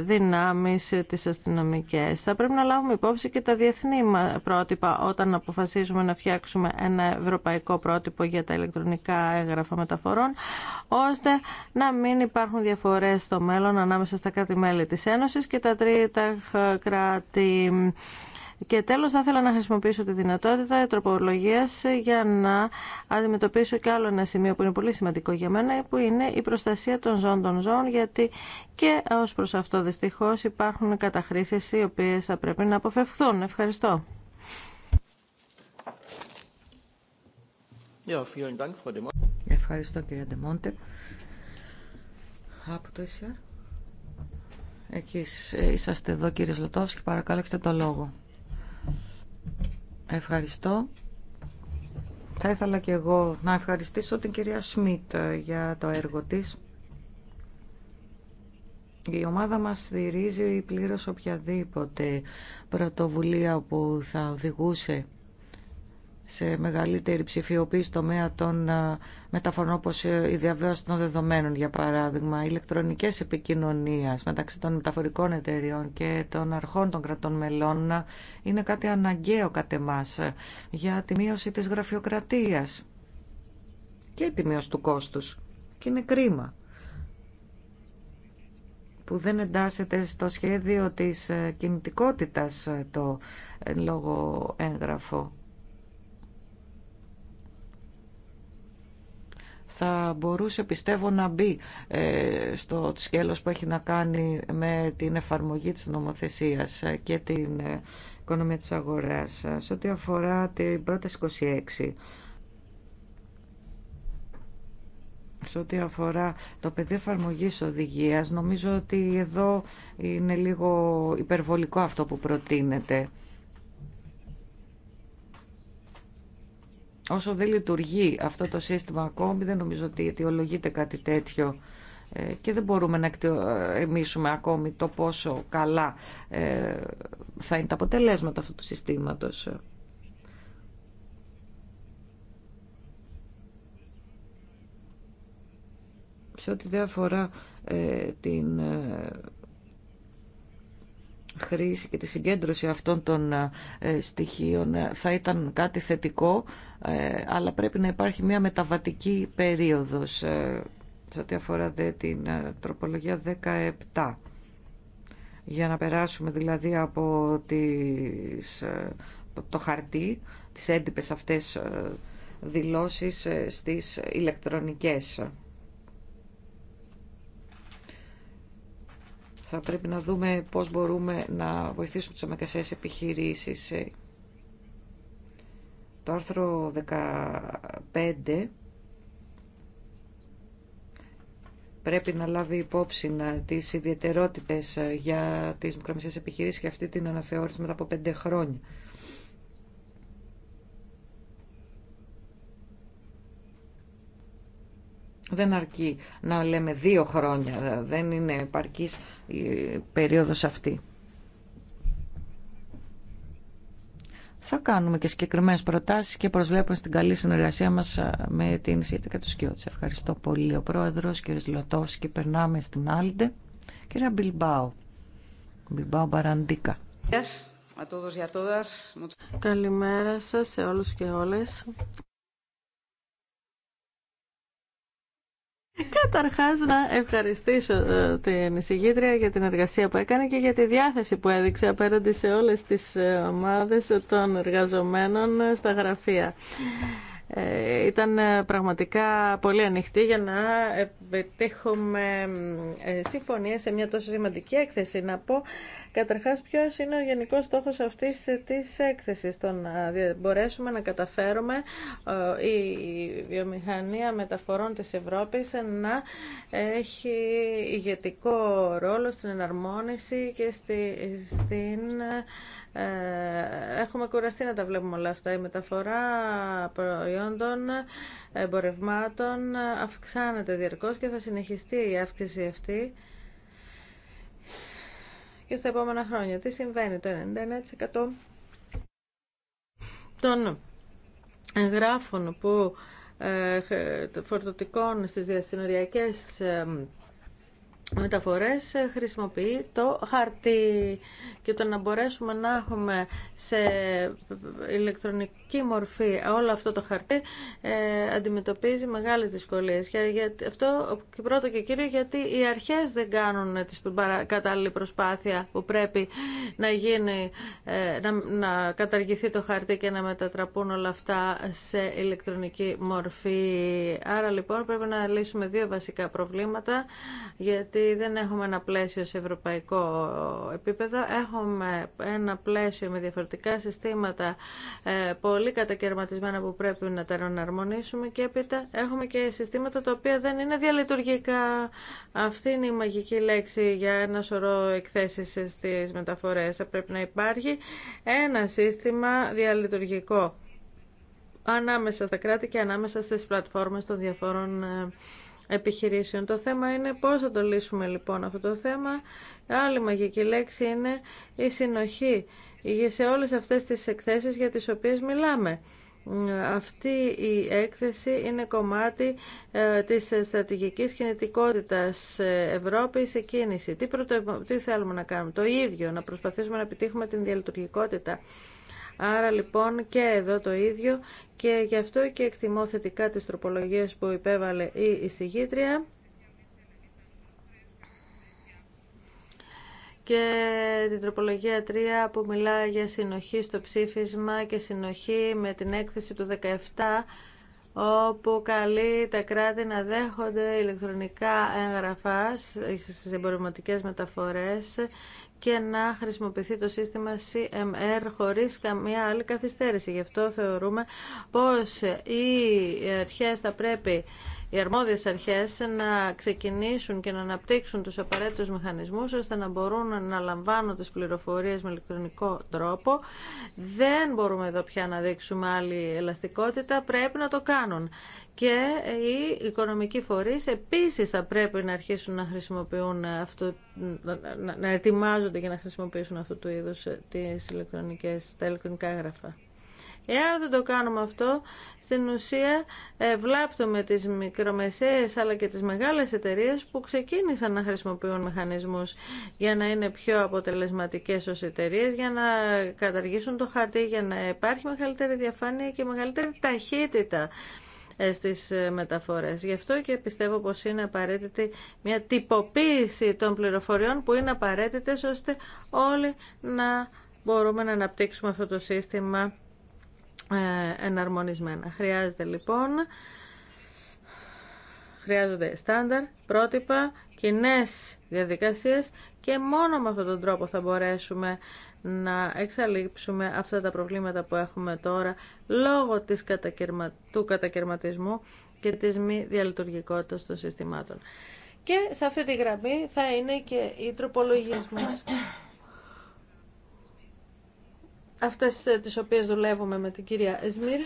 δυνάμεις τις αστυνομικές. Θα πρέπει να λάβουμε υπόψη και τα διεθνή πρότυπα όταν αποφασίζουμε να φτιάξουμε ένα ευρωπαϊκό πρότυπο για τα ηλεκτρονικά έγγραφα μεταφορών, ώστε να μην υπάρχουν διαφορές στο μέλλον ανάμεσα στα κράτη-μέλη της Ένωσης και τα τρίτα κράτη. Και τέλος θα ήθελα να χρησιμοποιήσω τη δυνατότητα τροπολογίας για να αντιμετωπίσω και άλλο ένα σημείο που είναι πολύ σημαντικό για μένα που είναι η προστασία των ζώων των ζώων γιατί και ως προς αυτό δυστυχώς υπάρχουν καταχρήσεις οι οποίες θα πρέπει να αποφευχθούν. Ευχαριστώ. Ευχαριστώ κύριε Ντεμόντε. Από το Εκείς ε, είσαστε εδώ κύριε Ζλωτόφσκι, παρακαλώ έχετε το λόγο. Ευχαριστώ. Θα ήθελα και εγώ να ευχαριστήσω την κυρία Σμιτ ε, για το έργο της. Η ομάδα μας στηρίζει πλήρως οποιαδήποτε πρωτοβουλία που θα οδηγούσε σε μεγαλύτερη ψηφιοποίηση τομέα των ε, μεταφορών όπως ε, η διαβίωση των δεδομένων για παράδειγμα, ηλεκτρονικές επικοινωνίες μεταξύ των μεταφορικών εταιριών και των αρχών των κρατών μελών ε, είναι κάτι αναγκαίο κατά εμάς για τη μείωση της γραφειοκρατίας και τη μείωση του κόστους και είναι κρίμα που δεν εντάσσεται στο σχέδιο της κινητικότητας το λόγο έγγραφο θα μπορούσε πιστεύω να μπει ε, στο σκέλος που έχει να κάνει με την εφαρμογή της νομοθεσίας και την ε, οικονομία της αγοράς. Σε ό,τι αφορά την πρόταση 26, σε ό,τι αφορά το πεδίο εφαρμογή οδηγία, νομίζω ότι εδώ είναι λίγο υπερβολικό αυτό που προτείνεται. Όσο δεν λειτουργεί αυτό το σύστημα ακόμη, δεν νομίζω ότι αιτιολογείται κάτι τέτοιο ε, και δεν μπορούμε να εκτιμήσουμε ε, ακόμη το πόσο καλά ε, θα είναι τα αποτελέσματα αυτού του συστήματος. Σε ό,τι διάφορα την χρήση και τη συγκέντρωση αυτών των ε, στοιχείων ε, θα ήταν κάτι θετικό, ε, αλλά πρέπει να υπάρχει μια μεταβατική περίοδος σε ό,τι αφορά την τροπολογία 17 για να περάσουμε δηλαδή από, τις, το χαρτί, τις έντυπες αυτές δηλώσεις στις ηλεκτρονικές Θα πρέπει να δούμε πώς μπορούμε να βοηθήσουμε τις ομεκασίες επιχειρήσεις. Το άρθρο 15 πρέπει να λάβει υπόψη τις ιδιαιτερότητες για τις μικρομεσαίες επιχειρήσεις και αυτή την αναθεώρηση μετά από πέντε χρόνια. Δεν αρκεί να λέμε δύο χρόνια, δεν είναι επαρκής η περίοδος αυτή. Θα κάνουμε και συγκεκριμένε προτάσεις και προσβλέπουμε στην καλή συνεργασία μας με την ΣΥΤΑ και τους Ευχαριστώ πολύ ο Πρόεδρος, κ. Λωτός και περνάμε στην Άλντε. Κυρία Μπιλμπάου, Μπιλμπάου Μπαραντίκα. Καλημέρα σας σε όλους και όλες. Καταρχά να ευχαριστήσω ε, την εισηγήτρια για την εργασία που έκανε και για τη διάθεση που έδειξε απέναντι σε όλες τις ε, ομάδες των εργαζομένων στα γραφεία. Ε, ήταν πραγματικά πολύ ανοιχτή για να πετύχουμε συμφωνία σε μια τόσο σημαντική έκθεση. Να πω Καταρχάς, ποιος είναι ο γενικός στόχος αυτής της έκθεσης, το να μπορέσουμε να καταφέρουμε ε, η βιομηχανία μεταφορών της Ευρώπης να έχει ηγετικό ρόλο στην εναρμόνιση και στην... Ε, έχουμε κουραστεί να τα βλέπουμε όλα αυτά. Η μεταφορά προϊόντων, εμπορευμάτων αυξάνεται διαρκώς και θα συνεχιστεί η αύξηση αυτή και στα επόμενα χρόνια. Τι συμβαίνει το 99% των γράφων που ε, φορτωτικών στις διασυνοριακές ε, μεταφορές ε, χρησιμοποιεί το χαρτί και το να μπορέσουμε να έχουμε σε ηλεκτρονική μορφή όλο αυτό το χαρτί ε, αντιμετωπίζει μεγάλες δυσκολίες. αυτό και πρώτο και κύριο γιατί οι αρχές δεν κάνουν τις κατάλληλη προσπάθεια που πρέπει να γίνει ε, να, να καταργηθεί το χαρτί και να μετατραπούν όλα αυτά σε ηλεκτρονική μορφή. Άρα λοιπόν πρέπει να λύσουμε δύο βασικά προβλήματα γιατί δεν έχουμε ένα πλαίσιο σε ευρωπαϊκό επίπεδο. Έχουμε ένα πλαίσιο με διαφορετικά συστήματα ε, πολύ κατακαιρματισμένα που πρέπει να τα εναρμονίσουμε και έπειτα έχουμε και συστήματα τα οποία δεν είναι διαλειτουργικά. Αυτή είναι η μαγική λέξη για ένα σωρό εκθέσεις στις μεταφορές. Θα πρέπει να υπάρχει ένα σύστημα διαλειτουργικό ανάμεσα στα κράτη και ανάμεσα στις πλατφόρμες των διαφόρων ε, επιχειρήσεων. Το θέμα είναι πώς θα το λύσουμε λοιπόν αυτό το θέμα. Άλλη μαγική λέξη είναι η συνοχή σε όλες αυτές τις εκθέσεις για τις οποίες μιλάμε. Αυτή η έκθεση είναι κομμάτι ε, της στρατηγικής κινητικότητας ε, Ευρώπης σε κίνηση. Τι, τι θέλουμε να κάνουμε, το ίδιο, να προσπαθήσουμε να επιτύχουμε την διαλειτουργικότητα Άρα λοιπόν και εδώ το ίδιο και γι' αυτό και εκτιμώ θετικά τις τροπολογίες που υπέβαλε η εισηγήτρια. και την τροπολογία 3 που μιλά για συνοχή στο ψήφισμα και συνοχή με την έκθεση του 17 όπου καλεί τα κράτη να δέχονται ηλεκτρονικά έγγραφα στις εμπορευματικές μεταφορές και να χρησιμοποιηθεί το σύστημα CMR χωρίς καμία άλλη καθυστέρηση. Γι' αυτό θεωρούμε πως οι αρχές θα πρέπει οι αρμόδιες αρχές να ξεκινήσουν και να αναπτύξουν τους απαραίτητους μηχανισμούς ώστε να μπορούν να λαμβάνουν τις πληροφορίες με ηλεκτρονικό τρόπο. Δεν μπορούμε εδώ πια να δείξουμε άλλη ελαστικότητα, πρέπει να το κάνουν. Και οι οικονομικοί φορείς επίσης θα πρέπει να αρχίσουν να χρησιμοποιούν αυτό, να ετοιμάζονται για να χρησιμοποιήσουν αυτού του είδους τις ηλεκτρονικές, τα ηλεκτρονικά έγγραφα. Εάν δεν το κάνουμε αυτό, στην ουσία ε, βλάπτουμε τις μικρομεσαίες αλλά και τις μεγάλες εταιρείες που ξεκίνησαν να χρησιμοποιούν μηχανισμούς για να είναι πιο αποτελεσματικές ως εταιρείε, για να καταργήσουν το χαρτί, για να υπάρχει μεγαλύτερη διαφάνεια και μεγαλύτερη ταχύτητα ε, στις ε, μεταφορές. Γι' αυτό και πιστεύω πως είναι απαραίτητη μια τυποποίηση των πληροφοριών που είναι απαραίτητες ώστε όλοι να μπορούμε να αναπτύξουμε αυτό το σύστημα ε, εναρμονισμένα. Χρειάζεται λοιπόν, χρειάζονται στάνταρ, πρότυπα, κοινέ διαδικασίες και μόνο με αυτόν τον τρόπο θα μπορέσουμε να εξαλείψουμε αυτά τα προβλήματα που έχουμε τώρα λόγω της του κατακαιρματισμού και της μη διαλειτουργικότητας των συστημάτων. Και σε αυτή τη γραμμή θα είναι και οι τροπολογίες μας αυτές ε, τις οποίες δουλεύουμε με την κυρία Εσμύρ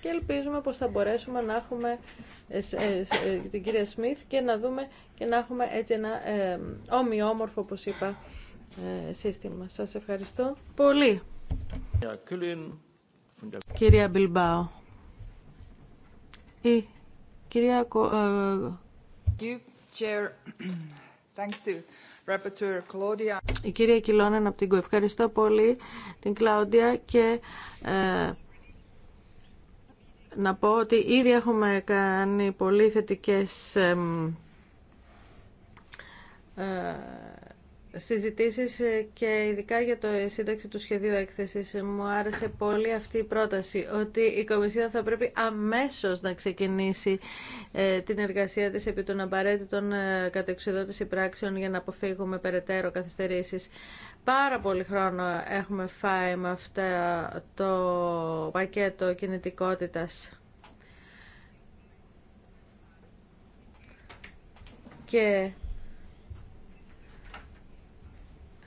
και ελπίζουμε πως θα μπορέσουμε να έχουμε ε, ε, την κυρία Σμιθ και να δούμε και να έχουμε έτσι ένα ε, ομοιόμορφο, όπως είπα, σύστημα. Σας ευχαριστώ πολύ. Κυρία Μπιλμπάο. Η κυρία... Thanks to η κυρία Κιλώνεν από την ΚΟΕ. Ευχαριστώ πολύ την Κλάοντια και ε, να πω ότι ήδη έχουμε κάνει πολύ θετικές ε, συζητήσεις ε, και ειδικά για το ε, σύνταξη του σχεδίου έκθεσης ε, μου άρεσε πολύ αυτή η πρόταση ότι η Κομισιόν θα πρέπει αμέσως να ξεκινήσει την εργασία της επί των απαραίτητων κατεξοδότηση πράξεων για να αποφύγουμε περαιτέρω καθυστερήσεις. Πάρα πολύ χρόνο έχουμε φάει με αυτό το πακέτο κινητικότητας. Και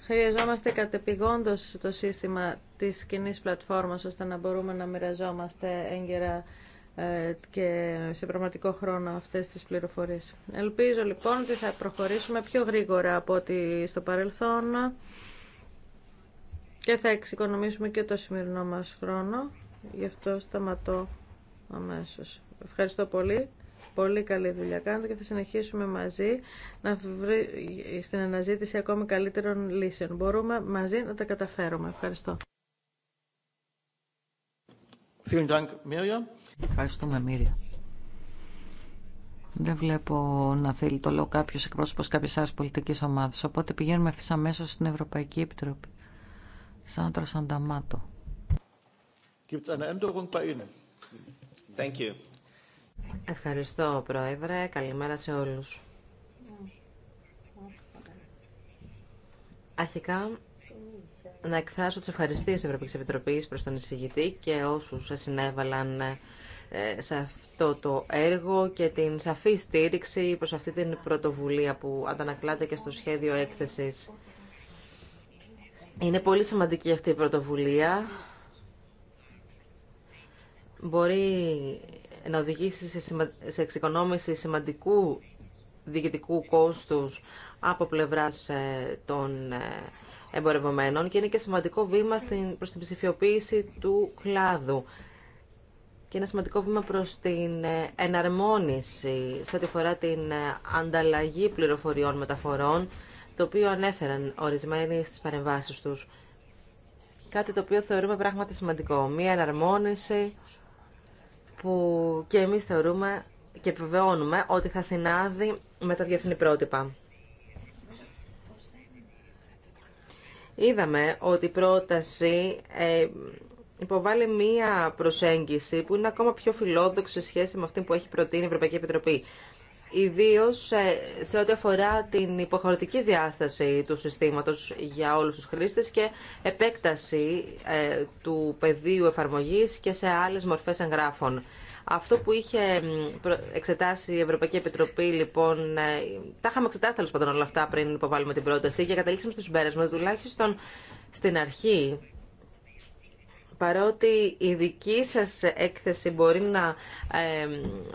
Χρειαζόμαστε κατεπηγόντως το σύστημα της κοινή πλατφόρμας ώστε να μπορούμε να μοιραζόμαστε έγκαιρα ε, και σε πραγματικό χρόνο αυτές τις πληροφορίες. Ελπίζω λοιπόν ότι θα προχωρήσουμε πιο γρήγορα από ό,τι στο παρελθόν και θα εξοικονομήσουμε και το σημερινό μας χρόνο. Γι' αυτό σταματώ αμέσως. Ευχαριστώ πολύ. Πολύ καλή δουλειά κάνετε και θα συνεχίσουμε μαζί να βρει, στην αναζήτηση ακόμη καλύτερων λύσεων. Μπορούμε μαζί να τα καταφέρουμε. Ευχαριστώ. Ευχαριστούμε, Μύρια. Δεν βλέπω να θέλει το λόγο κάποιο εκπρόσωπο κάποια άλλη πολιτική ομάδα. Οπότε πηγαίνουμε ευθύ αμέσω στην Ευρωπαϊκή Επιτροπή. Σάντρο Σανταμάτο. Ευχαριστώ, Πρόεδρε. Καλημέρα σε όλους. Αρχικά, να εκφράσω τις ευχαριστίες της Ευρωπαϊκής Επιτροπής προς τον εισηγητή και όσους συνέβαλαν ε, σε αυτό το έργο και την σαφή στήριξη προς αυτή την πρωτοβουλία που αντανακλάται και στο σχέδιο έκθεσης. Είναι πολύ σημαντική αυτή η πρωτοβουλία. Μπορεί να οδηγήσει σε εξοικονόμηση σημαντικού διοικητικού κόστους από πλευράς ε, των ε, εμπορευομένων και είναι και σημαντικό βήμα στην, προς την ψηφιοποίηση του κλάδου και ένα σημαντικό βήμα προς την ε, εναρμόνιση σε ό,τι αφορά την ανταλλαγή πληροφοριών μεταφορών το οποίο ανέφεραν ορισμένοι στις παρεμβάσεις τους. Κάτι το οποίο θεωρούμε πράγματι σημαντικό. Μία εναρμόνιση που και εμείς θεωρούμε και επιβεβαιώνουμε ότι θα συνάδει με τα διεθνή πρότυπα. Είδαμε ότι η πρόταση ε, υποβάλλει μία προσέγγιση που είναι ακόμα πιο φιλόδοξη σε σχέση με αυτή που έχει προτείνει η Ευρωπαϊκή Επιτροπή. Ιδίω ε, σε ό,τι αφορά την υποχρεωτική διάσταση του συστήματος για όλους τους χρήστες και επέκταση ε, του πεδίου εφαρμογής και σε άλλε μορφές εγγράφων. Αυτό που είχε εξετάσει η Ευρωπαϊκή Επιτροπή, λοιπόν, ε, τα είχαμε εξετάσει τέλο πάντων όλα αυτά πριν υποβάλουμε την πρόταση και καταλήξαμε στο συμπέρασμα τουλάχιστον στην αρχή παρότι η δική σας έκθεση μπορεί να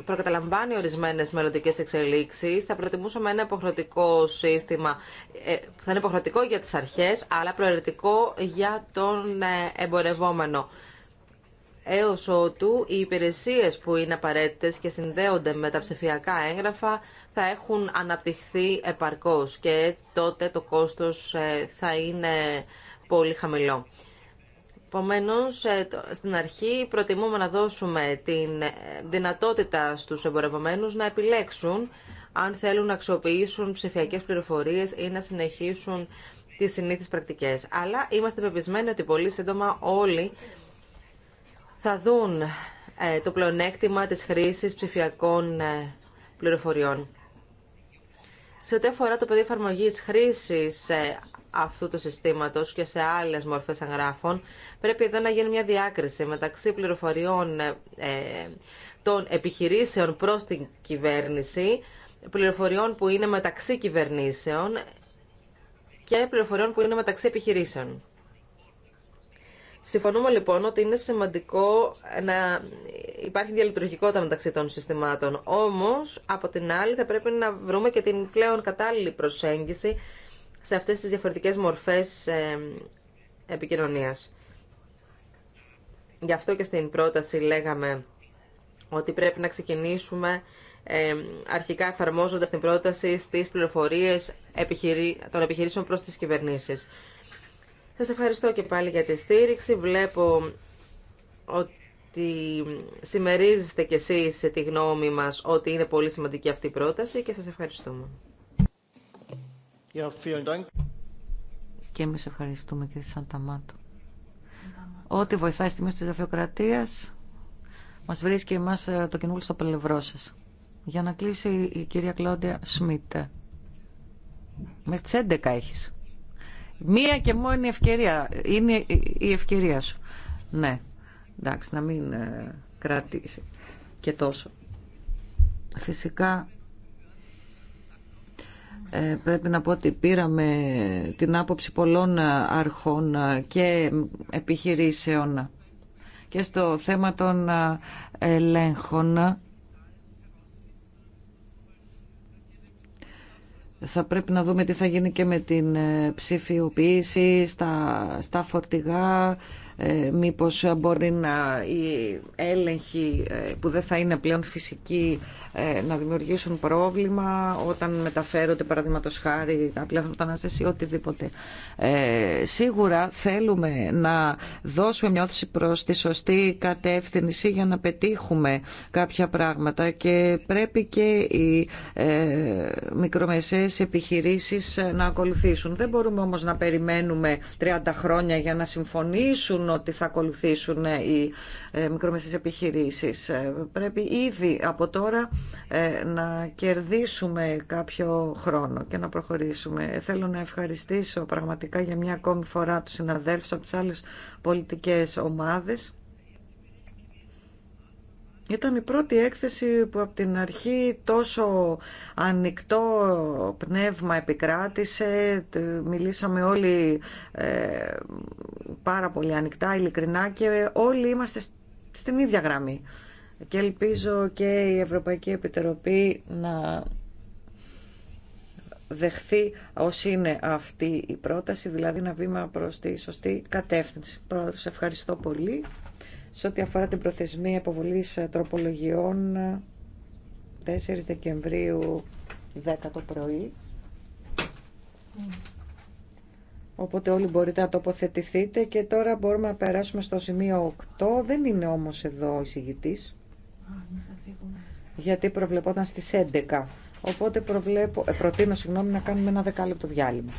προκαταλαμβάνει ορισμένες μελλοντικές εξελίξεις, θα προτιμούσαμε ένα υποχρεωτικό σύστημα ε, που θα είναι υποχρεωτικό για τις αρχές, αλλά προαιρετικό για τον ε, εμπορευόμενο. Έως ότου οι υπηρεσίες που είναι απαραίτητες και συνδέονται με τα ψηφιακά έγγραφα θα έχουν αναπτυχθεί επαρκώς και τότε το κόστος ε, θα είναι πολύ χαμηλό. Επομένω, ε, στην αρχή προτιμούμε να δώσουμε τη ε, δυνατότητα στους εμπορευμένου να επιλέξουν αν θέλουν να αξιοποιήσουν ψηφιακέ πληροφορίες ή να συνεχίσουν τις συνήθεις πρακτικές. Αλλά είμαστε πεπισμένοι ότι πολύ σύντομα όλοι θα δουν ε, το πλεονέκτημα της χρήσης ψηφιακών πληροφοριών. Σε ό,τι αφορά το πεδίο εφαρμογή χρήση αυτού του συστήματος και σε άλλες μορφές εγγράφων, πρέπει εδώ να γίνει μια διάκριση μεταξύ πληροφοριών ε, των επιχειρήσεων προς την κυβέρνηση, πληροφοριών που είναι μεταξύ κυβερνήσεων και πληροφοριών που είναι μεταξύ επιχειρήσεων. Συμφωνούμε λοιπόν ότι είναι σημαντικό να υπάρχει διαλειτουργικότητα μεταξύ των συστημάτων. Όμως, από την άλλη, θα πρέπει να βρούμε και την πλέον κατάλληλη προσέγγιση σε αυτές τις διαφορετικές μορφές ε, επικοινωνίας. Γι' αυτό και στην πρόταση λέγαμε ότι πρέπει να ξεκινήσουμε ε, αρχικά εφαρμόζοντας την πρόταση στις πληροφορίες των επιχειρήσεων προς τις κυβερνήσεις. Σας ευχαριστώ και πάλι για τη στήριξη. Βλέπω ότι συμμερίζεστε κι εσείς τη γνώμη μας ότι είναι πολύ σημαντική αυτή η πρόταση και σας ευχαριστούμε και εμεί ευχαριστούμε κύριε Σανταμάτο. Ό,τι βοηθάει στη μέση τη γραφειοκρατία, μας βρίσκει εμά ε, το κοινούλιο στο πλευρό σα. Για να κλείσει η κυρία Κλόντια Σμιτ. Με τι 11 έχεις. Μία και μόνη ευκαιρία. Είναι η ευκαιρία σου. Ναι. Εντάξει, να μην ε, κρατήσει και τόσο. Φυσικά ε, πρέπει να πω ότι πήραμε την άποψη πολλών αρχών και επιχειρήσεων και στο θέμα των ελέγχων θα πρέπει να δούμε τι θα γίνει και με την ψηφιοποίηση στα, στα φορτηγά ε, μήπως μπορεί να οι έλεγχοι ε, που δεν θα είναι πλέον φυσικοί ε, να δημιουργήσουν πρόβλημα όταν μεταφέρονται παραδείγματος χάρη απλά μετανάστες ή οτιδήποτε. σίγουρα θέλουμε να δώσουμε μια όθηση προς τη σωστή κατεύθυνση για να πετύχουμε κάποια πράγματα και πρέπει και οι μικρομεσαίες επιχειρήσεις να ακολουθήσουν. Δεν μπορούμε όμως να περιμένουμε 30 χρόνια για να συμφωνήσουν ότι θα ακολουθήσουν οι ε, μικρομεσαίες επιχειρήσεις. Ε, πρέπει ήδη από τώρα ε, να κερδίσουμε κάποιο χρόνο και να προχωρήσουμε. Θέλω να ευχαριστήσω πραγματικά για μια ακόμη φορά τους συναδέλφους από τις άλλες πολιτικές ομάδες ήταν η πρώτη έκθεση που από την αρχή τόσο ανοιχτό πνεύμα επικράτησε. Μιλήσαμε όλοι ε, πάρα πολύ ανοιχτά, ειλικρινά και όλοι είμαστε στην ίδια γραμμή. Και ελπίζω και η Ευρωπαϊκή Επιτροπή να δεχθεί ως είναι αυτή η πρόταση, δηλαδή να βήμα προς τη σωστή κατεύθυνση. Πρόεδρος, ευχαριστώ πολύ. Σε ό,τι αφορά την προθεσμία αποβολής ε, τροπολογιών 4 ε, Δεκεμβρίου 10 το πρωί. Οπότε όλοι μπορείτε να τοποθετηθείτε και τώρα μπορούμε να περάσουμε στο σημείο 8. Δεν είναι όμως εδώ ο εισηγητής. Γιατί προβλεπόταν στις 11. Οπότε προβλέπω, ε, προτείνω συγγνώμη να κάνουμε ένα δεκάλεπτο διάλειμμα.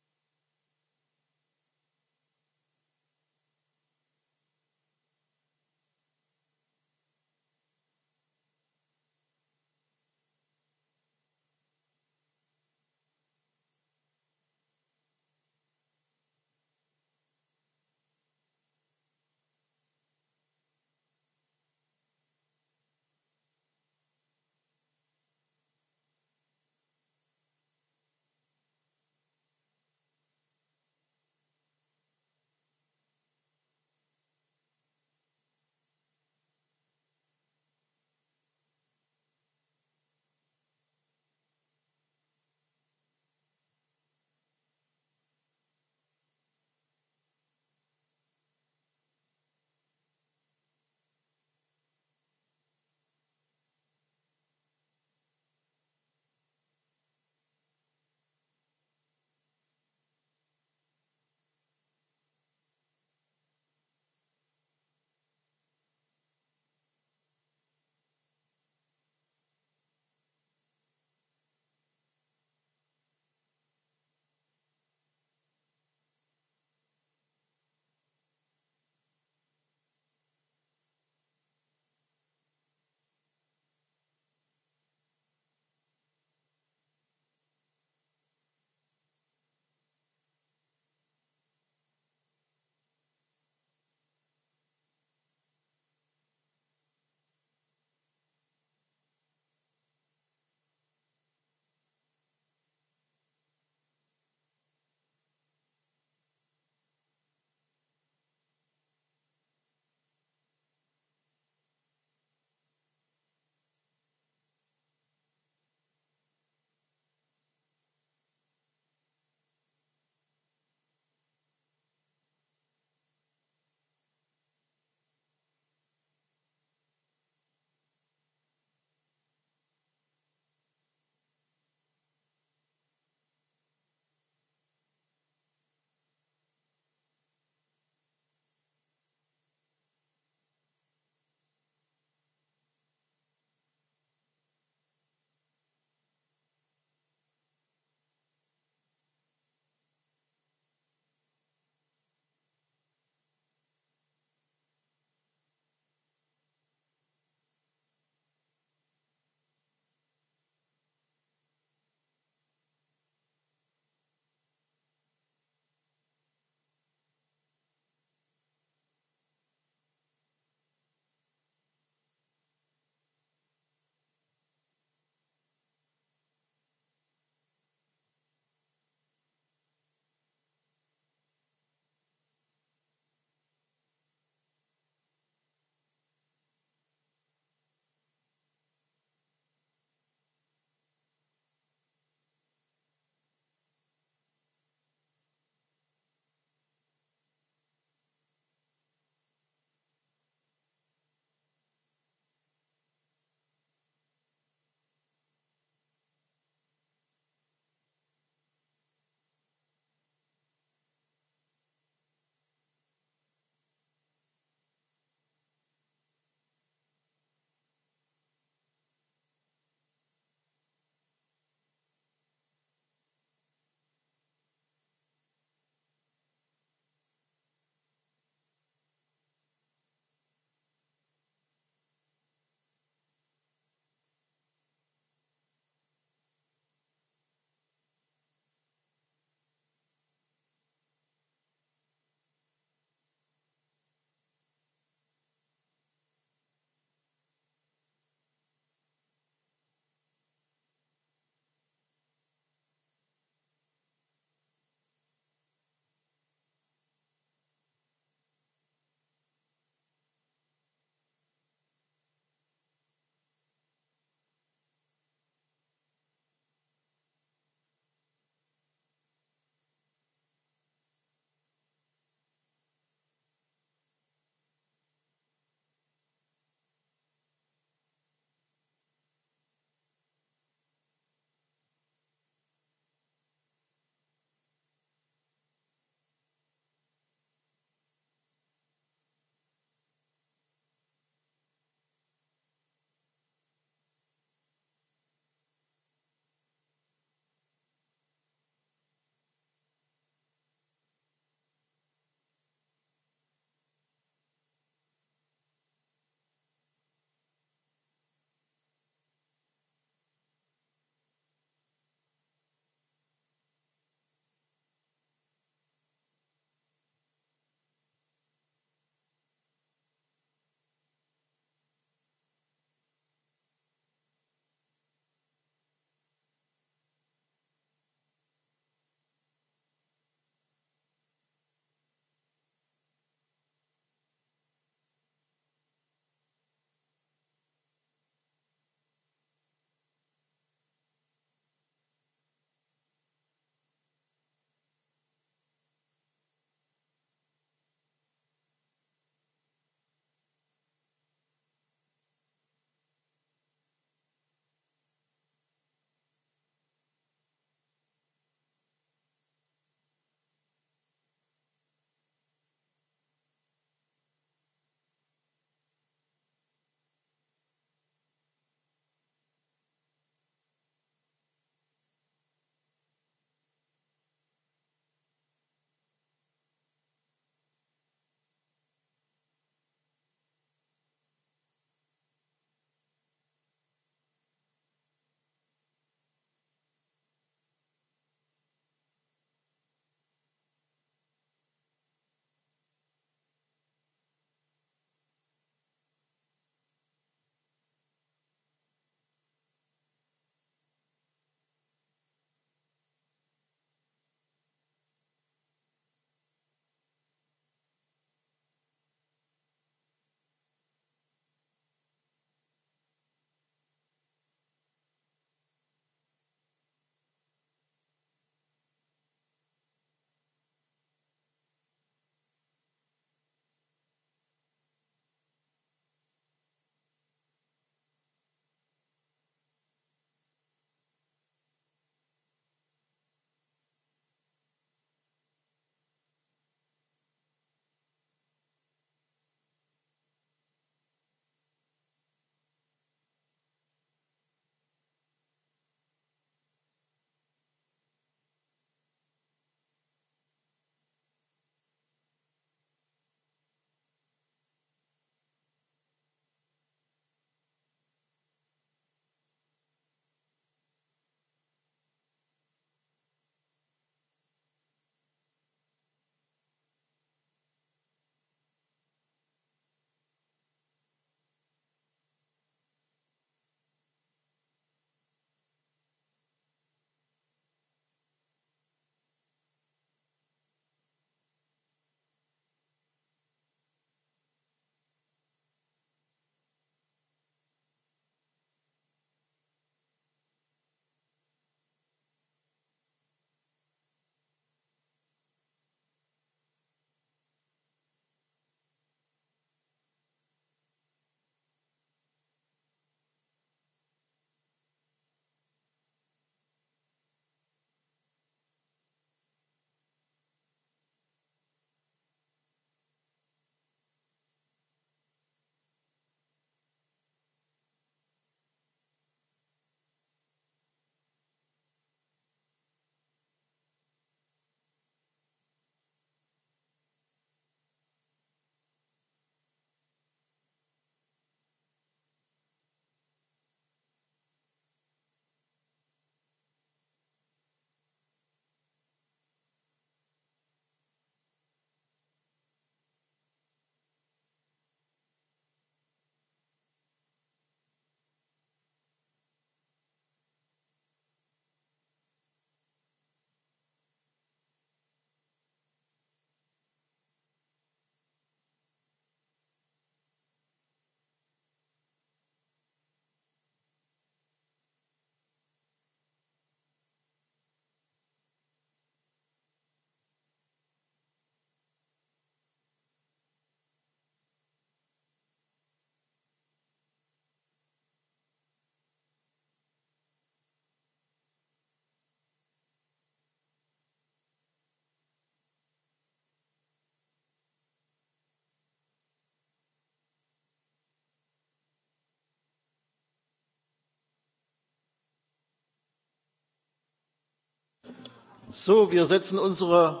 So, wir setzen unsere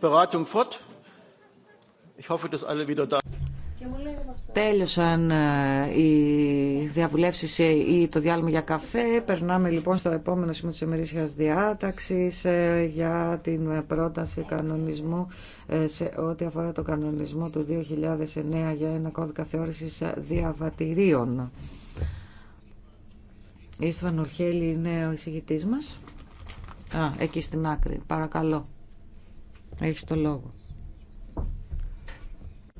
Beratung fort. Ich hoffe, dass alle wieder da Τέλειωσαν ε, οι διαβουλεύσεις ε, ή το διάλειμμα για καφέ. Περνάμε λοιπόν στο επόμενο σημείο της ημερήσια διάταξης ε, για την πρόταση κανονισμού σε ό,τι αφορά το κανονισμό του 2009 για ένα κώδικα θεώρησης διαβατηρίων. Η Ορχέλη είναι ο εισηγητής μας. Α, εκεί στην άκρη. Παρακαλώ. Έχεις το λόγο.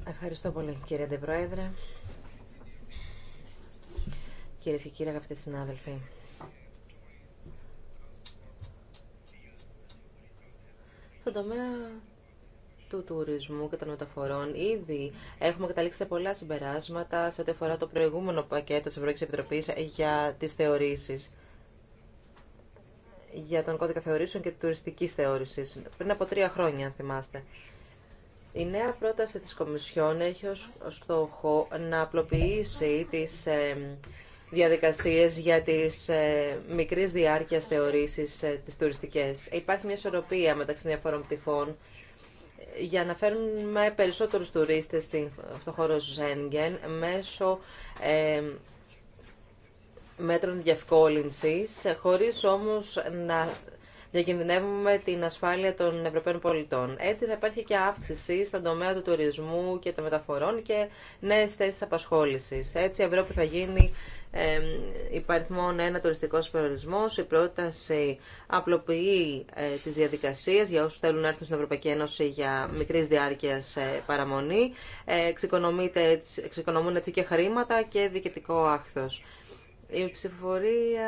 Ευχαριστώ πολύ κύριε Αντιπρόεδρε. Κυρίες και κύριοι αγαπητοί συνάδελφοι. Στον τομέα του τουρισμού και των μεταφορών ήδη έχουμε καταλήξει σε πολλά συμπεράσματα σε ό,τι αφορά το προηγούμενο πακέτο τη Ευρωπαϊκή Επιτροπή για τι θεωρήσει για τον κώδικα θεωρήσεων και τουριστική θεώρηση πριν από τρία χρόνια, αν θυμάστε. Η νέα πρόταση της Κομισιόν έχει ως στόχο να απλοποιήσει τις ε, διαδικασίες για τις ε, μικρές διάρκειας θεωρήσεις ε, τι τουριστικές. Υπάρχει μια ισορροπία μεταξύ διαφόρων πτυχών για να φέρνουμε περισσότερους τουρίστες στον χώρο Ζένγκεν μέσω μέτρων διευκόλυνσης, χωρίς όμως να διακινδυνεύουμε την ασφάλεια των Ευρωπαίων πολιτών. Έτσι θα υπάρχει και αύξηση στον τομέα του τουρισμού και των μεταφορών και νέες θέσεις απασχόλησης. Έτσι η Ευρώπη θα γίνει ε, υπαριθμόν ένα τουριστικό προορισμός. Η πρόταση απλοποιεί ε, τις διαδικασίες για όσους θέλουν να έρθουν στην Ευρωπαϊκή Ένωση για μικρή διάρκεια ε, παραμονή. Ε, εξοικονομούν έτσι και χρήματα και διοικητικό άχθος. Η ψηφοφορία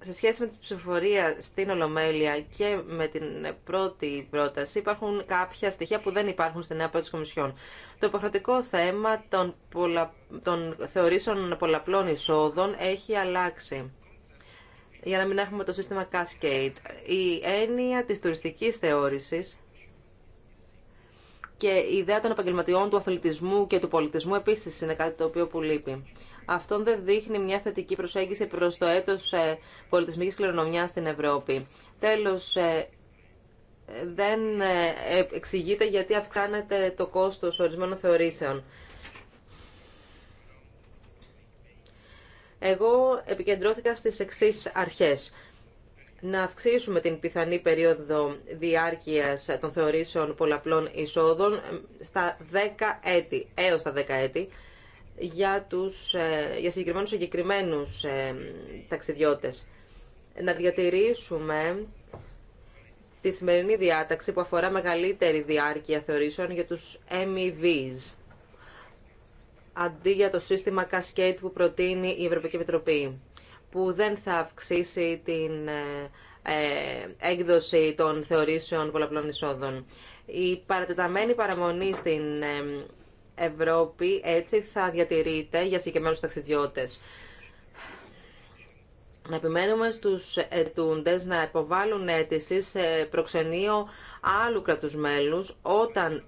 σε σχέση με την ψηφοφορία στην Ολομέλεια και με την πρώτη πρόταση, υπάρχουν κάποια στοιχεία που δεν υπάρχουν στην νέα πρόταση Κομισιόν. Το υποχρεωτικό θέμα των, πολλα... των θεωρήσεων πολλαπλών εισόδων έχει αλλάξει. Για να μην έχουμε το σύστημα Cascade. Η έννοια της τουριστικής θεώρησης και η ιδέα των επαγγελματιών του αθλητισμού και του πολιτισμού επίση είναι κάτι το οποίο που λείπει. Αυτό δεν δείχνει μια θετική προσέγγιση προ το έτος ε, πολιτισμική κληρονομιά στην Ευρώπη. Τέλος, ε, δεν ε, εξηγείται γιατί αυξάνεται το κόστο ορισμένων θεωρήσεων. Εγώ επικεντρώθηκα στις εξής αρχές να αυξήσουμε την πιθανή περίοδο διάρκειας των θεωρήσεων πολλαπλών εισόδων στα 10 έτη, έως τα 10 έτη, για, τους, ε, για συγκεκριμένους ε, ταξιδιώτες. Να διατηρήσουμε τη σημερινή διάταξη που αφορά μεγαλύτερη διάρκεια θεωρήσεων για τους MEVs, αντί για το σύστημα Cascade που προτείνει η Ευρωπαϊκή Επιτροπή που δεν θα αυξήσει την ε, ε, έκδοση των θεωρήσεων πολλαπλών εισόδων. Η παρατεταμένη παραμονή στην ε, Ευρώπη έτσι θα διατηρείται για συγκεκριμένους ταξιδιώτες. Να επιμένουμε στους ετούντε να υποβάλουν αίτηση σε προξενείο άλλου κρατούς μέλους όταν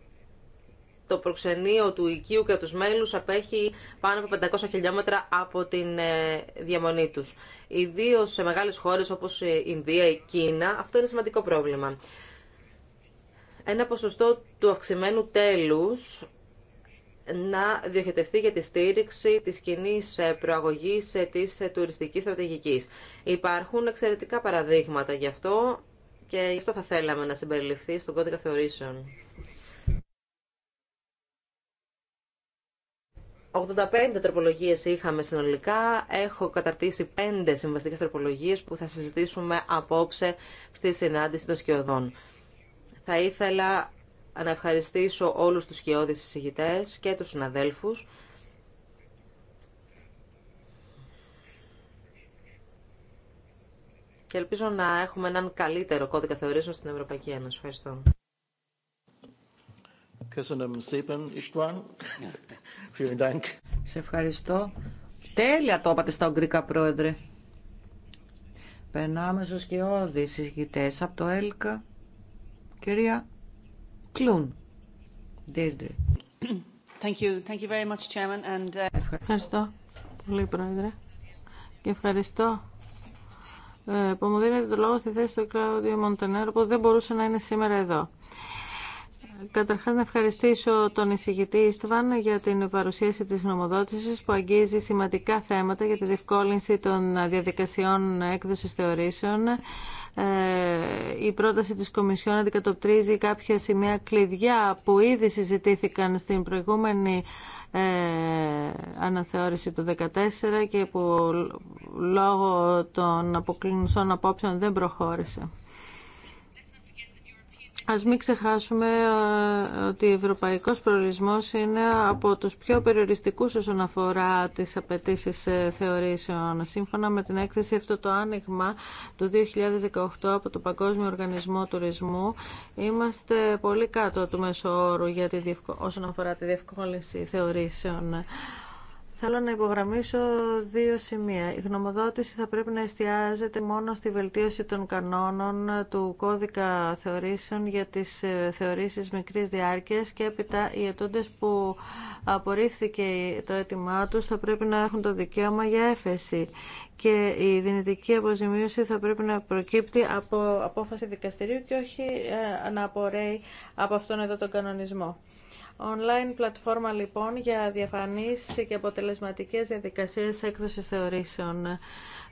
το προξενείο του οικίου και τους απέχει πάνω από 500 χιλιόμετρα από την ε, διαμονή τους. Ιδίω σε μεγάλες χώρες όπως η ε, Ινδία, η Κίνα, αυτό είναι σημαντικό πρόβλημα. Ένα ποσοστό του αυξημένου τέλους να διοχετευτεί για τη στήριξη της κοινή ε, προαγωγής της τουριστικής στρατηγικής. Υπάρχουν εξαιρετικά παραδείγματα γι' αυτό και γι' αυτό θα θέλαμε να συμπεριληφθεί στον κώδικα θεωρήσεων. 85 τροπολογίες είχαμε συνολικά. Έχω καταρτήσει 5 συμβαστικές τροπολογίες που θα συζητήσουμε απόψε στη συνάντηση των σκιωδών. Θα ήθελα να ευχαριστήσω όλους τους σκιώδεις εισηγητές και τους συναδέλφους. Και ελπίζω να έχουμε έναν καλύτερο κώδικα θεωρήσεων στην Ευρωπαϊκή Ένωση. Ευχαριστώ. Σε ευχαριστώ. Τέλεια το είπατε στα Ουγγρικά, Πρόεδρε. Περνάμε στου σκιώδεις συζητητές από το ΕΛΚΑ. Κυρία Κλούν. Δίρντρε. Thank you. Thank you very much, Chairman. And, uh, Ευχαριστώ πολύ, Πρόεδρε. Και ευχαριστώ ε, που μου δίνετε το λόγο στη θέση του Κλάουδιο Μοντενέρο που δεν μπορούσε να είναι σήμερα εδώ. Καταρχάς να ευχαριστήσω τον εισηγητή Ιστβαν για την παρουσίαση της γνωμοδότησης που αγγίζει σημαντικά θέματα για τη διευκόλυνση των διαδικασιών έκδοσης θεωρήσεων. Ε, η πρόταση της Κομισιόν αντικατοπτρίζει κάποια σημεία κλειδιά που ήδη συζητήθηκαν στην προηγούμενη ε, αναθεώρηση του 2014 και που λόγω των αποκλεινουσών απόψεων δεν προχώρησε. Ας μην ξεχάσουμε ε, ότι ο ευρωπαϊκός προορισμός είναι από τους πιο περιοριστικούς όσον αφορά τις απαιτήσεις ε, θεωρήσεων. Σύμφωνα με την έκθεση αυτό το άνοιγμα του 2018 από το Παγκόσμιο Οργανισμό Τουρισμού είμαστε πολύ κάτω του μέσου όρου για τη, όσον αφορά τη διευκόλυνση θεωρήσεων. Θέλω να υπογραμμίσω δύο σημεία. Η γνωμοδότηση θα πρέπει να εστιάζεται μόνο στη βελτίωση των κανόνων του κώδικα θεωρήσεων για τις ε, θεωρήσεις μικρής διάρκειας και έπειτα οι ετούντες που απορρίφθηκε το αίτημά τους θα πρέπει να έχουν το δικαίωμα για έφεση και η δυνητική αποζημίωση θα πρέπει να προκύπτει από απόφαση δικαστηρίου και όχι ε, να απορρέει από αυτόν εδώ τον κανονισμό. Online πλατφόρμα λοιπόν για διαφανείς και αποτελεσματικές διαδικασίες έκδοσης θεωρήσεων.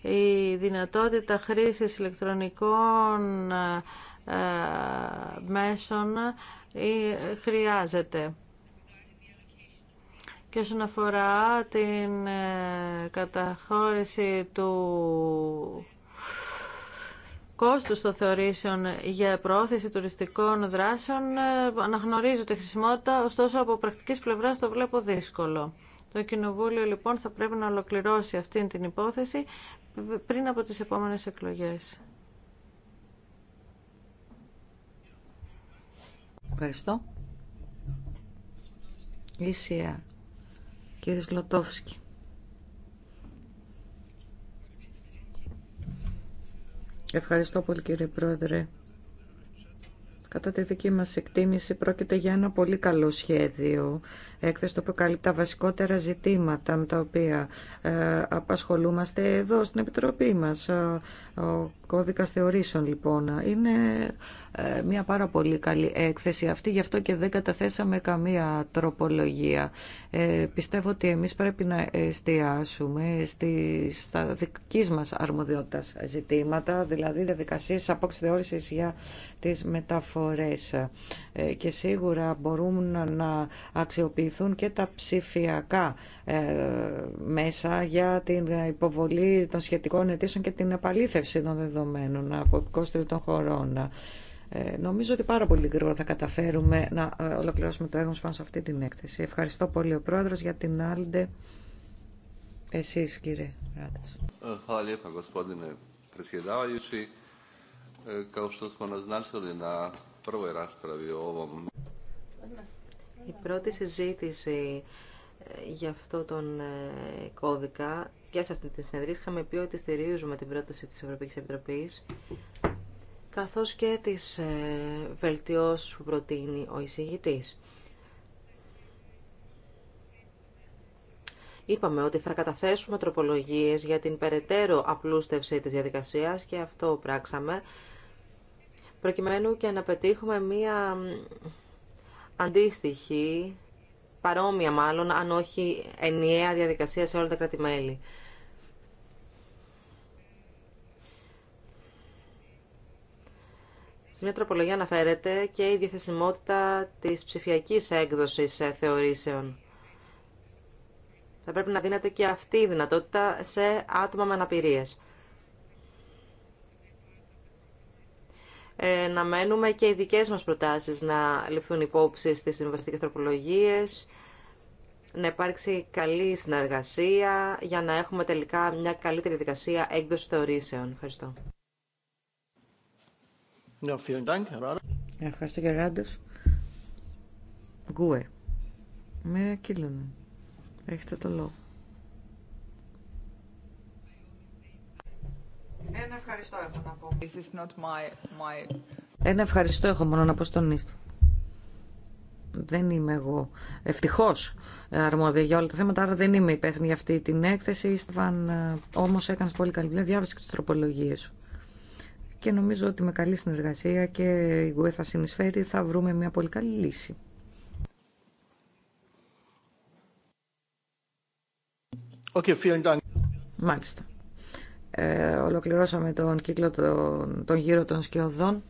Η δυνατότητα χρήσης ηλεκτρονικών ε, μέσων ε, χρειάζεται. Και όσον αφορά την ε, καταχώρηση του κόστος των θεωρήσεων για προώθηση τουριστικών δράσεων ε, αναγνωρίζω τη χρησιμότητα, ωστόσο από πρακτικής πλευράς το βλέπω δύσκολο. Το Κοινοβούλιο λοιπόν θα πρέπει να ολοκληρώσει αυτή την υπόθεση πριν από τις επόμενες εκλογές. Ευχαριστώ. Λυσία. Κύριε Σλοτόφσκι. Ευχαριστώ πολύ κύριε Πρόεδρε. Κατά τη δική μας εκτίμηση πρόκειται για ένα πολύ καλό σχέδιο έκθεση το οποίο καλύπτει τα βασικότερα ζητήματα με τα οποία ε, απασχολούμαστε εδώ στην Επιτροπή μας. Ε, ο κώδικας θεωρήσεων λοιπόν είναι ε, μια πάρα πολύ καλή έκθεση αυτή, γι' αυτό και δεν καταθέσαμε καμία τροπολογία. πιστεύω ότι εμείς πρέπει να εστιάσουμε στη, στα δικής μας αρμοδιότητας ζητήματα, δηλαδή διαδικασίες απόξη θεώρησης για τις μεταφορές. και σίγουρα μπορούν να αξιοποιηθούν χρησιμοποιηθούν και τα ψηφιακά ε, μέσα για την υποβολή των σχετικών αιτήσεων και την επαλήθευση των δεδομένων από 23 των χωρών. Ε, νομίζω ότι πάρα πολύ γρήγορα θα καταφέρουμε να ε, ολοκληρώσουμε το έργο πάνω σε αυτή την έκθεση. Ευχαριστώ πολύ ο Πρόεδρος για την Άλντε. Εσείς κύριε Ράτας. Kao što η πρώτη συζήτηση ε, για αυτό τον ε, κώδικα και σε αυτή τη συνεδρία είχαμε πει ότι στηρίζουμε την πρόταση της Ευρωπαϊκής Επιτροπής καθώς και τις ε, βελτιώσεις που προτείνει ο εισηγητής. Είπαμε ότι θα καταθέσουμε τροπολογίες για την περαιτέρω απλούστευση της διαδικασίας και αυτό πράξαμε προκειμένου και να πετύχουμε μία αντίστοιχη, παρόμοια μάλλον, αν όχι ενιαία διαδικασία σε όλα τα κράτη-μέλη. Σε μια τροπολογία αναφέρεται και η διαθεσιμότητα της ψηφιακής έκδοσης ε, θεωρήσεων. Θα πρέπει να δίνεται και αυτή η δυνατότητα σε άτομα με αναπηρίες. Ε, να μένουμε και οι δικές μας προτάσεις να ληφθούν υπόψη στις συμβαστικές τροπολογίες, να υπάρξει καλή συνεργασία για να έχουμε τελικά μια καλύτερη δικασία έκδοση θεωρήσεων. Ευχαριστώ. Ευχαριστώ και Ράντος. Γκουε. Με κύλωνε. Έχετε το λόγο. Ένα ευχαριστώ έχω This is not my, my... ευχαριστώ έχω μόνο να πω στον Ίστο. Δεν είμαι εγώ ευτυχώ ε, αρμόδια για όλα τα θέματα, άρα δεν είμαι υπεύθυνη για αυτή την έκθεση. Ιστβαν, ε, όμω έκανε πολύ καλή δουλειά, διάβασε και τι τροπολογίε σου. Και νομίζω ότι με καλή συνεργασία και η ΓΟΕ θα συνεισφέρει, θα βρούμε μια πολύ καλή λύση. Okay, Μάλιστα. Ε, ολοκληρώσαμε τον κύκλο των, τον γύρο των σκιωδών.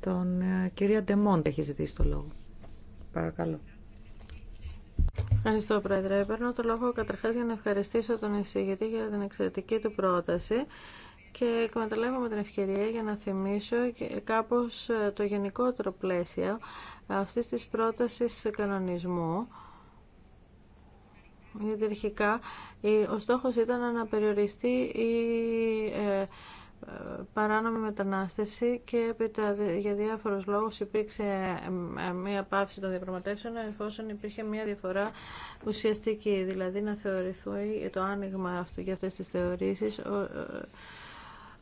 Τον, ε, κυρία Ντεμόντ έχει ζητήσει το λόγο. Παρακαλώ. Ευχαριστώ, Πρόεδρε. Παίρνω το λόγο καταρχάς για να ευχαριστήσω τον εισηγητή για την εξαιρετική του πρόταση και με την ευκαιρία για να θυμίσω κάπως ε, το γενικότερο πλαίσιο αυτής της πρότασης κανονισμού γιατί αρχικά ο στόχος ήταν να περιοριστεί η ε, ε, παράνομη μετανάστευση και για διάφορους λόγους υπήρξε ε, μία πάυση των διαπραγματεύσεων εφόσον υπήρχε μία διαφορά ουσιαστική, δηλαδή να θεωρηθεί το άνοιγμα για αυτές τις θεωρήσεις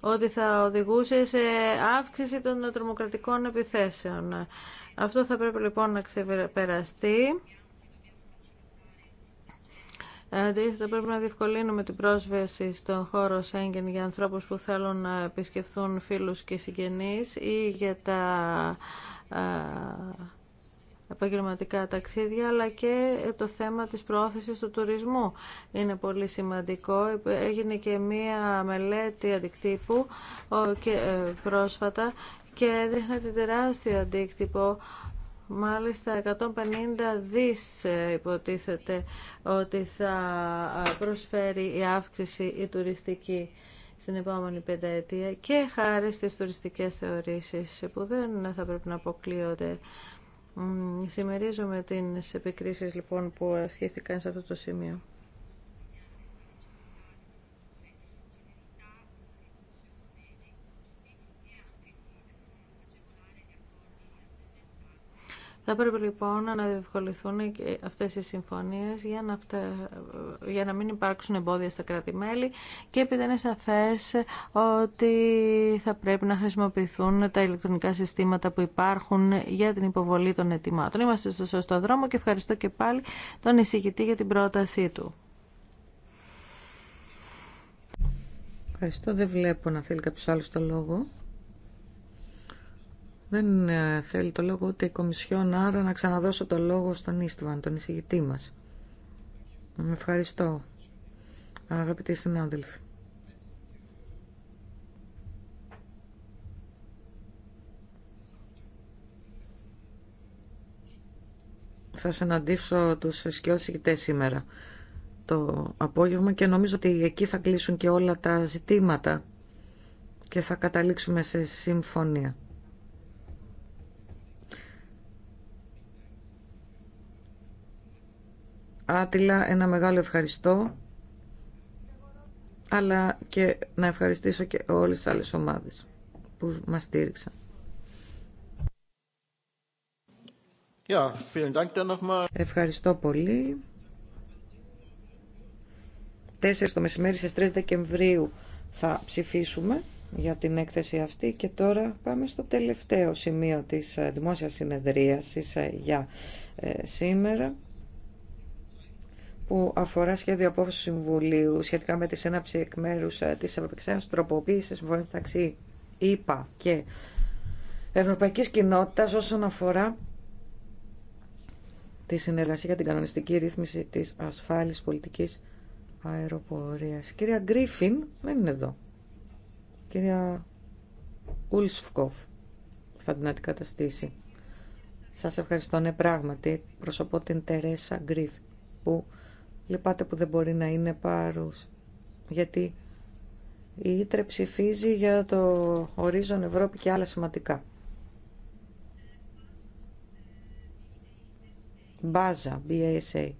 ότι θα οδηγούσε σε αύξηση των τρομοκρατικών επιθέσεων. Αυτό θα πρέπει λοιπόν να ξεπεραστεί Αντίθετα, ε, πρέπει να διευκολύνουμε την πρόσβαση στον χώρο Σέγγεν για ανθρώπους που θέλουν να επισκεφθούν φίλους και συγγενείς ή για τα ε, επαγγελματικά ταξίδια, αλλά και το θέμα της προώθησης του τουρισμού είναι πολύ σημαντικό. Έγινε και μία μελέτη αντικτύπου ε, πρόσφατα και έδειχνε την τεράστιο αντίκτυπο Μάλιστα 150 δις ε, υποτίθεται ότι θα ε, προσφέρει η αύξηση η τουριστική στην επόμενη πενταετία και χάρη στις τουριστικές θεωρήσεις που δεν θα πρέπει να αποκλείονται. Συμμερίζομαι τις επικρίσεις λοιπόν που ασχέθηκαν σε αυτό το σημείο. Θα πρέπει λοιπόν να διευκολυθούν αυτές οι συμφωνίες για να, για να μην υπάρξουν εμπόδια στα κράτη-μέλη και επειδή είναι σαφές ότι θα πρέπει να χρησιμοποιηθούν τα ηλεκτρονικά συστήματα που υπάρχουν για την υποβολή των ετοιμάτων. Είμαστε στο σωστό δρόμο και ευχαριστώ και πάλι τον εισηγητή για την πρότασή του. Ευχαριστώ. Δεν βλέπω να θέλει κάποιο άλλο το λόγο. Δεν ε, θέλει το λόγο ούτε η Κομισιόν, άρα να ξαναδώσω το λόγο στον Ιστβαν, τον εισηγητή μας. Ευχαριστώ ευχαριστώ, αγαπητοί συνάδελφοι. Θα συναντήσω τους σκιώδεις σήμερα το απόγευμα και νομίζω ότι εκεί θα κλείσουν και όλα τα ζητήματα και θα καταλήξουμε σε συμφωνία. Άτιλα, ένα μεγάλο ευχαριστώ, αλλά και να ευχαριστήσω και όλες τις άλλες ομάδες που μας στήριξαν. Ευχαριστώ πολύ. Τέσσερις το μεσημέρι στις 3 Δεκεμβρίου θα ψηφίσουμε για την έκθεση αυτή και τώρα πάμε στο τελευταίο σημείο της ε, δημόσιας συνεδρίασης ε, για ε, σήμερα που αφορά σχέδιο απόφαση του Συμβουλίου σχετικά με τη σύναψη εκ μέρου ε, τη Ευρωπαϊκή Ένωση τροποποίηση συμφωνία μεταξύ ΕΠΑ και Ευρωπαϊκή Κοινότητα όσον αφορά τη συνεργασία για την κανονιστική ρύθμιση τη ασφάλεια πολιτική αεροπορία. Κυρία Γκρίφιν δεν είναι εδώ. Κυρία Ουλσφκοφ θα την αντικαταστήσει. Σας ευχαριστώ, ναι πράγματι, προσωπώ την Τερέσα Γκρίφ που Λυπάται που δεν μπορεί να είναι πάρους. Γιατί η Ήτρε ψηφίζει για το ορίζον Ευρώπη και άλλα σημαντικά. Μπάζα, BASA.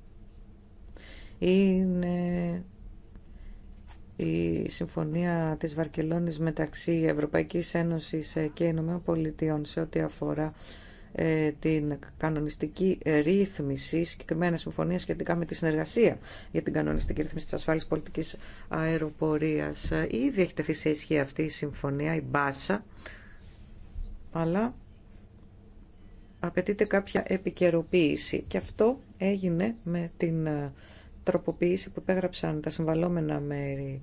Είναι η συμφωνία της Βαρκελόνης μεταξύ Ευρωπαϊκής Ένωσης και Ηνωμένων Πολιτειών σε ό,τι αφορά ε, την κανονιστική ρύθμιση, συγκεκριμένα συμφωνία σχετικά με τη συνεργασία για την κανονιστική ρύθμιση της ασφάλειας πολιτικής αεροπορίας. Ήδη έχει τεθεί σε ισχύ αυτή η συμφωνία, η μπάσα, αλλά απαιτείται κάποια επικαιροποίηση και αυτό έγινε με την τροποποίηση που υπέγραψαν τα συμβαλόμενα μέρη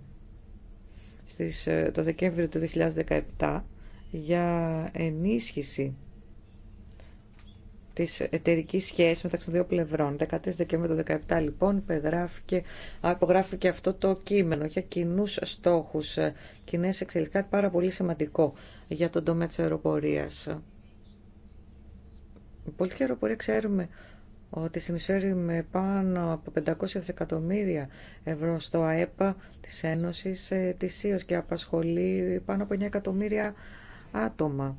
στις, ε, το Δεκέμβριο του 2017 για ενίσχυση Τη εταιρική σχέση μεταξύ των δύο πλευρών. 13 Δεκεμβρίου του 2017 λοιπόν υπογράφηκε, αυτό το κείμενο για κοινού στόχου. Ε, κοινέ κάτι πάρα πολύ σημαντικό για τον τομέα τη αεροπορία. Η πολιτική αεροπορία ξέρουμε ότι συνεισφέρει με πάνω από 500 δισεκατομμύρια ευρώ στο ΑΕΠΑ της Ένωσης ε, της ΥΟΣ και απασχολεί πάνω από 9 εκατομμύρια άτομα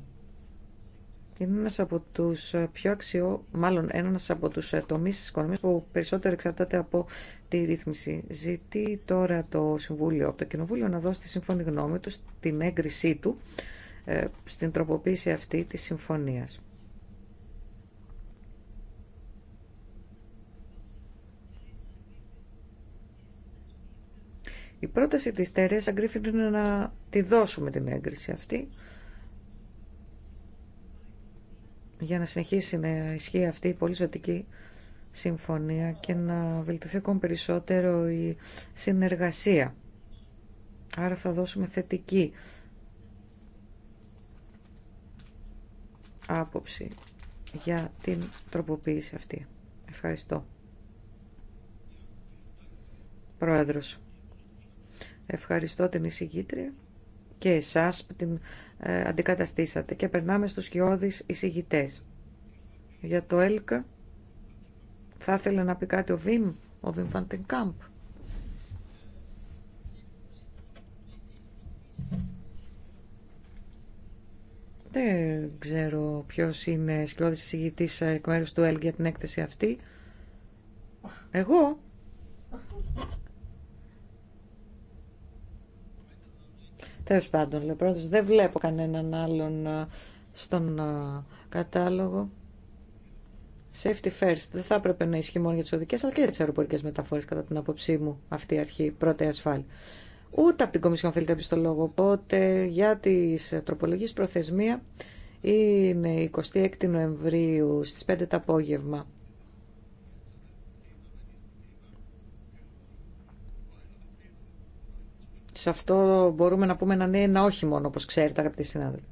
είναι ένας από τους ε, πιο αξιό, μάλλον ένας από τους ε, τομείς της οικονομίας που περισσότερο εξαρτάται από τη ρύθμιση. Ζητεί τώρα το Συμβούλιο από το Κοινοβούλιο να δώσει τη σύμφωνη γνώμη του στην έγκρισή του ε, στην τροποποίηση αυτή της συμφωνίας. Η πρόταση της Τερέσα Γκρίφιν είναι να τη δώσουμε την έγκριση αυτή για να συνεχίσει να ισχύει αυτή η πολύ ζωτική συμφωνία και να βελτιωθεί ακόμη περισσότερο η συνεργασία. Άρα θα δώσουμε θετική άποψη για την τροποποίηση αυτή. Ευχαριστώ. Πρόεδρος. Ευχαριστώ την εισηγήτρια και εσάς που την ε, αντικαταστήσατε. Και περνάμε στους σκιώδεις εισηγητέ. Για το ΕΛΚΑ θα ήθελε να πει κάτι ο Βιμ, ο Βιμ Φαντενκάμπ. Δεν ξέρω ποιος είναι σκιώδης εισηγητής εκ μέρους του ΕΛΚ για την έκθεση αυτή. Εγώ. Τέλο πάντων, λέω πρώτος, δεν βλέπω κανέναν άλλον ε, στον ε, κατάλογο. Safety first. Δεν θα έπρεπε να ισχύει μόνο για τι οδικέ αλλά και για τι αεροπορικέ μεταφορέ, κατά την άποψή μου, αυτή η αρχή πρώτη ασφάλεια. Ούτε από την Κομισιόν θέλει κάποιο το λόγο. Οπότε για τι τροπολογίε προθεσμία είναι 26 Νοεμβρίου στι 5 το απόγευμα. Σε αυτό μπορούμε να πούμε ένα ναι, ένα όχι μόνο, όπως ξέρετε αγαπητοί συνάδελφοι.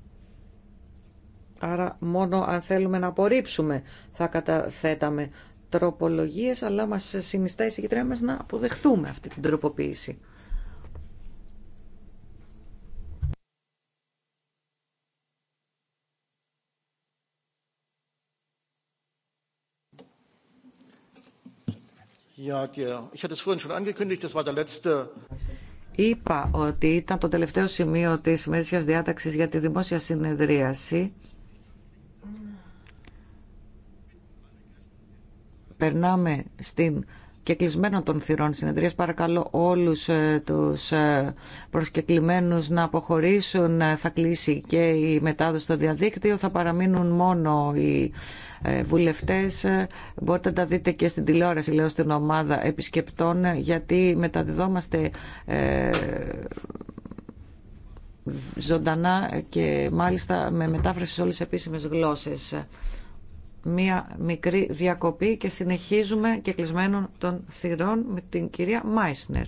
Άρα μόνο αν θέλουμε να απορρίψουμε θα καταθέταμε τροπολογίες, αλλά μας συνιστά η μας να αποδεχθούμε αυτή την τροποποίηση είπα ότι ήταν το τελευταίο σημείο της σημερινής διάταξης για τη δημόσια συνεδρίαση. Περνάμε στην και κλεισμένο των θυρών συνεδρίας. Παρακαλώ όλους ε, τους ε, προσκεκλημένους να αποχωρήσουν. Ε, θα κλείσει και η μετάδοση στο διαδίκτυο. Θα παραμείνουν μόνο οι βουλευτές. Μπορείτε να τα δείτε και στην τηλεόραση, λέω, στην ομάδα επισκεπτών, γιατί μεταδιδόμαστε ζωντανά και μάλιστα με μετάφραση σε όλες τις επίσημες γλώσσες μία μικρή διακοπή και συνεχίζουμε και κλεισμένων των θυρών με την κυρία Μάισνερ.